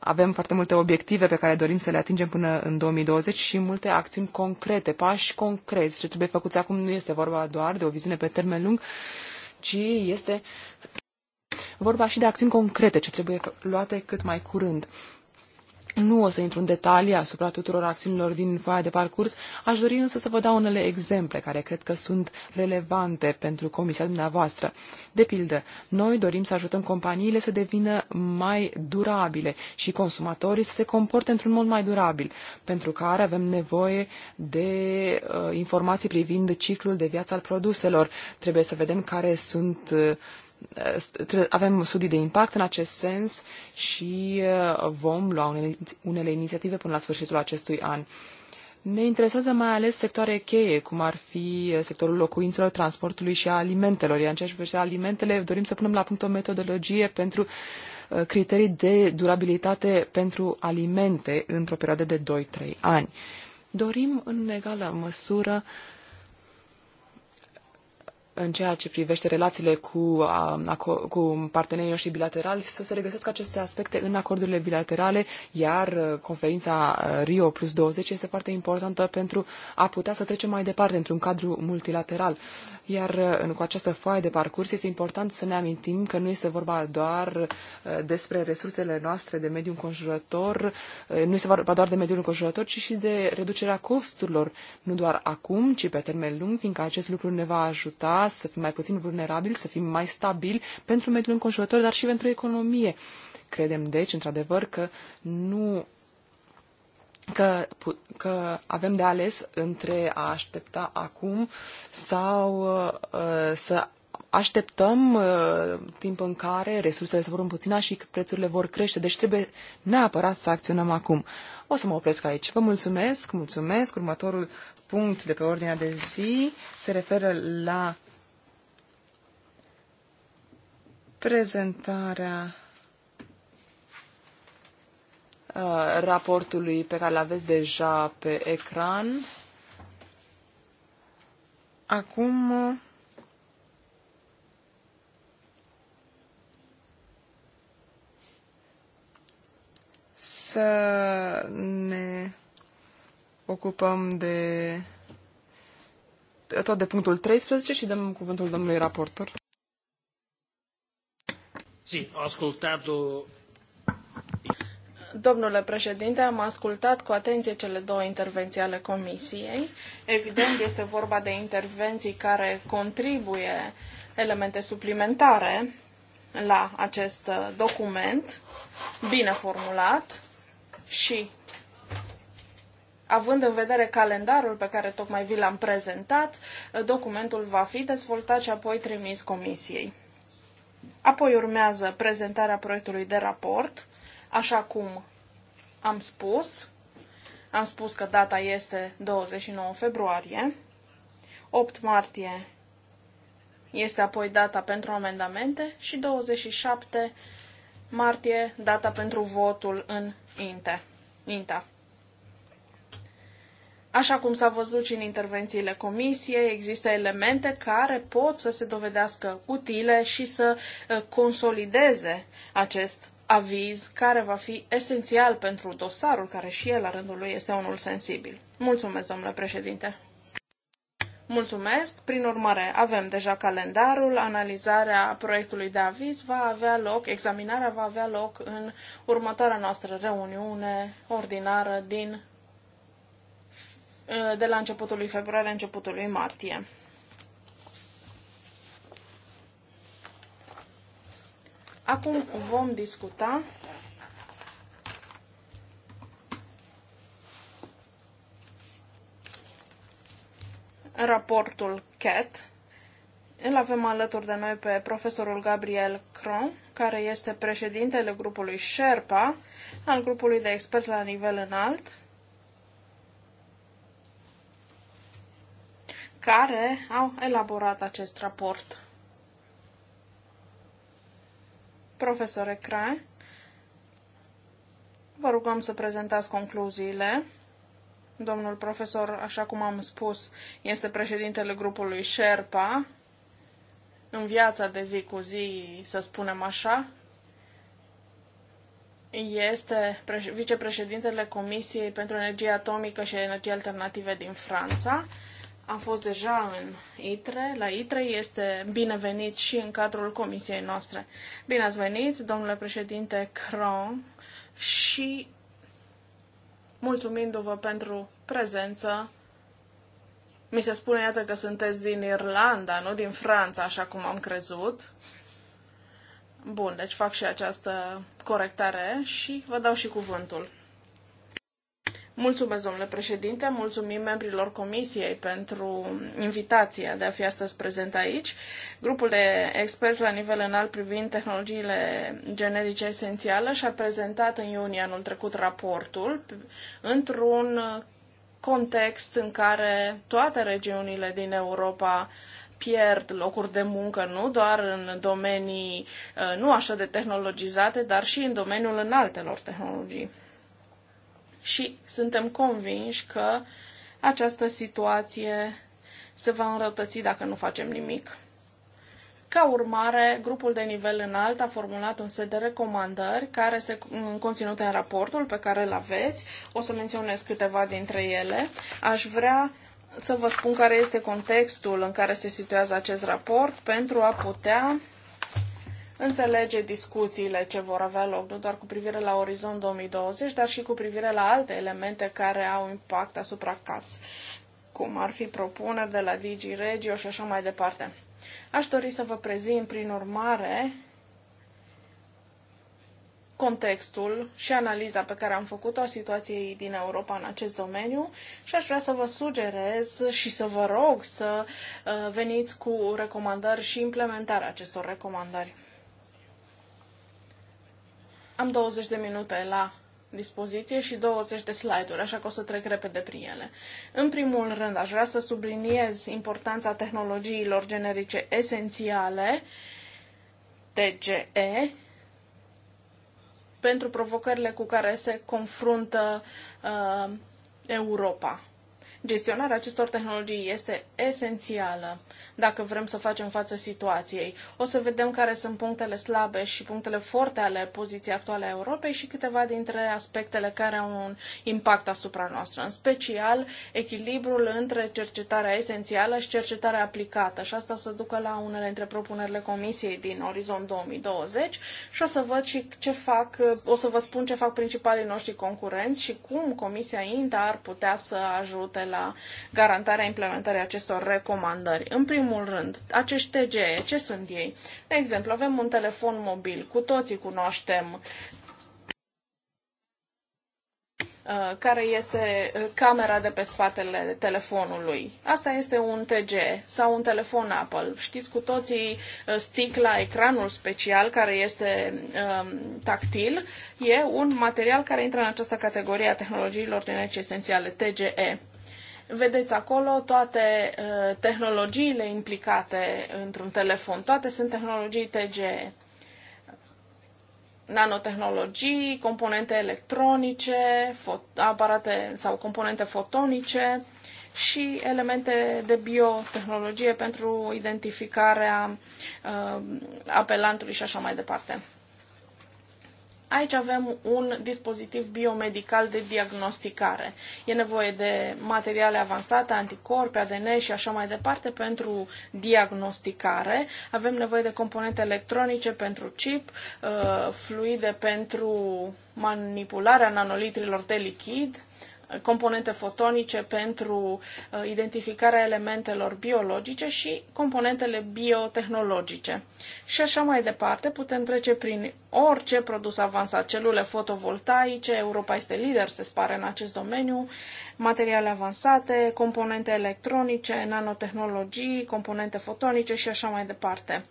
Speaker 9: avem foarte multe obiective pe care dorim să le atingem până în 2020 și multe acțiuni concrete, pași concreți. Ce trebuie făcuți acum nu este vorba doar de o viziune pe termen lung, ci este vorba și de acțiuni concrete ce trebuie luate cât mai curând. Nu o să intru în detalii asupra tuturor acțiunilor din foaia de parcurs, aș dori însă să vă dau unele exemple care cred că sunt relevante pentru comisia dumneavoastră. De pildă, noi dorim să ajutăm companiile să devină mai durabile și consumatorii să se comporte într-un mod mai durabil, pentru care avem nevoie de uh, informații privind ciclul de viață al produselor. Trebuie să vedem care sunt uh, avem studii de impact în acest sens și uh, vom lua unele, unele inițiative până la sfârșitul acestui an. Ne interesează mai ales sectoare cheie, cum ar fi uh, sectorul locuințelor, transportului și a alimentelor. Iar în ceea ce privește alimentele, dorim să punem la punct o metodologie pentru uh, criterii de durabilitate pentru alimente într-o perioadă de 2-3 ani. Dorim în egală măsură uh, în ceea ce privește relațiile cu, a, cu partenerii noștri bilaterali, să se regăsesc aceste aspecte în acordurile bilaterale, iar uh, conferința uh, Rio plus 20 este foarte importantă pentru a putea să trecem mai departe într-un cadru multilateral. Iar uh, în, cu această foaie de parcurs este important să ne amintim că nu este vorba doar despre resursele noastre de mediu înconjurător, nu este vorba doar de mediul înconjurător, ci și de reducerea costurilor, nu doar acum, ci pe termen lung, fiindcă acest lucru ne va ajuta sănătoasă, să fim mai puțin vulnerabili, să fim mai stabili pentru mediul înconjurător, dar și pentru economie. Credem, deci, într-adevăr, că nu că, că avem de ales între a aștepta acum sau uh, uh, să așteptăm uh, timp în care resursele se vor împuțina și prețurile vor crește. Deci trebuie neapărat să acționăm acum. O să mă opresc aici. Vă mulțumesc, mulțumesc. Următorul punct de pe ordinea de zi se referă la prezentarea uh, raportului pe care îl aveți deja pe ecran. Acum să ne ocupăm de tot de punctul 13 și dăm cuvântul domnului raportor. Domnule
Speaker 10: președinte, am ascultat cu atenție cele două intervenții ale comisiei. Evident, este vorba de intervenții care contribuie elemente suplimentare la acest document, bine formulat și având în vedere calendarul pe care tocmai vi l-am prezentat, documentul va fi dezvoltat și apoi trimis comisiei. Apoi urmează prezentarea proiectului de raport, așa cum am spus. Am spus că data este 29 februarie. 8 martie este apoi data pentru amendamente și 27 martie data pentru votul în INTE. INTA. Așa cum s-a văzut și în intervențiile comisiei, există elemente care pot să se dovedească utile și să consolideze acest aviz care va fi esențial pentru dosarul care și el la rândul lui este unul sensibil. Mulțumesc, domnule președinte! Mulțumesc! Prin urmare, avem deja calendarul, analizarea proiectului de aviz va avea loc, examinarea va avea loc în următoarea noastră reuniune ordinară din Uh, de la începutul lui februarie, începutul lui martie. Acum vom discuta raportul CAT. Îl avem alături de noi pe profesorul Gabriel Cron, care este președintele grupului Sherpa, al grupului de experți la nivel înalt, care au elaborat acest raport. Profesor Ecra, vă rugăm să prezentați concluziile. Domnul profesor, așa cum am spus, este președintele grupului Sherpa, în viața de zi cu zi, să spunem așa, este vicepreședintele Comisiei pentru Energie Atomică și Energie Alternative din Franța am fost deja în ITRE. La ITRE este binevenit și în cadrul comisiei noastre. Bine ați venit, domnule președinte Cron, și mulțumindu-vă pentru prezență. Mi se spune, iată, că sunteți din Irlanda, nu din Franța, așa cum am crezut. Bun, deci fac și această corectare și vă dau și cuvântul. Mulțumesc, domnule președinte, mulțumim membrilor comisiei pentru invitația de a fi astăzi prezent aici. Grupul de experți la nivel înalt privind tehnologiile generice esențiale și-a prezentat în iunie anul trecut raportul într-un context în care toate regiunile din Europa pierd locuri de muncă, nu doar în domenii uh, nu așa de tehnologizate, dar și în domeniul înaltelor tehnologii și suntem convinși că această situație se va înrăutăți dacă nu facem nimic. Ca urmare, grupul de nivel înalt a formulat un set de recomandări care se conținute în raportul pe care îl aveți. O să menționez câteva dintre ele. Aș vrea să vă spun care este contextul în care se situează acest raport pentru a putea înțelege discuțiile ce vor avea loc, nu doar cu privire la Orizont 2020, dar și cu privire la alte elemente care au impact asupra CATS, cum ar fi propuneri de la Digi Regio și așa mai departe. Aș dori să vă prezint, prin urmare, contextul și analiza pe care am făcut-o a situației din Europa în acest domeniu și aș vrea să vă sugerez și să vă rog să uh, veniți cu recomandări și implementarea acestor recomandări. Am 20 de minute la dispoziție și 20 de slide-uri, așa că o să trec repede prin ele. În primul rând, aș vrea să subliniez importanța tehnologiilor generice esențiale, TGE, pentru provocările cu care se confruntă uh, Europa. Gestionarea acestor tehnologii este esențială dacă vrem să facem față situației. O să vedem care sunt punctele slabe și punctele forte ale poziției actuale a Europei și câteva dintre aspectele care au un impact asupra noastră, în special echilibrul între cercetarea esențială și cercetarea aplicată. Și asta o să ducă la unele dintre propunerile Comisiei din Orizont 2020 și o să văd și ce fac, o să vă spun ce fac principalii noștri concurenți și cum Comisia INTA ar putea să ajute la garantarea implementării acestor recomandări. În primul primul rând, acești TGE, ce sunt ei? De exemplu, avem un telefon mobil, cu toții cunoaștem uh, care este uh, camera de pe spatele telefonului. Asta este un TG sau un telefon Apple. Știți cu toții uh, sticla, ecranul special care este um, tactil, e un material care intră în această categorie a tehnologiilor din esențiale, TGE. Vedeți acolo toate uh, tehnologiile implicate într-un telefon. Toate sunt tehnologii TGE. Nanotehnologii, componente electronice, aparate sau componente fotonice și elemente de biotehnologie pentru identificarea uh, apelantului și așa mai departe. Aici avem un dispozitiv biomedical de diagnosticare. E nevoie de materiale avansate, anticorpi, ADN și așa mai departe pentru diagnosticare. Avem nevoie de componente electronice pentru chip, uh, fluide pentru manipularea nanolitrilor de lichid, componente fotonice pentru uh, identificarea elementelor biologice și componentele biotehnologice. Și așa mai departe, putem trece prin orice produs avansat, celule fotovoltaice, Europa este lider, se spare, în acest domeniu, materiale avansate, componente electronice, nanotehnologii, componente fotonice și așa mai departe.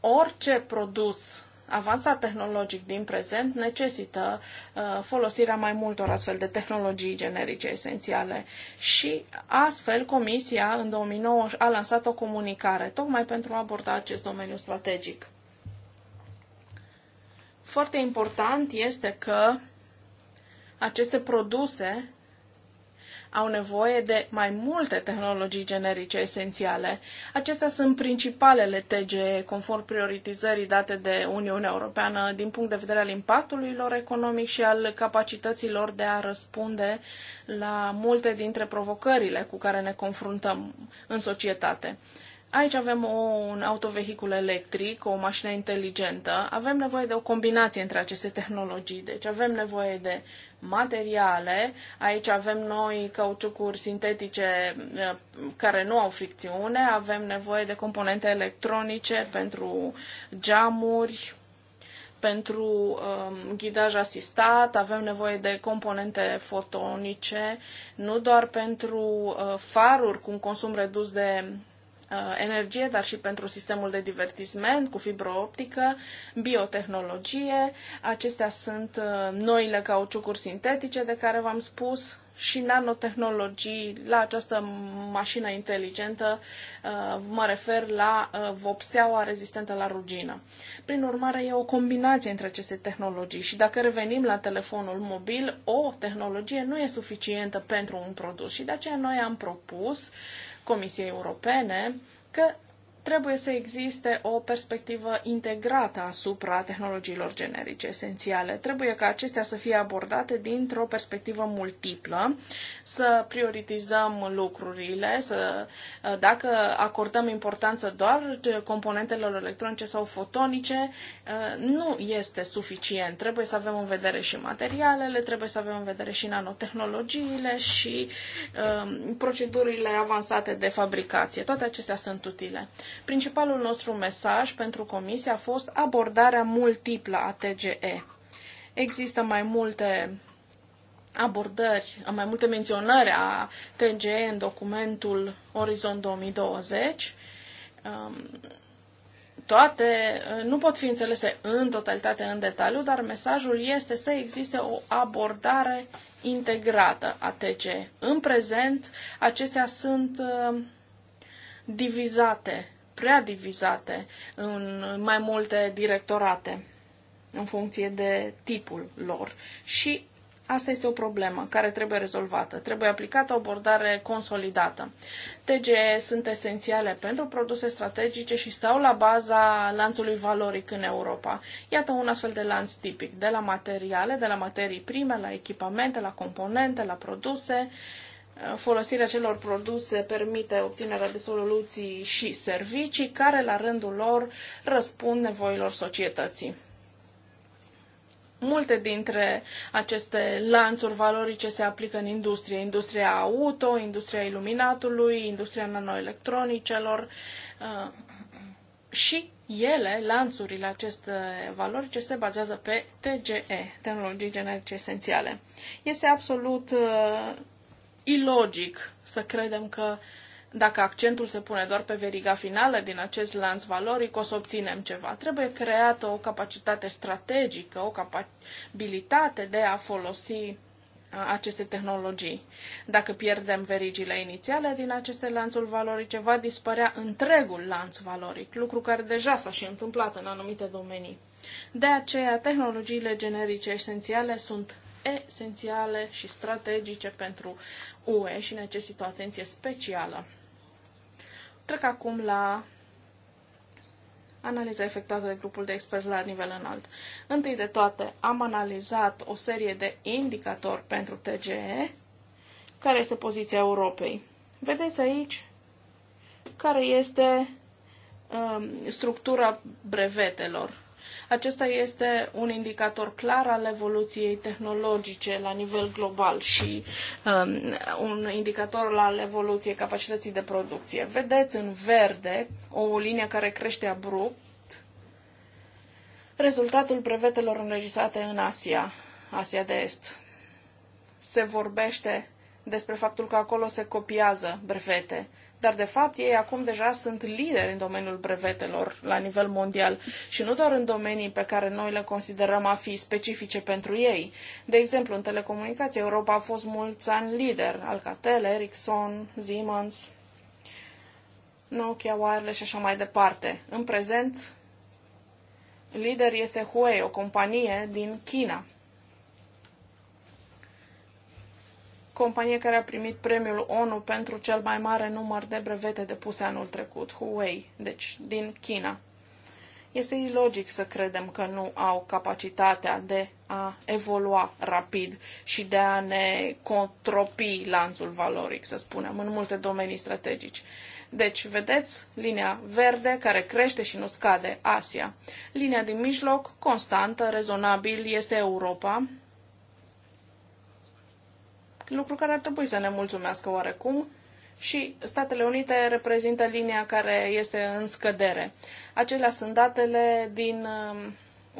Speaker 10: Orice produs avansat tehnologic din prezent necesită uh, folosirea mai multor astfel de tehnologii generice esențiale. Și astfel Comisia în 2009 a lansat o comunicare tocmai pentru a aborda acest domeniu strategic. Foarte important este că aceste produse au nevoie de mai multe tehnologii generice esențiale. Acestea sunt principalele TGE, conform prioritizării date de Uniunea Europeană din punct de vedere al impactului lor economic și al capacităților de a răspunde la multe dintre provocările cu care ne confruntăm în societate. Aici avem o, un autovehicul electric, o mașină inteligentă. Avem nevoie de o combinație între aceste tehnologii. Deci avem nevoie de materiale. Aici avem noi cauciucuri sintetice eh, care nu au fricțiune, avem nevoie de componente electronice pentru geamuri, pentru um, ghidaj asistat, avem nevoie de componente fotonice, nu doar pentru uh, faruri cu un consum redus de Uh, energie, dar și pentru sistemul de divertisment cu fibră optică, biotehnologie. Acestea sunt uh, noile cauciucuri sintetice de care v-am spus și nanotehnologii la această mașină inteligentă, uh, mă refer la vopseaua rezistentă la rugină. Prin urmare, e o combinație între aceste tehnologii și dacă revenim la telefonul mobil, o tehnologie nu e suficientă pentru un produs și de aceea noi am propus uh, Comisiei Europene că trebuie să existe o perspectivă integrată asupra tehnologiilor generice esențiale. Trebuie ca acestea să fie abordate dintr-o perspectivă multiplă, să prioritizăm lucrurile, să, uh, dacă acordăm importanță doar componentelor electronice sau fotonice, uh, nu este suficient. Trebuie să avem în vedere și materialele, trebuie să avem în vedere și nanotehnologiile și uh, procedurile avansate de fabricație. Toate acestea sunt utile. Principalul nostru mesaj pentru comisie a fost abordarea multiplă a TGE. Există mai multe abordări, mai multe menționări a TGE în documentul Orizont 2020. Um, toate uh, nu pot fi înțelese în totalitate, în detaliu, dar mesajul este să existe o abordare integrată a TGE. În prezent, acestea sunt uh, divizate prea divizate în mai multe directorate în funcție de tipul lor. Și asta este o problemă care trebuie rezolvată. Trebuie aplicată o abordare consolidată. TGE sunt esențiale pentru produse strategice și stau la baza lanțului valoric în Europa. Iată un astfel de lanț tipic, de la materiale, de la materii prime, la echipamente, la componente, la produse folosirea celor produse permite obținerea de soluții și servicii care, la rândul lor, răspund nevoilor societății. Multe dintre aceste lanțuri valorice se aplică în industrie, industria auto, industria iluminatului, industria nanoelectronicelor uh, și ele, lanțurile aceste valorice, se bazează pe TGE, tehnologii generice esențiale. Este absolut uh, ilogic să credem că dacă accentul se pune doar pe veriga finală din acest lanț valoric, o să obținem ceva. Trebuie creată o capacitate strategică, o capabilitate de a folosi uh, aceste tehnologii. Dacă pierdem verigile inițiale din aceste lanțuri valorice, va dispărea întregul lanț valoric, lucru care deja s-a și întâmplat în anumite domenii. De aceea, tehnologiile generice esențiale sunt esențiale și strategice pentru UE și necesită o atenție specială. Trec acum la analiza efectuată de grupul de experți la nivel înalt. Întâi de toate, am analizat o serie de indicatori pentru TGE. Care este poziția Europei? Vedeți aici care este um, structura brevetelor acesta este un indicator clar al evoluției tehnologice la nivel global și um, un indicator al evoluției capacității de producție. Vedeți în verde o linie care crește abrupt, rezultatul brevetelor înregistrate în Asia, Asia de Est. Se vorbește despre faptul că acolo se copiază brevete dar de fapt ei acum deja sunt lideri în domeniul brevetelor la nivel mondial și nu doar în domenii pe care noi le considerăm a fi specifice pentru ei. De exemplu, în telecomunicații, Europa a fost mulți ani lider, Alcatel, Ericsson, Siemens, Nokia, Wireless și așa mai departe. În prezent, lider este Huawei, o companie din China. companie care a primit premiul ONU pentru cel mai mare număr de brevete depuse anul trecut, Huawei, deci din China. Este ilogic să credem că nu au capacitatea de a evolua rapid și de a ne contropi lanțul valoric, să spunem, în multe domenii strategici. Deci, vedeți, linia verde care crește și nu scade, Asia. Linia din mijloc, constantă, rezonabil, este Europa, lucru care ar trebui să ne mulțumească oarecum și Statele Unite reprezintă linia care este în scădere. Acelea sunt datele din um,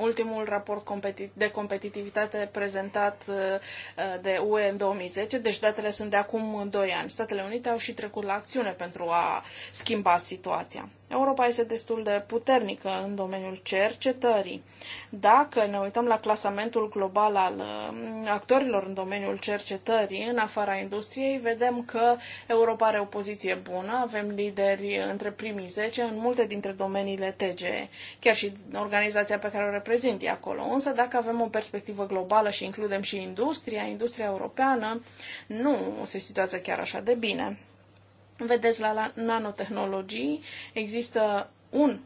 Speaker 10: ultimul raport de competitivitate prezentat uh, uh, de UE în 2010, deci datele sunt de acum 2 ani. Statele Unite au și trecut la acțiune pentru a schimba situația. Europa este destul de puternică în domeniul cercetării. Dacă ne uităm la clasamentul global al um, actorilor în domeniul cercetării, în afara industriei, vedem că Europa are o poziție bună, avem lideri între primii 10 în multe dintre domeniile TGE, chiar și organizația pe care o reprezint e acolo. Însă dacă avem o perspectivă globală și includem și industria, industria europeană nu se situează chiar așa de bine. Vedeți, la nanotehnologii există un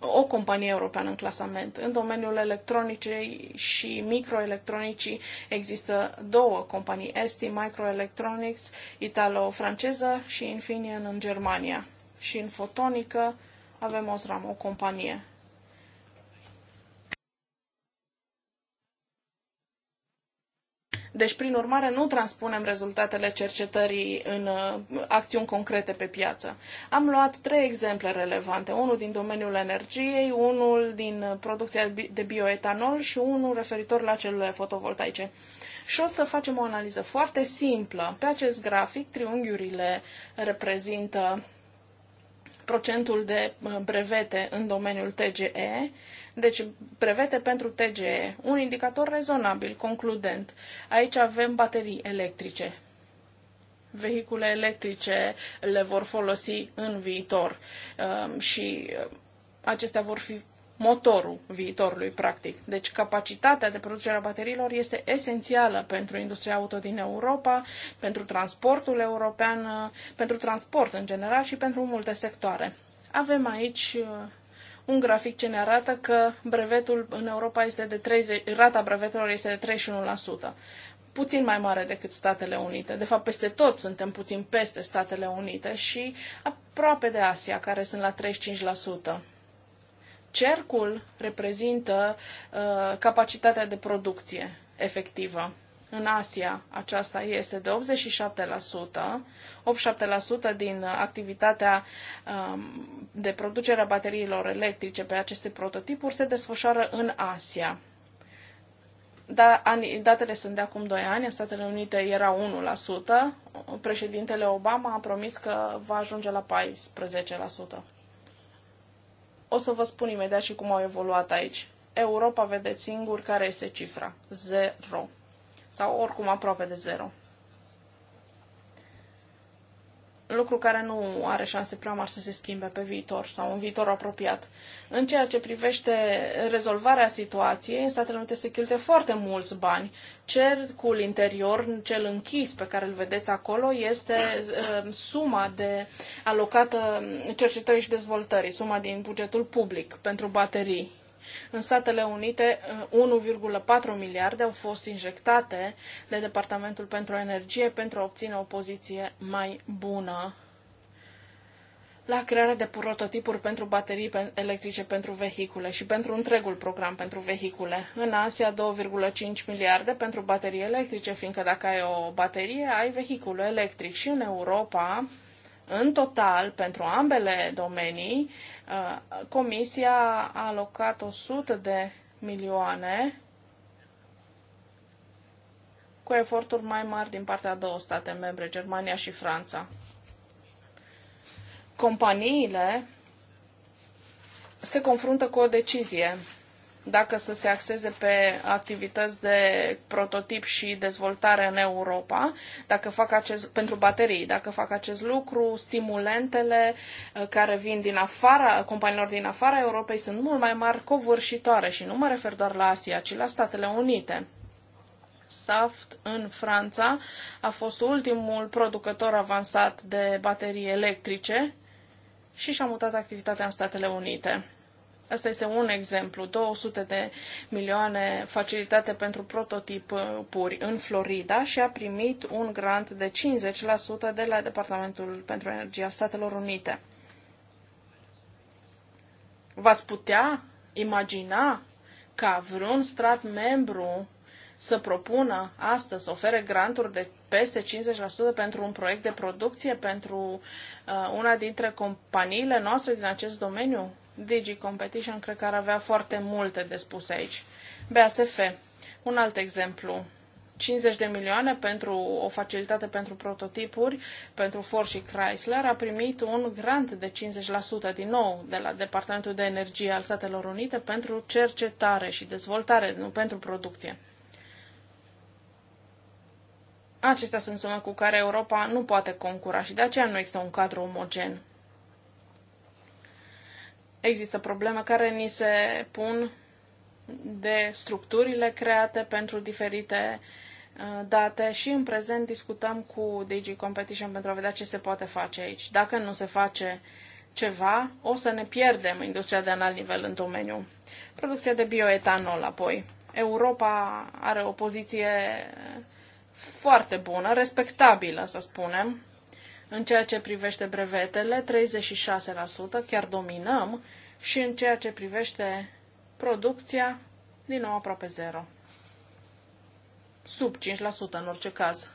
Speaker 10: o companie europeană în clasament. În domeniul electronicei și microelectronicii există două companii, ST Microelectronics, italo-franceză și Infineon în Germania. Și în fotonică avem Osram, o companie. Deci, prin urmare, nu transpunem rezultatele cercetării în uh, acțiuni concrete pe piață. Am luat trei exemple relevante, unul din domeniul energiei, unul din uh, producția de bioetanol și unul referitor la celule fotovoltaice. Și o să facem o analiză foarte simplă. Pe acest grafic, triunghiurile reprezintă procentul de uh, brevete în domeniul TGE, deci brevete pentru TGE, un indicator rezonabil, concludent. Aici avem baterii electrice. Vehicule electrice le vor folosi în viitor um, și uh, acestea vor fi motorul viitorului, practic. Deci capacitatea de producere a bateriilor este esențială pentru industria auto din Europa, pentru transportul european, pentru transport în general și pentru multe sectoare. Avem aici uh, un grafic ce ne arată că brevetul în Europa este de 30, rata brevetelor este de 31%, puțin mai mare decât Statele Unite. De fapt, peste tot suntem puțin peste Statele Unite și aproape de Asia, care sunt la 35%. Cercul reprezintă uh, capacitatea de producție efectivă. În Asia aceasta este de 87%, 87% din activitatea um, de producere a bateriilor electrice pe aceste prototipuri se desfășoară în Asia. Da, datele sunt de acum 2 ani, în Statele Unite era 1%, președintele Obama a promis că va ajunge la 14%. O să vă spun imediat și cum au evoluat aici. Europa vede singur care este cifra. Zero. Sau oricum aproape de zero lucru care nu are șanse prea mari să se schimbe pe viitor sau în viitor apropiat. În ceea ce privește rezolvarea situației, în Statele Unite se cheltuie foarte mulți bani. Cercul interior, cel închis pe care îl vedeți acolo, este uh, suma de alocată cercetării și dezvoltării, suma din bugetul public pentru baterii în Statele Unite, 1,4 miliarde au fost injectate de Departamentul pentru Energie pentru a obține o poziție mai bună la crearea de prototipuri pentru baterii electrice pentru vehicule și pentru întregul program pentru vehicule. În Asia 2,5 miliarde pentru baterii electrice, fiindcă dacă ai o baterie, ai vehicul electric. Și în Europa în total, pentru ambele domenii, uh, Comisia a alocat 100 de milioane cu eforturi mai mari din partea a două state membre, Germania și Franța. Companiile se confruntă cu o decizie dacă să se axeze pe activități de prototip și dezvoltare în Europa, dacă fac acest, pentru baterii, dacă fac acest lucru, stimulentele uh, care vin din afara, companiilor din afara Europei sunt mult mai mari covârșitoare și nu mă refer doar la Asia, ci la Statele Unite. Saft în Franța a fost ultimul producător avansat de baterii electrice și și-a mutat activitatea în Statele Unite. Asta este un exemplu, 200 de milioane facilitate pentru prototipuri în Florida și a primit un grant de 50% de la Departamentul pentru Energia Statelor Unite. V-ați putea imagina ca vreun Strat membru să propună astăzi să ofere granturi de peste 50% pentru un proiect de producție pentru uh, una dintre companiile noastre din acest domeniu? Digi Competition cred că ar avea foarte multe de spus aici. BASF, un alt exemplu. 50 de milioane pentru o facilitate pentru prototipuri, pentru Ford și Chrysler, a primit un grant de 50% din nou de la Departamentul de Energie al Statelor Unite pentru cercetare și dezvoltare, nu pentru producție. Acestea sunt sume cu care Europa nu poate concura și de aceea nu există un cadru omogen. Există probleme care ni se pun de structurile create pentru diferite uh, date și în prezent discutăm cu DG Competition pentru a vedea ce se poate face aici. Dacă nu se face ceva, o să ne pierdem industria de înalt nivel în domeniu. Producția de bioetanol apoi. Europa are o poziție foarte bună, respectabilă, să spunem, în ceea ce privește brevetele, 36%, chiar dominăm și în ceea ce privește producția, din nou aproape zero. Sub 5% în orice caz.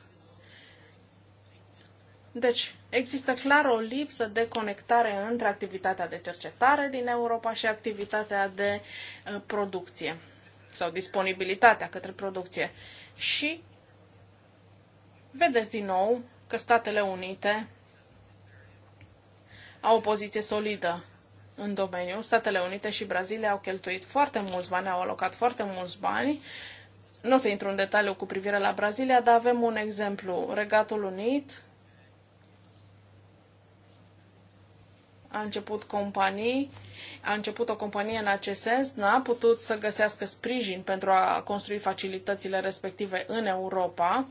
Speaker 10: Deci, există clar o lipsă de conectare între activitatea de cercetare din Europa și activitatea de uh, producție sau disponibilitatea către producție. Și vedeți din nou că Statele Unite au o poziție solidă în domeniu. Statele Unite și Brazilia au cheltuit foarte mulți bani, au alocat foarte mulți bani. Nu o să intru în detaliu cu privire la Brazilia, dar avem un exemplu. Regatul Unit a început companii, a început o companie în acest sens, nu a putut să găsească sprijin pentru a construi facilitățile respective în Europa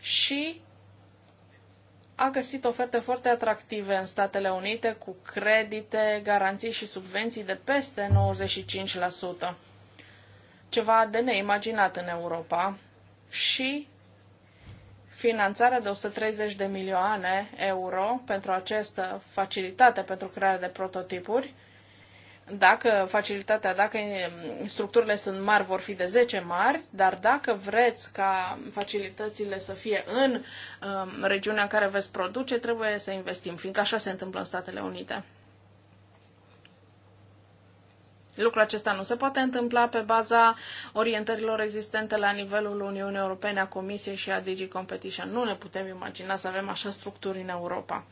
Speaker 10: și a găsit oferte foarte atractive în Statele Unite cu credite, garanții și subvenții de peste 95%. Ceva de neimaginat în Europa și finanțarea de 130 de milioane euro pentru această facilitate pentru crearea de prototipuri dacă facilitatea, dacă structurile sunt mari, vor fi de 10 mari, dar dacă vreți ca facilitățile să fie în um, regiunea în care veți produce, trebuie să investim, fiindcă așa se întâmplă în Statele Unite. Lucrul acesta nu se poate întâmpla pe baza orientărilor existente la nivelul Uniunii Europene, a Comisiei și a digi Competition. Nu ne putem imagina să avem așa structuri în Europa.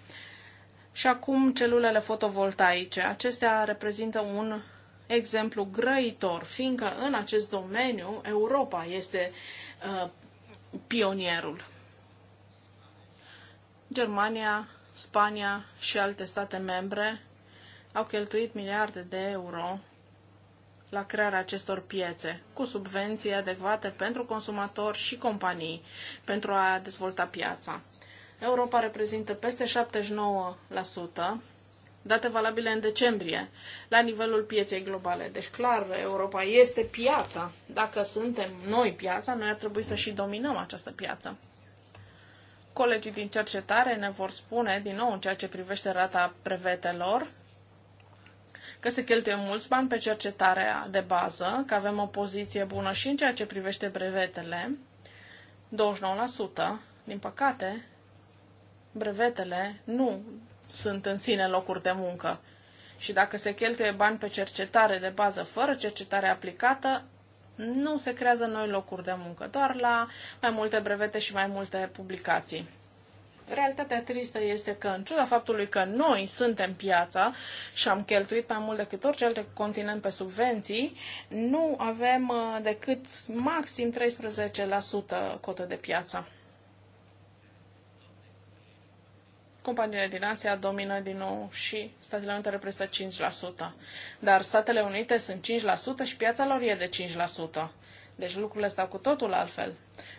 Speaker 10: Și acum celulele fotovoltaice. Acestea reprezintă un exemplu grăitor, fiindcă în acest domeniu Europa este uh, pionierul. Germania, Spania și alte state membre au cheltuit miliarde de euro la crearea acestor piețe, cu subvenții adecvate pentru consumatori și companii, pentru a dezvolta piața. Europa reprezintă peste 79%, date valabile în decembrie, la nivelul pieței globale. Deci, clar, Europa este piața. Dacă suntem noi piața, noi ar trebui să și dominăm această piață. Colegii din cercetare ne vor spune, din nou, în ceea ce privește rata brevetelor, că se cheltuie mulți bani pe cercetarea de bază, că avem o poziție bună și în ceea ce privește brevetele, 29%, din păcate, brevetele nu sunt în sine locuri de muncă. Și dacă se cheltuie bani pe cercetare de bază fără cercetare aplicată, nu se creează noi locuri de muncă, doar la mai multe brevete și mai multe publicații. Realitatea tristă este că, în ciuda faptului că noi suntem piața și am cheltuit mai mult decât orice alt continent pe subvenții, nu avem uh, decât maxim 13% cotă de piață. companiile din Asia domină din nou și Statele Unite reprezintă 5%. Dar Statele Unite sunt 5% și piața lor e de 5%. Deci lucrurile stau cu totul altfel.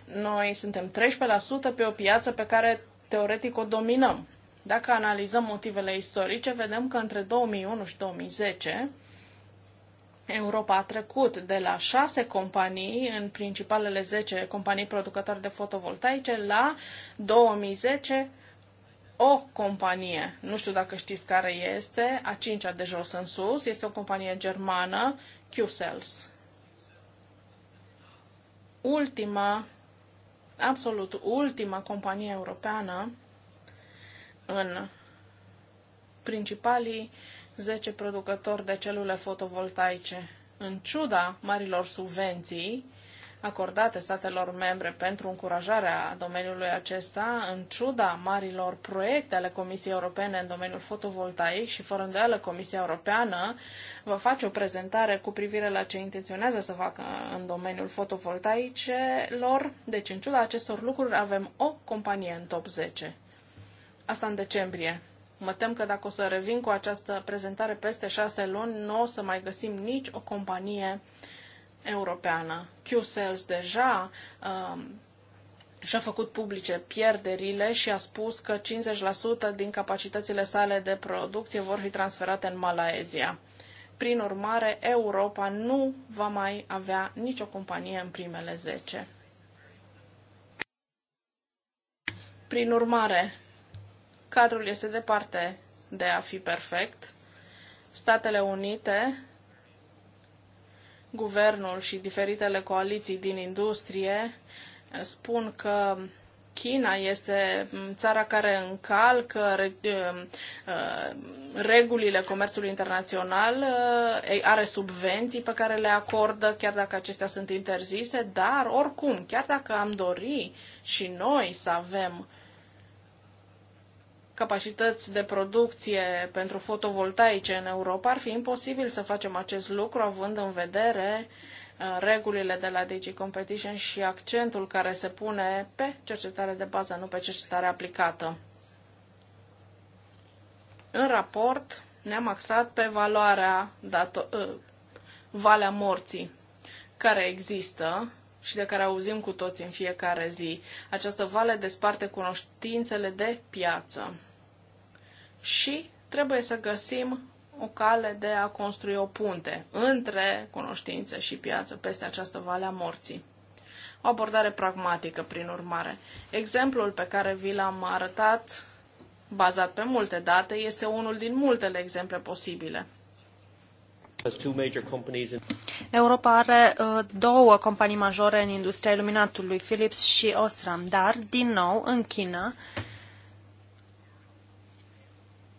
Speaker 10: Noi suntem 13% pe o piață pe care teoretic o dominăm. Dacă analizăm motivele istorice, vedem că între 2001 și 2010 Europa a trecut de la 6 companii, în principalele 10 companii producătoare de fotovoltaice, la 2010 o companie, nu știu dacă știți care este, a cincea de jos în sus, este o companie germană, Q-Cells. Ultima, absolut ultima companie europeană în principalii 10 producători de celule fotovoltaice. În ciuda marilor subvenții acordate statelor membre pentru încurajarea domeniului acesta, în ciuda marilor proiecte ale Comisiei Europene în domeniul fotovoltaic și fără îndoială Comisia Europeană va face o prezentare cu privire la ce intenționează să facă în domeniul fotovoltaicelor. Deci, în ciuda acestor lucruri, avem o companie în top 10. Asta în decembrie. Mă tem că dacă o să revin cu această prezentare peste șase luni, nu o să mai găsim nici o companie uh, europeană. Q-Sales deja um, și-a făcut publice pierderile și a spus că 50% din capacitățile sale de producție vor fi transferate în Malaezia. Prin urmare, Europa nu va mai avea nicio companie în primele 10. Prin urmare, cadrul este departe de a fi perfect. Statele Unite guvernul și diferitele coaliții din industrie spun că China este mm, țara care încalcă mm, mm, regulile comerțului internațional, are subvenții pe care le acordă, chiar dacă acestea sunt interzise, dar oricum, chiar dacă am dori și noi să avem uh, capacități de producție pentru fotovoltaice în Europa, ar fi imposibil să facem acest lucru având în vedere uh, regulile de la DG Competition și accentul care se pune pe cercetare de bază, nu pe cercetare aplicată. În raport ne-am axat pe valoarea dato- uh, valea morții care există și de care auzim cu toți în fiecare zi. Această vale desparte cunoștințele de piață și trebuie să găsim o cale de a construi o punte între cunoștință și piață peste această vale a morții. O abordare pragmatică, prin urmare. Exemplul pe care vi l-am arătat, bazat pe multe date, este
Speaker 7: unul din multele exemple posibile. Europa are uh, două companii majore în industria iluminatului, Philips și Osram, dar, din nou, în China, uh,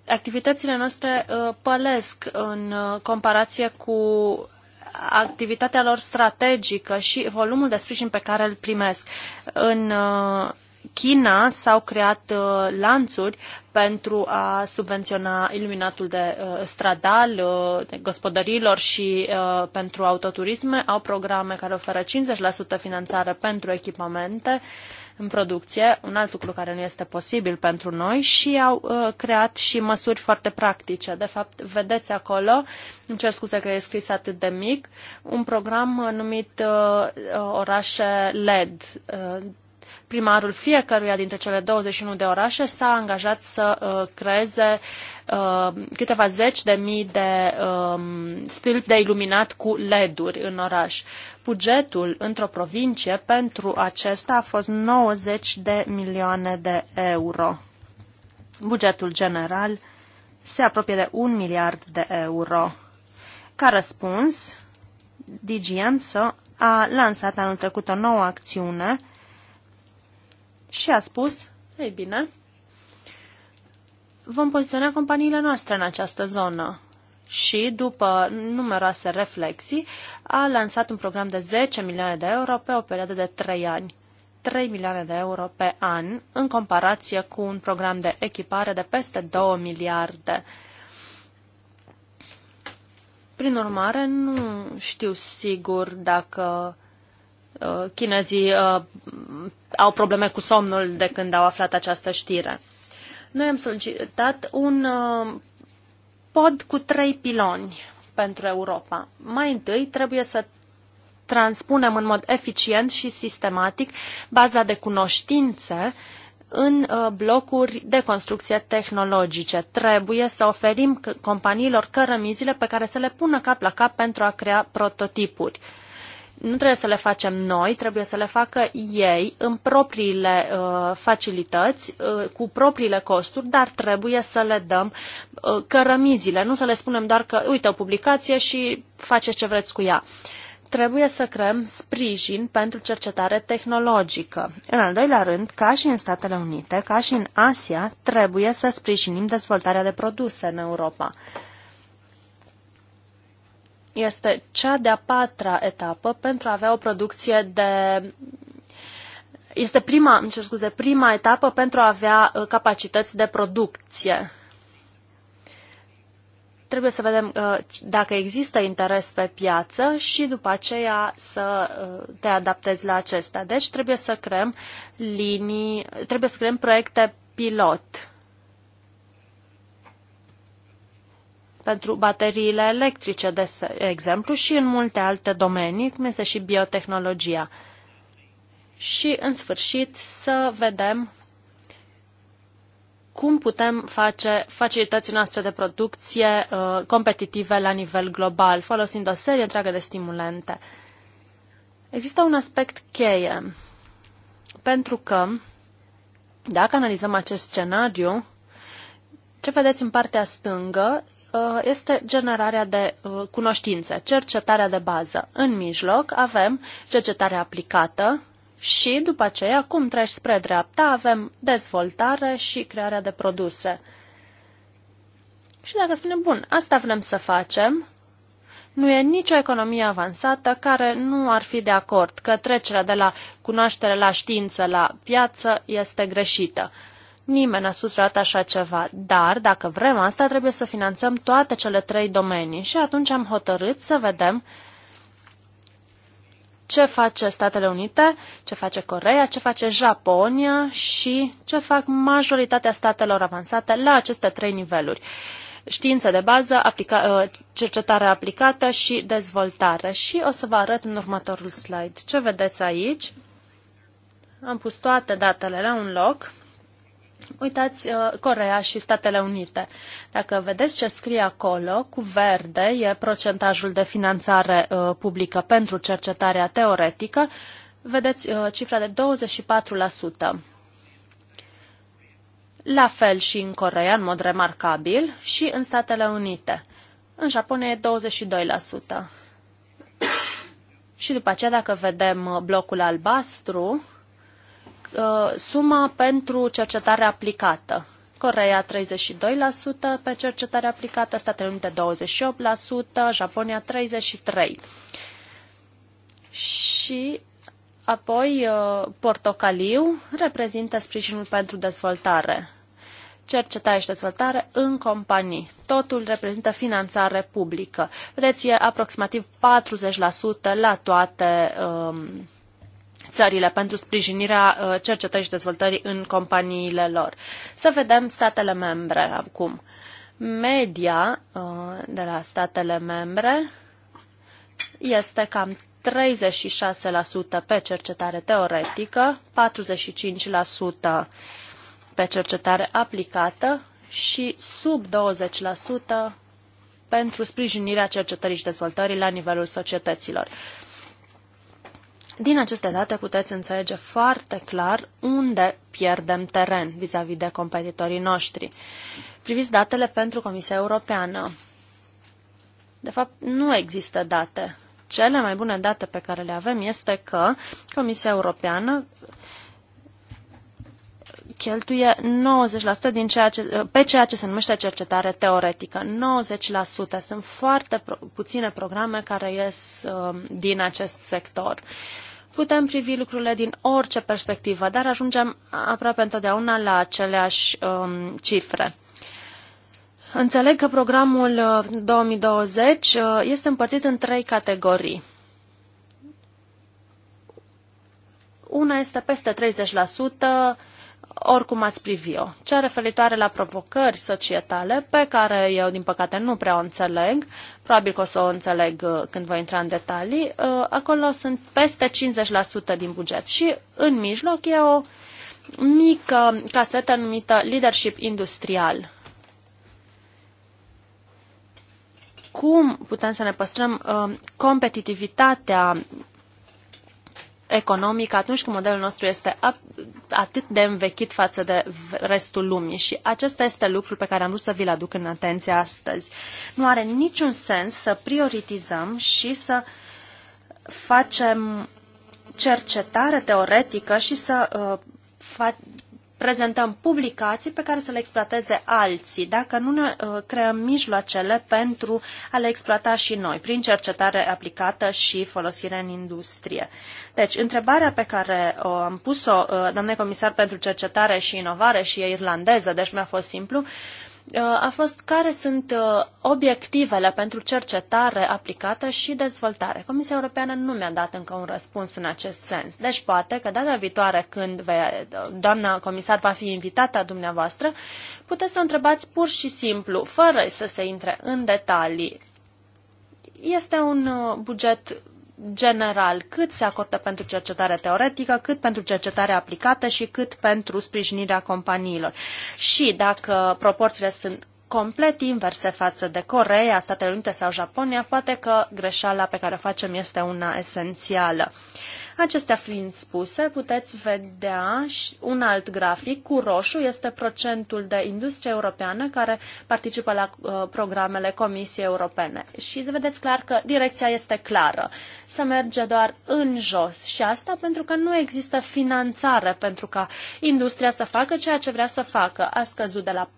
Speaker 7: activitățile noastre uh, pălesc în uh, comparație cu activitatea lor strategică și volumul de sprijin pe care îl primesc. În uh, China s-au creat uh, lanțuri pentru a subvenționa iluminatul de uh, stradal uh, de gospodărilor și pentru autoturisme. Au programe care oferă 50% finanțare pentru echipamente în producție, un alt lucru care nu este posibil pentru noi și au uh, creat și măsuri foarte practice. De fapt, vedeți acolo, îmi cer scuze că e scris atât de mic, un program numit uh, Orașe LED. Uh, primarul fiecăruia dintre cele 21 de orașe s-a angajat să uh, creeze uh, câteva zeci de mii de um, stâlpi de iluminat cu LED-uri în oraș. Bugetul într-o provincie pentru acesta a fost 90 de milioane de euro. Bugetul general se apropie de un miliard de euro. Ca răspuns, DGM a lansat anul trecut o nouă acțiune și a spus, ei bine, vom poziționa companiile noastre în această zonă. Și, după numeroase reflexii, a lansat un program de 10 milioane de euro pe o perioadă de 3 ani. 3 milioane de euro pe an, în comparație cu un program de echipare de peste 2 miliarde. Prin urmare, nu știu sigur dacă Uh, chinezii uh, au probleme cu somnul de când au aflat această știre. Noi am solicitat un uh, pod cu trei piloni pentru Europa. Mai întâi trebuie să transpunem în mod eficient și sistematic baza de cunoștințe în blocuri de construcție tehnologice. Trebuie să oferim companiilor cărămizile pe care să le pună cap la cap pentru a crea prototipuri nu trebuie să le facem noi, trebuie să le facă ei în propriile uh, facilități, uh, cu propriile costuri, dar trebuie să le dăm uh, cărămizile, nu să le spunem doar că, uite, o publicație și faceți ce vreți cu ea. Trebuie să creăm sprijin pentru cercetare tehnologică. În al doilea rând, ca și în Statele Unite, ca și în Asia, trebuie să sprijinim dezvoltarea de produse în Europa este cea de-a patra etapă pentru a avea o producție de este prima, îmi cer scuze, prima etapă pentru a avea uh, capacități de producție. Trebuie să vedem uh, dacă există interes pe piață și după aceea să uh, te adaptezi la acestea. Deci trebuie să creăm linii, trebuie să creăm proiecte pilot pentru bateriile electrice, de exemplu, și în multe alte domenii, cum este și biotehnologia. Și, în sfârșit, să vedem cum putem face facilității noastre de producție uh, competitive la nivel global, folosind o serie întreagă de stimulente. Există un aspect cheie, pentru că, dacă analizăm acest scenariu, ce vedeți în partea stângă Uh, este generarea de uh, cunoștințe, cercetarea de bază. În mijloc avem cercetarea aplicată și după aceea, cum treci spre dreapta, avem dezvoltare și crearea de produse. Și dacă spunem, bun, asta vrem să facem, nu e nicio economie avansată care nu ar fi de acord că trecerea de la cunoaștere la știință la piață este greșită. Nimeni n-a spus vreodată așa ceva, dar dacă vrem asta, trebuie să finanțăm toate cele trei domenii și atunci am hotărât să vedem ce face Statele Unite, ce face Coreea, ce face Japonia și ce fac majoritatea statelor avansate la aceste trei niveluri. Știință de bază, aplica- uh, cercetare aplicată și dezvoltare. Și o să vă arăt în următorul slide. Ce vedeți aici? Am pus toate datele la un loc. Uitați uh, Corea și Statele Unite. Dacă vedeți ce scrie acolo, cu verde e procentajul de finanțare uh, publică pentru cercetarea teoretică, vedeți uh, cifra de 24%. La fel și în Corea, în mod remarcabil, și în Statele Unite. În Japonia e 22%. și după aceea, dacă vedem uh, blocul albastru, Uh, suma pentru cercetare aplicată. Coreea 32% pe cercetare aplicată, Statele Unite 28%, Japonia 33%. Și apoi uh, portocaliu reprezintă sprijinul pentru dezvoltare. Cercetare și dezvoltare în companii. Totul reprezintă finanțare publică. Vedeți, e aproximativ 40% la toate um, țările pentru sprijinirea uh, cercetării și dezvoltării în companiile lor. Să vedem statele membre acum. Media uh, de la statele membre este cam 36% pe cercetare teoretică, 45% pe cercetare aplicată și sub 20% pentru sprijinirea cercetării și dezvoltării la nivelul societăților. Din aceste date puteți înțelege foarte clar unde pierdem teren vis-a-vis -vis de competitorii noștri. Priviți datele pentru Comisia Europeană. De fapt, nu există date. Cele mai bune date pe care le avem este că Comisia Europeană cheltuie 90% din ceea ce, pe ceea ce se numește cercetare teoretică. 90% sunt foarte pro, puține programe care ies uh, din acest sector. Putem privi lucrurile din orice perspectivă, dar ajungem aproape întotdeauna la aceleași um, cifre. Înțeleg că programul 2020 uh, uh, este împărțit în trei categorii. Una este peste 30%, oricum ați privi-o. Cea referitoare la provocări societale, pe care eu, din păcate, nu prea o înțeleg, probabil că o să o înțeleg uh, când voi intra în detalii, uh, acolo sunt peste 50% din buget și în mijloc e o mică casetă numită Leadership Industrial. Cum putem să ne păstrăm uh, competitivitatea economic atunci când modelul nostru este atât de învechit față de restul lumii și acesta este lucrul pe care am vrut să vi-l aduc în atenție astăzi. Nu are niciun sens să prioritizăm și să facem cercetare teoretică și să uh, prezentăm publicații pe care să le exploateze alții, dacă nu ne uh, creăm mijloacele pentru a le exploata și noi, prin cercetare aplicată și folosire în industrie. Deci, întrebarea pe care o uh, am pus-o, uh, doamne comisar pentru cercetare și inovare și e irlandeză, deci mi-a fost simplu, uh, a fost care sunt uh, obiectivele pentru cercetare aplicată și dezvoltare. Comisia Europeană nu mi-a dat încă un răspuns în acest sens. Deci poate că data viitoare când vei, doamna comisar va fi invitată dumneavoastră, puteți să o întrebați pur și simplu, fără să se intre în detalii. Este un uh, buget general, cât se acordă pentru cercetare teoretică, cât pentru cercetare aplicată și cât pentru sprijinirea companiilor. Și dacă proporțiile sunt complet inverse față de Coreea, Statele Unite sau Japonia, poate că greșeala pe care o facem este una esențială. Acestea fiind spuse, puteți vedea un alt grafic. Cu roșu este procentul de industrie europeană care participă la uh, programele Comisiei Europene. Și vedeți clar că direcția este clară. Să merge doar în jos și asta pentru că nu există finanțare pentru ca industria să facă ceea ce vrea să facă. A scăzut de la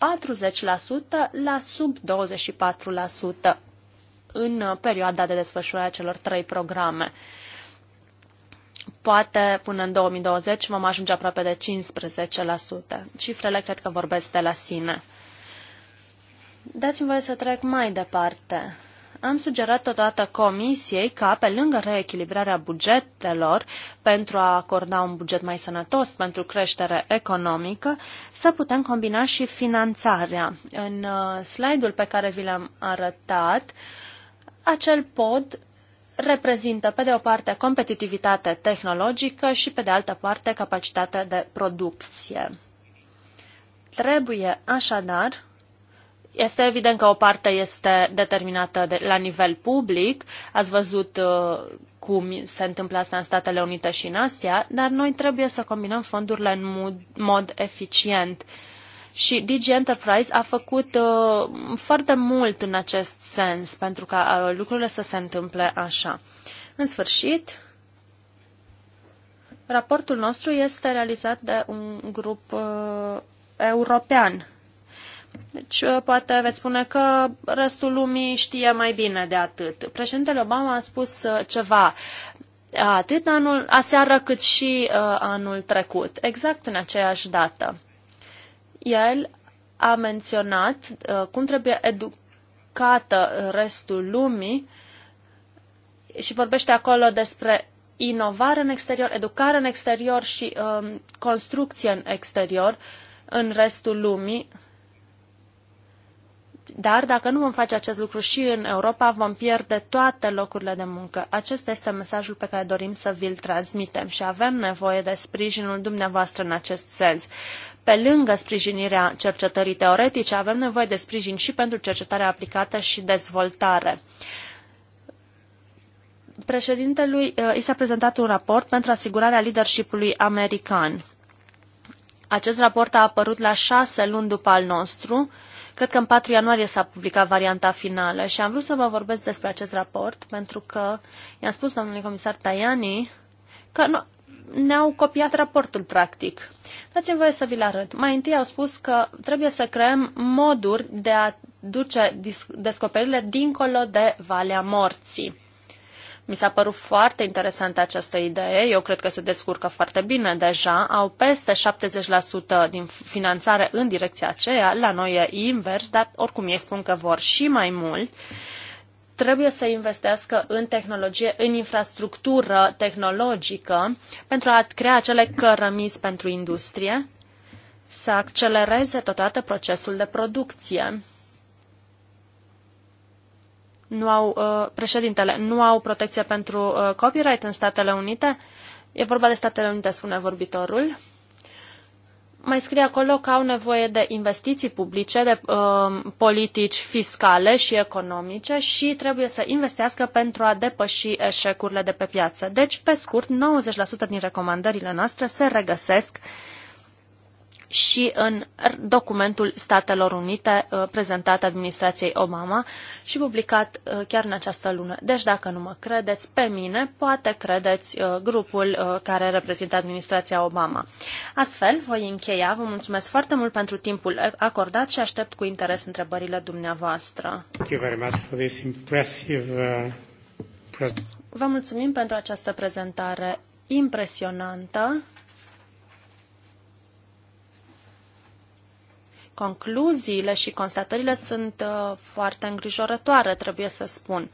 Speaker 7: 40% la sub 24% în uh, perioada de desfășurare a celor trei programe. Poate până în 2020 vom ajunge aproape de 15%. Cifrele cred că vorbesc de la sine. Dați-mi voie să trec mai departe. Am sugerat totodată Comisiei ca, pe lângă reechilibrarea bugetelor, pentru a acorda un buget mai sănătos pentru creștere economică, să putem combina și finanțarea. În uh, slide-ul pe care vi l-am arătat, acel pod reprezintă, pe de o parte, competitivitate tehnologică și, pe de altă parte, capacitate de producție. Trebuie, așadar, este evident că o parte este determinată de, la nivel public. Ați văzut uh, cum se întâmplă asta în Statele Unite și în Asia, dar noi trebuie să combinăm fondurile în mod, mod eficient. Uh, și Digi Enterprise a făcut uh, foarte mult în acest sens pentru ca uh, lucrurile să se întâmple așa. În sfârșit, raportul nostru este realizat de un grup uh, european. Deci, uh, poate veți spune că restul lumii știe mai bine de atât. Președintele Obama a spus uh, ceva atât anul, aseară cât și uh, anul trecut, exact în aceeași dată el a menționat uh, cum trebuie educată restul lumii și vorbește acolo despre inovare în exterior, educare în exterior și um, construcție în exterior în restul lumii. Dar dacă nu vom face acest lucru și în Europa, vom pierde toate locurile de muncă. Acesta este mesajul pe care dorim să vi-l transmitem și avem nevoie de sprijinul dumneavoastră în acest sens. Pe lângă sprijinirea cercetării teoretice, avem nevoie de sprijin și pentru cercetarea aplicată și dezvoltare. Președintelui uh, i s-a prezentat un raport pentru asigurarea leadership american. Acest raport a apărut la șase luni după al nostru. Cred că în 4 ianuarie s-a publicat varianta finală și am vrut să vă vorbesc despre acest raport pentru că i-am spus domnului comisar Tajani că nu, ne-au copiat raportul, practic. Dați-mi voie să vi-l arăt. Mai întâi au spus că trebuie să creăm moduri de a duce descoperirile dincolo de Valea Morții. Mi s-a părut foarte interesantă această idee. Eu cred că se descurcă foarte bine deja. Au peste 70% din finanțare în direcția aceea. La noi e invers, dar oricum ei spun că vor și mai mult. Uh, trebuie să investească în tehnologie, în infrastructură tehnologică pentru a crea acele cărămizi pentru industrie, să accelereze totodată procesul de producție. Nu au, uh, președintele, nu au protecție pentru uh, copyright în Statele Unite? E vorba de Statele Unite, spune vorbitorul mai scrie acolo că au nevoie de investiții publice, de uh, politici fiscale și economice și trebuie să investească pentru a depăși eșecurile de pe piață. Deci, pe scurt, 90% din recomandările noastre se regăsesc uh, și în documentul Statelor Unite uh, prezentat administrației Obama și publicat uh, chiar în această lună. Deci dacă nu mă credeți pe mine, poate credeți uh, grupul care reprezintă administrația Obama. Astfel, voi încheia. Vă mulțumesc foarte mult pentru timpul acordat și aștept cu interes întrebările dumneavoastră.
Speaker 1: Thank you very much for this impressive,
Speaker 7: Vă mulțumim pentru această prezentare impresionantă. Concluziile și constatările sunt uh, foarte îngrijorătoare, trebuie să spun.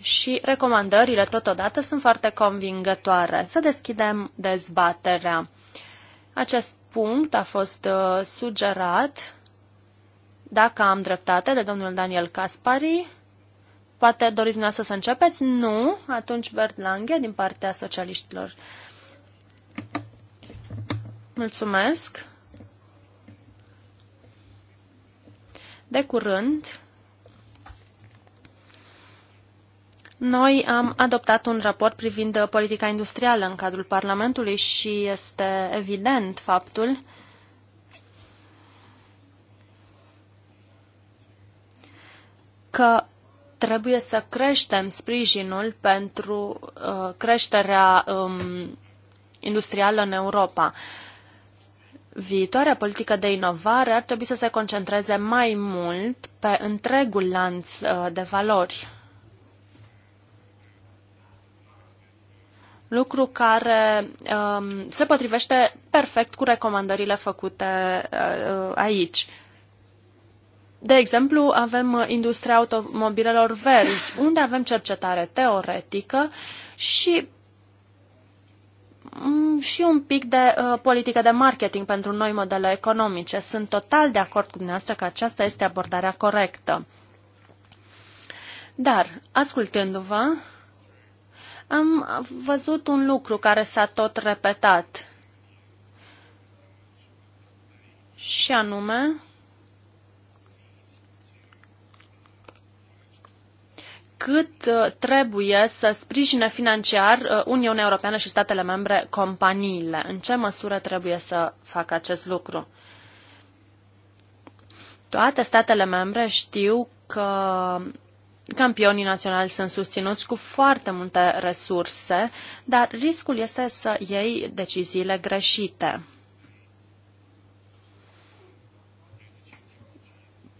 Speaker 7: Și recomandările totodată sunt foarte convingătoare. Să deschidem dezbaterea. Acest punct a fost uh, sugerat, dacă am dreptate, de domnul Daniel Caspari. Poate doriți dumneavoastră să începeți? Nu. Atunci Bert Lange, din partea socialiștilor. Mulțumesc. De curând, noi am adoptat un raport privind politica industrială în cadrul Parlamentului și este evident faptul că trebuie să creștem sprijinul pentru uh, creșterea um, industrială în Europa. Uh, viitoarea politică de inovare ar trebui să se concentreze mai mult pe întregul lanț uh, de valori. Lucru care um, se potrivește perfect cu recomandările făcute uh, aici. De exemplu, avem industria automobilelor verzi, unde avem cercetare teoretică și Mm, și un pic de uh, politică de marketing pentru noi modele economice. Sunt total de acord cu dumneavoastră că aceasta este abordarea corectă. Dar, ascultându-vă, am văzut un lucru care s-a tot repetat. Și anume, cât uh, trebuie să sprijine financiar uh, Uniunea Europeană și statele membre companiile? În ce măsură trebuie să facă acest lucru? Toate statele membre știu că campionii naționali sunt susținuți cu foarte multe resurse, dar riscul este să iei deciziile greșite.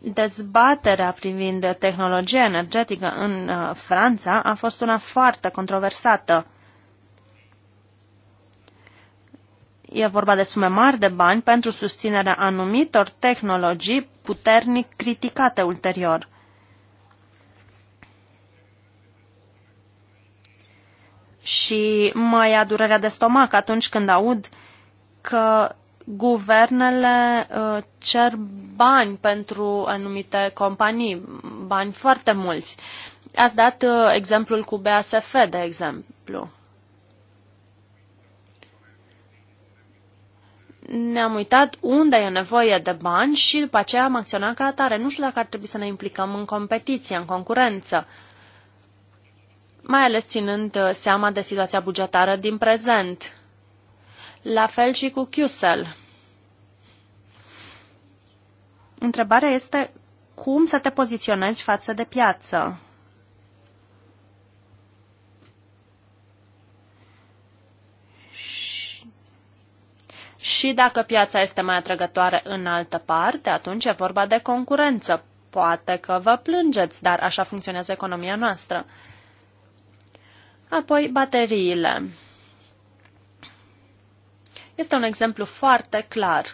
Speaker 7: Dezbaterea privind tehnologia energetică în uh, Franța a fost una foarte controversată. E vorba de sume mari de bani pentru susținerea anumitor tehnologii puternic criticate ulterior. Și mă ia durerea de stomac atunci când aud că guvernele uh, cer bani pentru anumite companii, bani foarte mulți. Ați dat uh, exemplul cu BASF, de exemplu. Ne-am uitat unde e nevoie de bani și după aceea am acționat ca atare. Nu știu dacă ar trebui să ne implicăm în competiție, în concurență, mai ales ținând uh, seama de situația bugetară din prezent la fel și cu QSEL. Întrebarea este cum să te poziționezi față de piață. Și dacă piața este mai atrăgătoare în altă parte, atunci e vorba de concurență. Poate că vă plângeți, dar așa funcționează economia noastră. Apoi, bateriile. Este un exemplu foarte clar.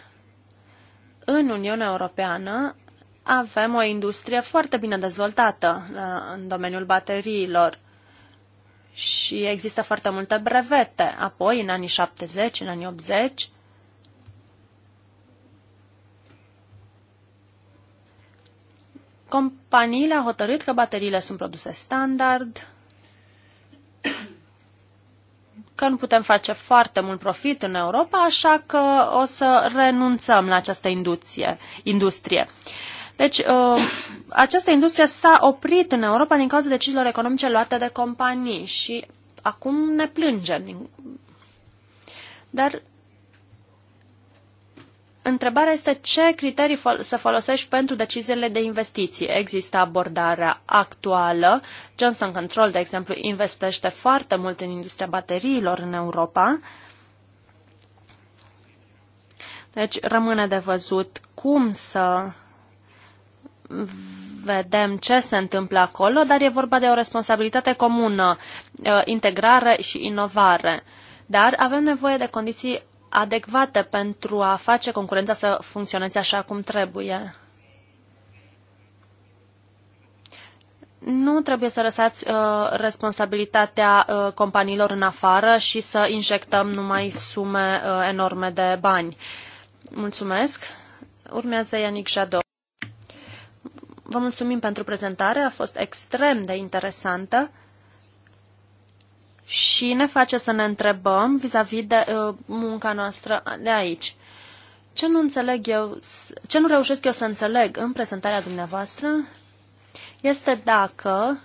Speaker 7: În Uniunea Europeană avem o industrie foarte bine dezvoltată uh, în domeniul bateriilor și există foarte multe brevete. Apoi, în anii 70, în anii 80, companiile au hotărât că bateriile sunt produse standard că nu putem face foarte mult profit în Europa, așa că o să renunțăm la această industrie. industrie. Deci, uh, această industrie s-a oprit în Europa din cauza deciziilor economice luate de companii și acum ne plângem. Dar întrebarea este ce criterii fol- să folosești pentru deciziile de investiții. Există abordarea actuală. Johnson Control, de exemplu, investește foarte mult în industria bateriilor în Europa. Deci rămâne de văzut cum să vedem ce se întâmplă acolo, dar e vorba de o responsabilitate comună, uh, integrare și inovare. Dar avem nevoie de condiții adecvate pentru a face concurența să funcționeze așa cum trebuie. nu trebuie să lăsați uh, responsabilitatea uh, companiilor în afară și să injectăm numai sume uh, enorme de bani. Mulțumesc. Urmează Ianic Jadot. Vă mulțumim pentru prezentare, a fost extrem de interesantă și ne face să ne întrebăm vis-a-vis -vis de uh, munca noastră de aici. Ce nu înțeleg eu, ce nu reușesc eu să înțeleg în prezentarea dumneavoastră este dacă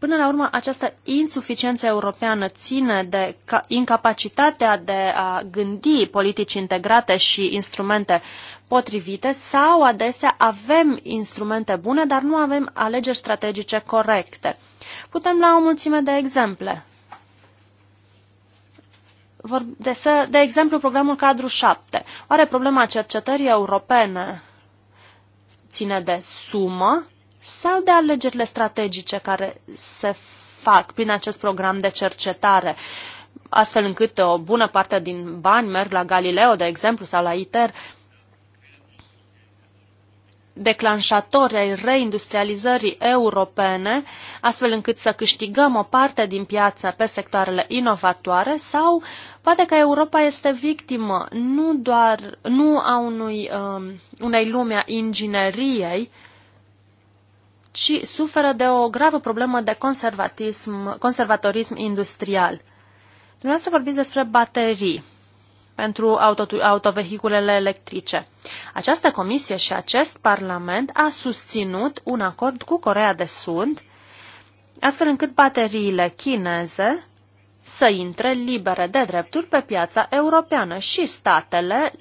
Speaker 7: Până la urmă, această insuficiență europeană ține de incapacitatea de a gândi politici integrate și instrumente potrivite sau adesea avem instrumente bune, dar nu avem alegeri strategice corecte. Putem lua o mulțime de exemple. De, de exemplu, programul cadru 7. Oare problema cercetării europene ține de sumă sau de alegerile strategice care se fac prin acest program de cercetare, astfel încât o bună parte din bani merg la Galileo, de exemplu, sau la ITER, declanșatori ai reindustrializării europene, astfel încât să câștigăm o parte din piață pe sectoarele inovatoare sau poate că Europa este victimă nu doar nu a unui, um, unei lumea a ingineriei, ci suferă de o gravă problemă de conservatism, conservatorism industrial. Dumneavoastră vorbiți despre baterii pentru auto, autovehiculele electrice. Această comisie și acest parlament a susținut un acord cu Corea de Sud, astfel încât bateriile chineze să intre libere de drepturi pe piața europeană și statele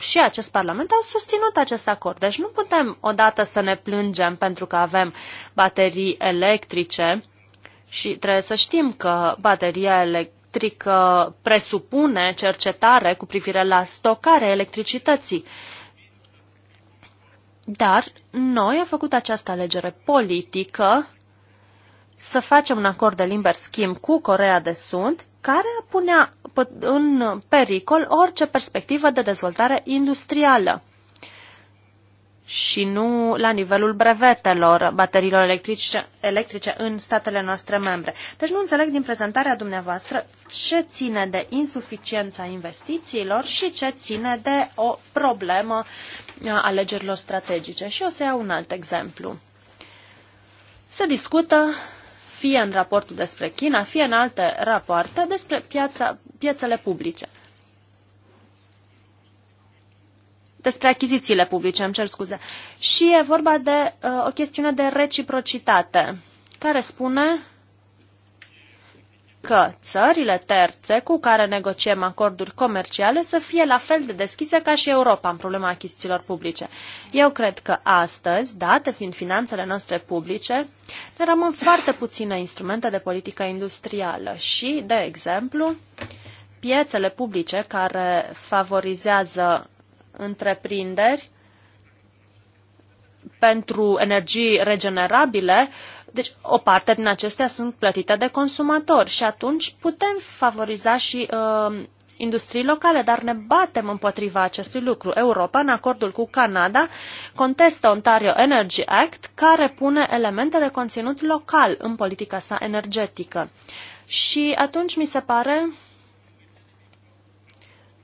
Speaker 7: și acest Parlament au susținut acest acord. Deci nu putem odată să ne plângem pentru că avem baterii electrice și trebuie să știm că bateria electrică presupune cercetare cu privire la stocarea electricității. Dar noi am făcut această alegere politică să facem un acord de liber schimb cu Corea de Sud, care punea în pericol orice perspectivă de dezvoltare industrială și nu la nivelul brevetelor bateriilor electrice, electrice în statele noastre membre. Deci nu înțeleg din prezentarea dumneavoastră ce ține de insuficiența investițiilor și ce ține de o problemă a alegerilor strategice. Și o să iau un alt exemplu. Se discută fie în raportul despre China, fie în alte rapoarte despre piața, piețele publice. Despre achizițiile publice, îmi cer scuze. Și e vorba de uh, o chestiune de reciprocitate, care spune că țările terțe cu care negociem acorduri comerciale să fie la fel de deschise ca și Europa în problema achizițiilor publice. Eu cred că astăzi, date fiind finanțele noastre publice, ne rămân foarte puține instrumente de politică industrială și, de exemplu, piețele publice care favorizează întreprinderi pentru energii regenerabile uh, deci o parte din acestea sunt plătite de consumatori și atunci putem favoriza și uh, industrii locale, dar ne batem împotriva acestui lucru. Europa, în acordul cu Canada, contestă Ontario Energy Act, care pune elemente de conținut local în politica sa energetică. Și atunci mi se pare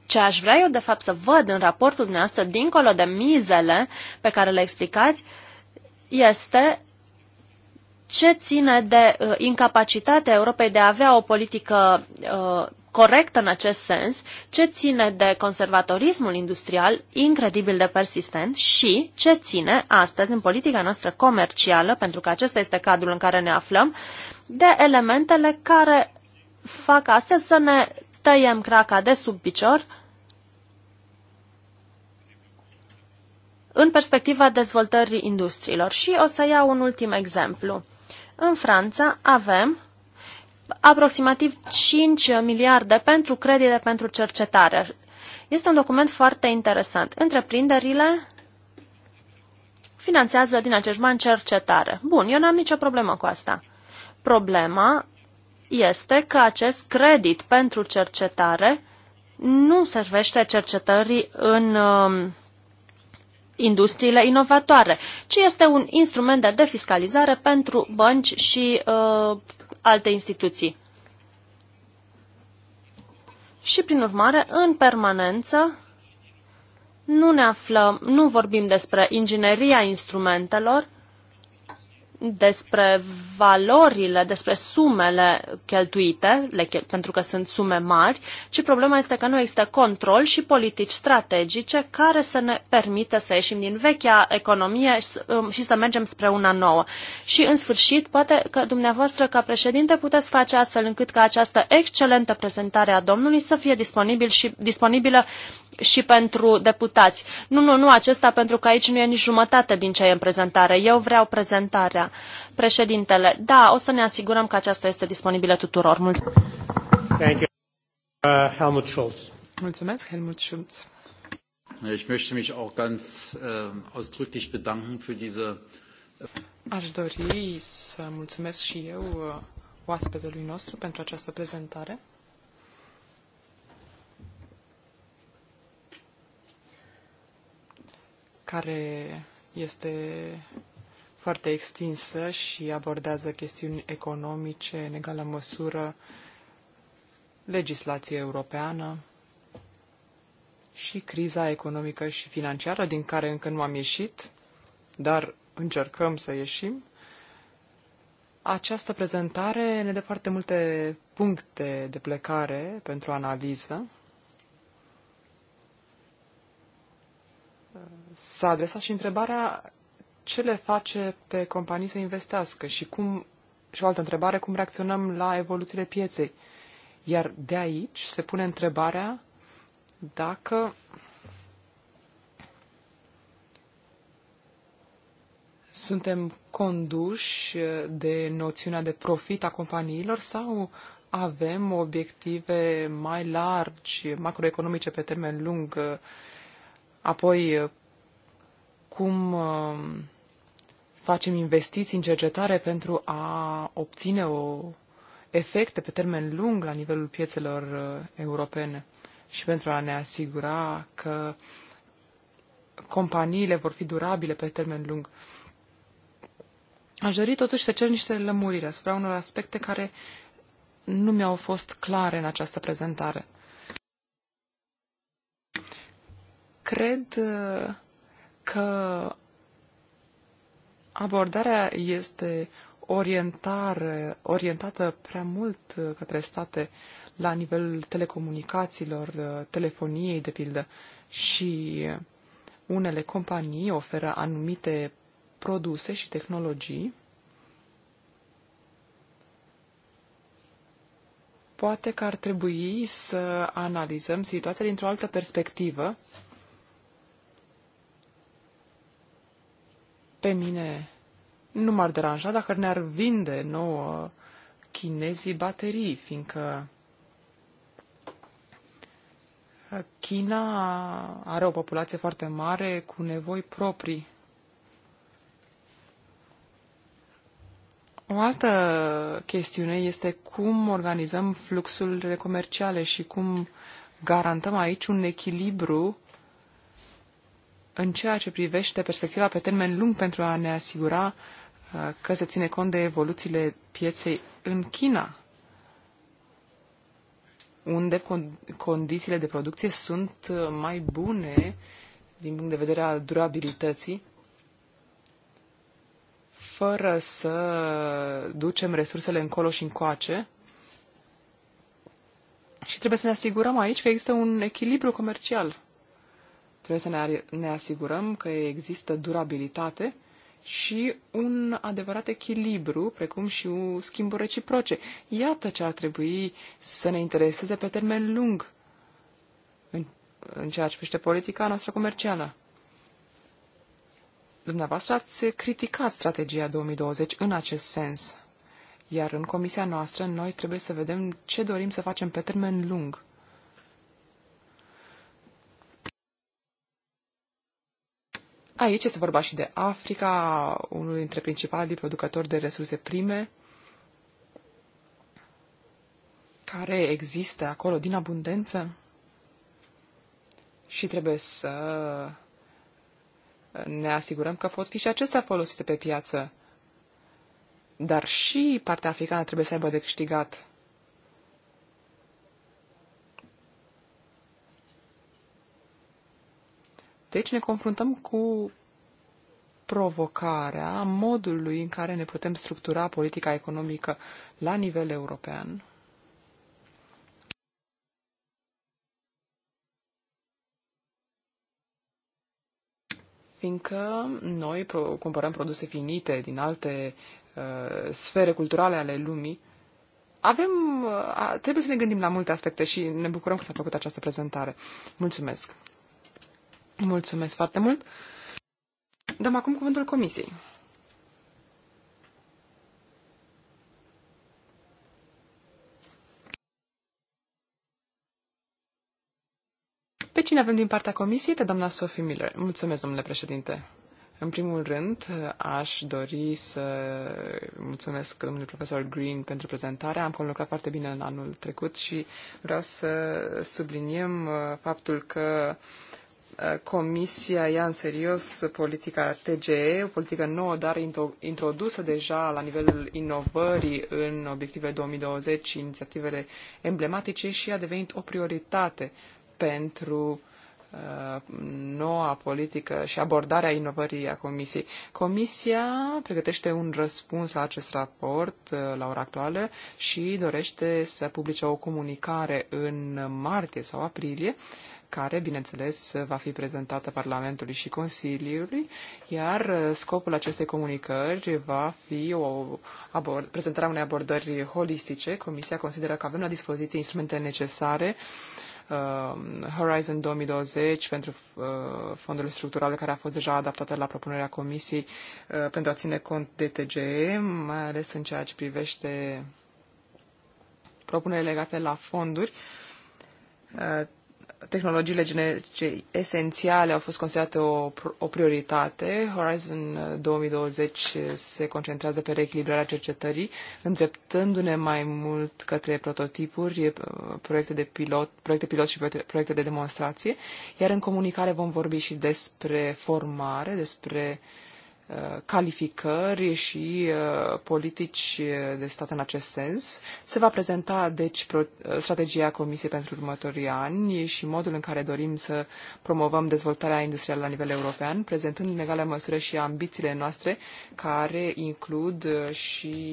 Speaker 7: ce aș vrea eu, de fapt, să văd în raportul dumneavoastră, dincolo de mizele pe care le explicați, este ce ține de uh, incapacitatea Europei de a avea o politică uh, corectă în acest sens, ce ține de conservatorismul industrial incredibil de persistent și ce ține astăzi în politica noastră comercială, pentru că acesta este cadrul în care ne aflăm, de elementele care fac astăzi să ne tăiem craca de sub picior în perspectiva dezvoltării industriilor. Și o să iau un ultim exemplu. În Franța avem aproximativ 5 miliarde pentru credite pentru cercetare. Este un document foarte interesant. Întreprinderile finanțează din acești bani cercetare. Bun, eu n-am nicio problemă cu asta. Problema este că acest credit pentru cercetare nu servește cercetării în uh, industriile inovatoare, ci este un instrument de defiscalizare pentru bănci și uh, alte instituții. Și, prin urmare, în permanență, nu ne aflăm, nu vorbim despre ingineria instrumentelor, despre valorile, despre sumele cheltuite, le, pentru că sunt sume mari, ci problema este că nu există control și politici strategice care să ne permită să ieșim din vechea economie um, și să mergem spre una nouă. Și, în sfârșit, poate că dumneavoastră, ca președinte, puteți face astfel încât ca această excelentă prezentare a domnului să fie disponibil și, disponibilă și pentru deputați. Nu, nu, nu, acesta pentru că aici nu e nici jumătate din ce e în prezentare. Eu vreau prezentarea. Președintele, da, o să ne asigurăm că aceasta este disponibilă tuturor. Mulțumesc. Thank you.
Speaker 1: Uh, Helmut Schulz. Mulțumesc,
Speaker 9: Helmut Schulz.
Speaker 2: Ich möchte mich auch ganz uh, ausdrücklich bedanken für diese
Speaker 9: äh, Aș dori să mulțumesc și eu uh, oaspetelui nostru pentru această prezentare. care este foarte extinsă și abordează chestiuni economice în egală măsură, legislație europeană și criza economică și financiară, din care încă nu am ieșit, dar încercăm să ieșim. Această prezentare ne dă foarte multe puncte de plecare pentru analiză s-a adresat și întrebarea ce le face pe companii să investească și cum și o altă întrebare, cum reacționăm la evoluțiile pieței. Iar de aici se pune întrebarea dacă suntem conduși de noțiunea de profit a companiilor sau avem obiective mai largi, macroeconomice pe termen lung, apoi cum uh, facem investiții în cercetare pentru a obține o efecte pe termen lung la nivelul piețelor uh, europene și pentru a ne asigura că companiile vor fi durabile pe termen lung. Aș dori totuși să cer niște lămuriri asupra unor aspecte care nu mi-au fost clare în această prezentare. Cred uh, că abordarea este orientare, orientată prea mult uh, către state la nivelul telecomunicațiilor, uh, telefoniei, de pildă, și uh, unele companii oferă anumite produse și tehnologii. Poate că ar trebui să analizăm situația dintr-o altă perspectivă Pe mine nu m-ar deranja dacă ne-ar vinde nouă chinezii baterii, fiindcă China are o populație foarte mare cu nevoi proprii. O altă chestiune este cum organizăm fluxurile comerciale și cum garantăm aici un echilibru în ceea ce privește perspectiva pe termen lung pentru a ne asigura uh, că se ține cont de evoluțiile pieței în China, unde condițiile de producție sunt uh, mai bune din punct de vedere al durabilității, fără să ducem resursele încolo și încoace. Și trebuie să ne asigurăm aici că există un echilibru comercial Trebuie să ne asigurăm că există durabilitate și un adevărat echilibru, precum și un schimb reciproce. Iată ce ar trebui să ne intereseze pe termen lung în, în ceea ce privește politica noastră comercială. Dumneavoastră ați criticat strategia 2020 în acest sens, iar în comisia noastră noi trebuie să vedem ce dorim să facem pe termen lung Aici este vorba și de Africa, unul dintre principalii producători de resurse prime, care există acolo din abundență și trebuie să ne asigurăm că pot fi și acestea folosite pe piață. Dar și partea africană trebuie să aibă de câștigat. Deci ne confruntăm cu provocarea modului în care ne putem structura politica economică la nivel european. Fiindcă noi pro- cumpărăm produse finite din alte uh, sfere culturale ale lumii, avem, uh, trebuie să ne gândim la multe aspecte și ne bucurăm că s-a făcut această prezentare. Mulțumesc! Mulțumesc foarte mult. Dăm acum cuvântul comisiei. Pe cine avem din partea comisiei? Pe doamna Sophie Miller. Mulțumesc, domnule președinte. În primul rând, aș dori să mulțumesc domnului profesor Green pentru prezentare. Am colaborat foarte bine în anul trecut și vreau să subliniem faptul că Uh, comisia ia în serios politica TGE, o politică nouă, dar introdusă deja la nivelul inovării în obiectivele 2020 și inițiativele emblematice și a devenit o prioritate pentru uh, noua politică și abordarea inovării a Comisiei. Comisia pregătește un răspuns la acest raport uh, la ora actuală și dorește să publice o comunicare în martie sau aprilie uh, care, bineînțeles, va fi prezentată Parlamentului și Consiliului, iar uh, scopul acestei comunicări va fi o abord, prezentarea unei abordări holistice. Comisia consideră că avem la dispoziție instrumentele necesare uh, Horizon 2020 pentru uh, fondurile structurale care a fost deja adaptată la propunerea Comisiei uh, pentru a ține cont de TGE, mai ales în ceea ce privește propuneri legate la fonduri. Uh, tehnologiile genetice esențiale au fost considerate o, o prioritate. Horizon 2020 uh, uh, se concentrează pe reechilibrarea cercetării, îndreptându-ne mai mult către prototipuri, uh, proiecte de pilot, proiecte pilot și proiecte de demonstrație, iar în comunicare vom vorbi și despre formare, despre uh, calificări și uh, politici de stat în acest sens. Se va prezenta, deci, uh, strategia Comisiei pentru următorii ani și modul în care dorim să promovăm dezvoltarea industrială la nivel european, prezentând în egală măsură și ambițiile noastre, care includ uh, și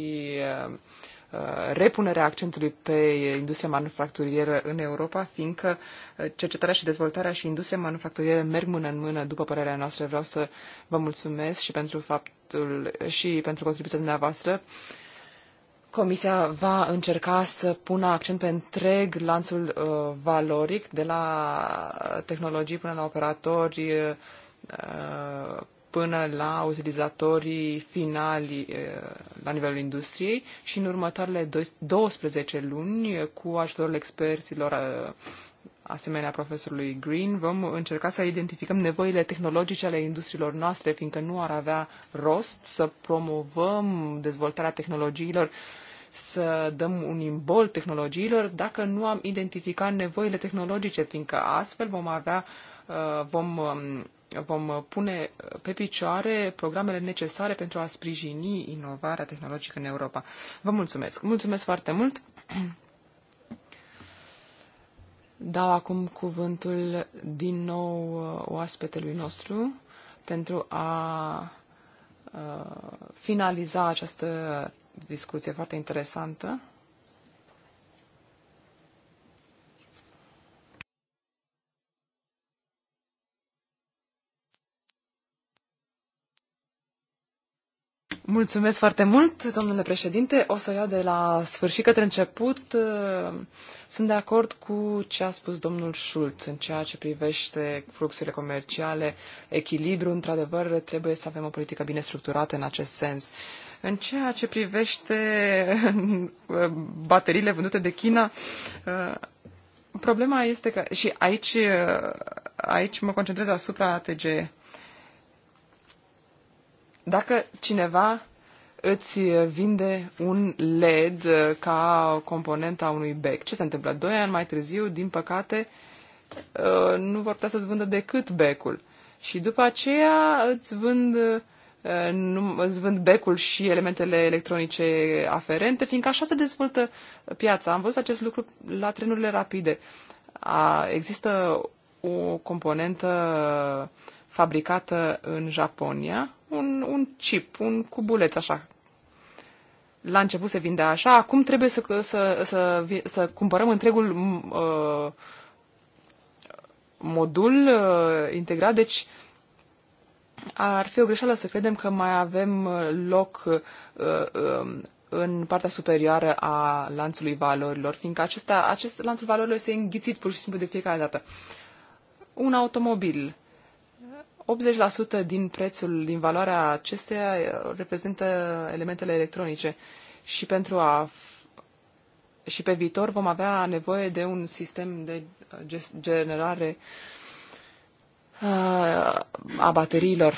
Speaker 9: Uh, repunerea accentului pe industria manufacturieră în Europa, fiindcă uh, cercetarea și dezvoltarea și industria manufacturieră merg mână în mână, după părerea noastră. Vreau să vă mulțumesc și pentru faptul și pentru contribuția dumneavoastră. Comisia va încerca să pună accent pe întreg lanțul uh, valoric, de la tehnologii până la operatori, uh, până la utilizatorii finali eh, la nivelul industriei și în următoarele 12 luni, eh, cu ajutorul experților eh, asemenea profesorului Green, vom încerca să identificăm nevoile tehnologice ale industriilor noastre, fiindcă nu ar avea rost să promovăm dezvoltarea tehnologiilor să dăm un imbol tehnologiilor dacă nu am identificat nevoile tehnologice, fiindcă astfel vom avea vom mm, vom uh, pune uh, pe picioare programele necesare pentru a sprijini inovarea tehnologică în Europa. Vă mulțumesc! Mulțumesc foarte mult! Dau acum cuvântul din nou uh, oaspetelui nostru pentru a finaliza această discuție foarte interesantă. Mulțumesc foarte mult, domnule președinte. O să iau de la sfârșit către început. Sunt de acord cu ce a spus domnul Schulz în ceea ce privește fluxurile comerciale, echilibru. Într-adevăr, trebuie să avem o politică bine structurată în acest sens. În ceea ce privește uh, bateriile vândute de China, uh, problema este că, și aici, uh, aici mă concentrez asupra ATG, dacă cineva îți vinde un LED ca componenta unui bec, ce se întâmplă? Doi ani mai târziu, din păcate, uh, nu vor putea să-ți vândă decât becul. Și după aceea îți vând, uh, îți vând becul și elementele electronice aferente, fiindcă așa se dezvoltă piața. Am văzut acest lucru la trenurile rapide. A, există o componentă fabricată în Japonia, un, un chip, un cubuleț așa. La început se vindea așa, acum trebuie să, să, să, să, să cumpărăm întregul uh, modul uh, integrat, deci ar fi o greșeală să credem că mai avem uh, loc uh, uh, în partea superioară a lanțului valorilor, fiindcă acesta, acest lanțul valorilor este înghițit pur și simplu de fiecare dată. Un automobil 80% din prețul, din valoarea acesteia, reprezintă elementele electronice. Și pentru a și pe viitor vom avea nevoie de un sistem de uh, generare uh, a bateriilor.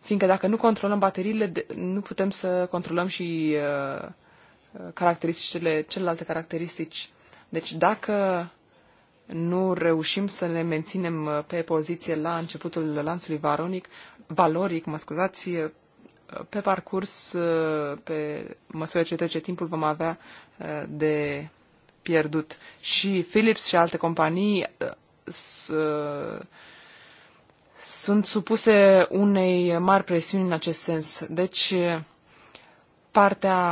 Speaker 9: Fiindcă dacă nu controlăm bateriile, nu putem să controlăm și uh, caracteristicile, celelalte caracteristici. Deci dacă nu reușim să le menținem uh, pe poziție la începutul lanțului varonic, valoric, mă scuzați, uh, pe parcurs, uh, pe măsură ce trece timpul, vom avea de pierdut. Și Philips și alte companii sunt supuse unei mari presiuni în acest sens. Deci, partea,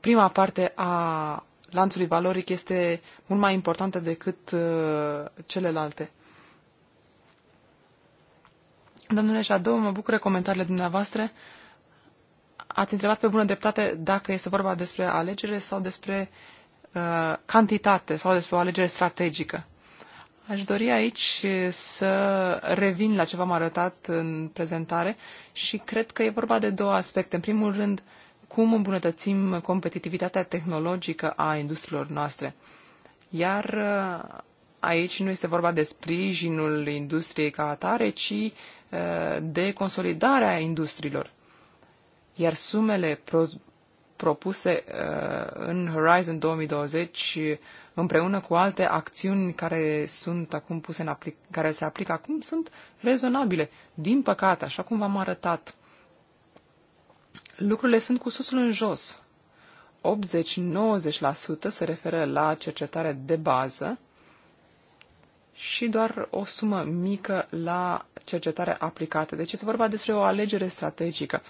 Speaker 9: prima parte a lanțului valoric este mult mai importantă decât uh, celelalte. Domnule Jadou, mă bucură comentariile dumneavoastră. Ați întrebat pe bună dreptate dacă este vorba despre alegere sau despre uh, cantitate sau despre o alegere strategică. Aș dori aici să revin la ce v-am arătat în prezentare și cred că e vorba de două aspecte. În primul rând, uh, cum îmbunătățim competitivitatea tehnologică a industriilor noastre. Iar uh, aici nu este vorba de sprijinul industriei ca atare, ci uh, de consolidarea industriilor. Iar sumele pro- propuse uh, în Horizon 2020 împreună cu alte acțiuni care sunt acum puse în aplic- care se aplică acum sunt rezonabile. Din păcate, așa cum v-am arătat, lucrurile sunt cu susul în jos. 80-90% se referă la cercetare de bază și doar o sumă mică la cercetare aplicată. Deci este vorba despre o alegere strategică.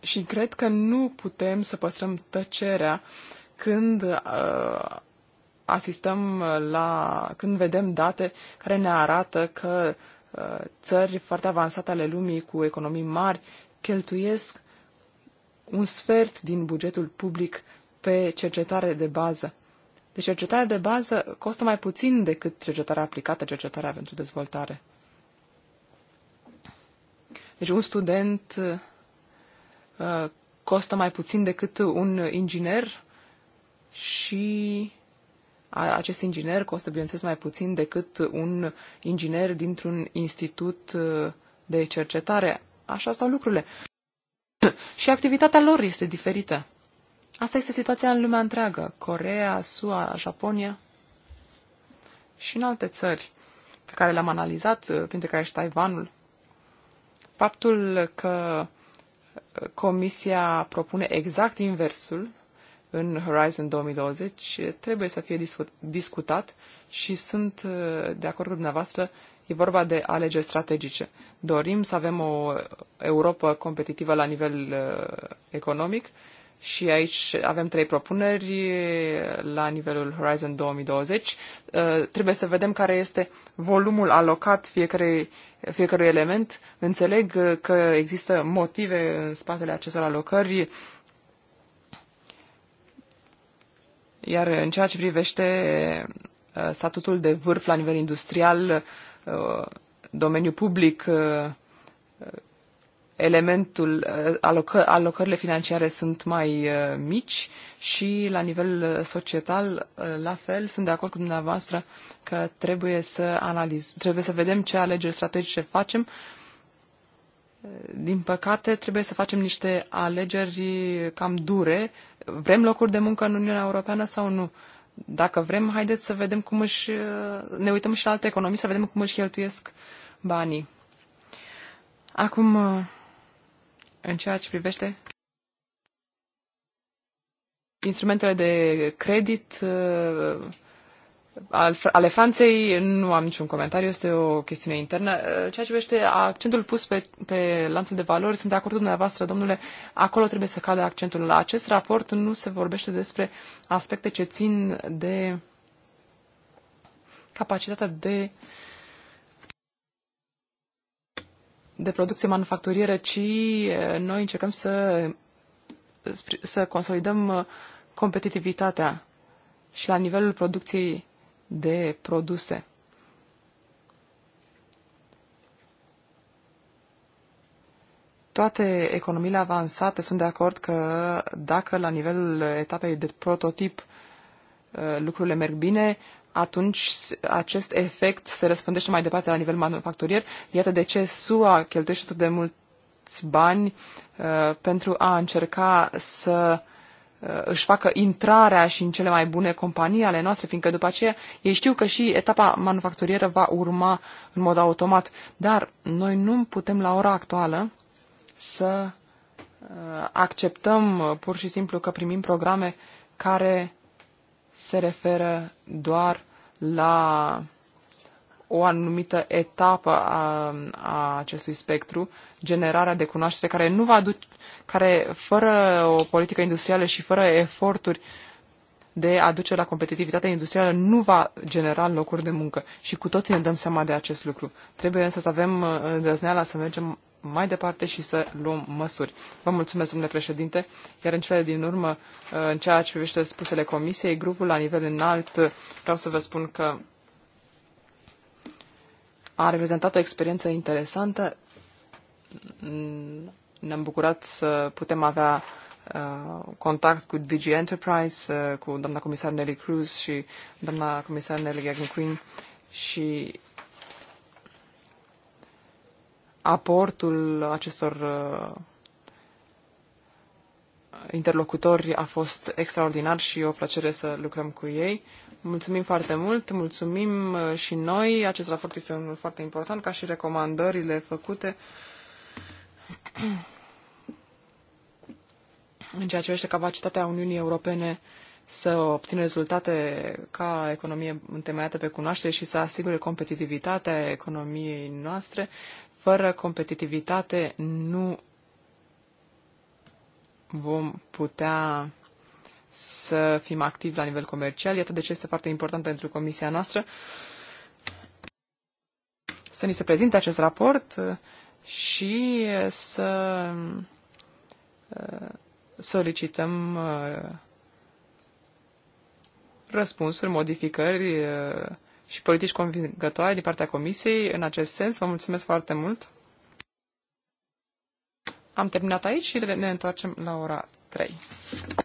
Speaker 9: Și cred că nu putem să păstrăm tăcerea când uh, asistăm la, când vedem date care ne arată că uh, țări foarte avansate ale lumii cu economii mari cheltuiesc un sfert din bugetul public pe cercetare de bază. Deci cercetarea de bază costă mai puțin decât cercetarea aplicată, cercetarea pentru dezvoltare. Deci un student uh, costă mai puțin decât un inginer și acest inginer costă, bineînțeles, mai puțin decât un inginer dintr-un institut uh, de cercetare. Așa stau lucrurile. și activitatea lor este diferită. Asta este situația în lumea întreagă, Corea, SUA, Japonia și în alte țări pe care le-am analizat, printre care și Taiwanul. Faptul că uh, Comisia propune exact inversul în Horizon 2020 trebuie să fie discutat și sunt uh, de acord cu dumneavoastră, e vorba de alegeri strategice dorim să avem o Europa competitivă la nivel uh, economic și aici avem trei propuneri uh, la nivelul Horizon 2020. Uh, trebuie să vedem care este volumul alocat fiecare, fiecărui element. Înțeleg că există motive în spatele acestor alocări, iar în ceea ce privește statutul de vârf la nivel industrial, domeniul public, uh, uh, elementul, uh, alocă, alocările financiare sunt mai mici și la nivel societal, la fel, sunt de acord cu dumneavoastră că trebuie să analiz, trebuie să vedem ce alegeri strategice facem. Din păcate, trebuie să facem niște alegeri cam dure. Vrem locuri de muncă în Uniunea Europeană sau nu? Dacă vrem, haideți să vedem cum își... Ne uităm și la alte economii, să vedem cum își cheltuiesc uh, banii. Acum, uh, în ceea ce privește instrumentele de credit uh, ale Franței, nu am niciun comentariu, este o chestiune internă. Uh, ceea ce privește accentul pus pe, pe lanțul de valori, sunt de acord cu dumneavoastră, domnule, acolo trebuie să cadă accentul. La acest raport nu se vorbește despre aspecte ce țin de capacitatea de uh, de producție manufacturieră, ci noi încercăm să, să consolidăm uh, competitivitatea și la nivelul producției de produse. Toate economiile avansate sunt de acord că dacă la nivelul etapei de prototip uh, lucrurile merg bine, atunci acest efect se răspândește mai departe la nivel manufacturier. Iată de ce SUA cheltuiește atât de mulți bani uh, pentru a încerca să uh, își facă intrarea și în cele mai bune companii ale noastre, fiindcă după aceea ei știu că și etapa manufacturieră va urma în mod automat. Dar noi nu putem la ora actuală să uh, acceptăm uh, pur și simplu că primim programe care se referă doar la o anumită etapă a, a acestui spectru, generarea de cunoaștere care nu va aduce, care fără o politică industrială și fără eforturi de a duce la competitivitatea industrială nu va genera locuri de muncă. Și cu toții ne dăm seama de acest lucru. Trebuie însă să avem uh, îndrăzneala să mergem mai departe și să luăm măsuri. Vă mulțumesc, domnule președinte, iar în cele din urmă, uh, în ceea ce privește spusele comisiei, grupul la nivel înalt, uh, vreau să vă spun că a reprezentat o experiență interesantă. Ne-am bucurat să putem avea uh, contact cu DG Enterprise, cu doamna comisar Nelly Cruz și doamna comisar Nelly Gagan Queen și aportul acestor uh, interlocutori a fost extraordinar și o plăcere să lucrăm cu ei. Mulțumim foarte mult, mulțumim uh, și noi. Acest raport este unul foarte important, ca și recomandările făcute. În ceea ce privește capacitatea Uniunii Europene să obțină rezultate ca economie întemeiată pe cunoaștere și să asigure competitivitatea economiei noastre, fără competitivitate nu vom putea să fim activi la nivel comercial. Iată de ce este foarte important pentru comisia noastră să ni se prezinte acest raport uh, și uh, să uh, solicităm răspunsuri, modificări și politici convingătoare din partea Comisiei în acest sens. Vă mulțumesc foarte mult! Am terminat aici și ne întoarcem la ora 3.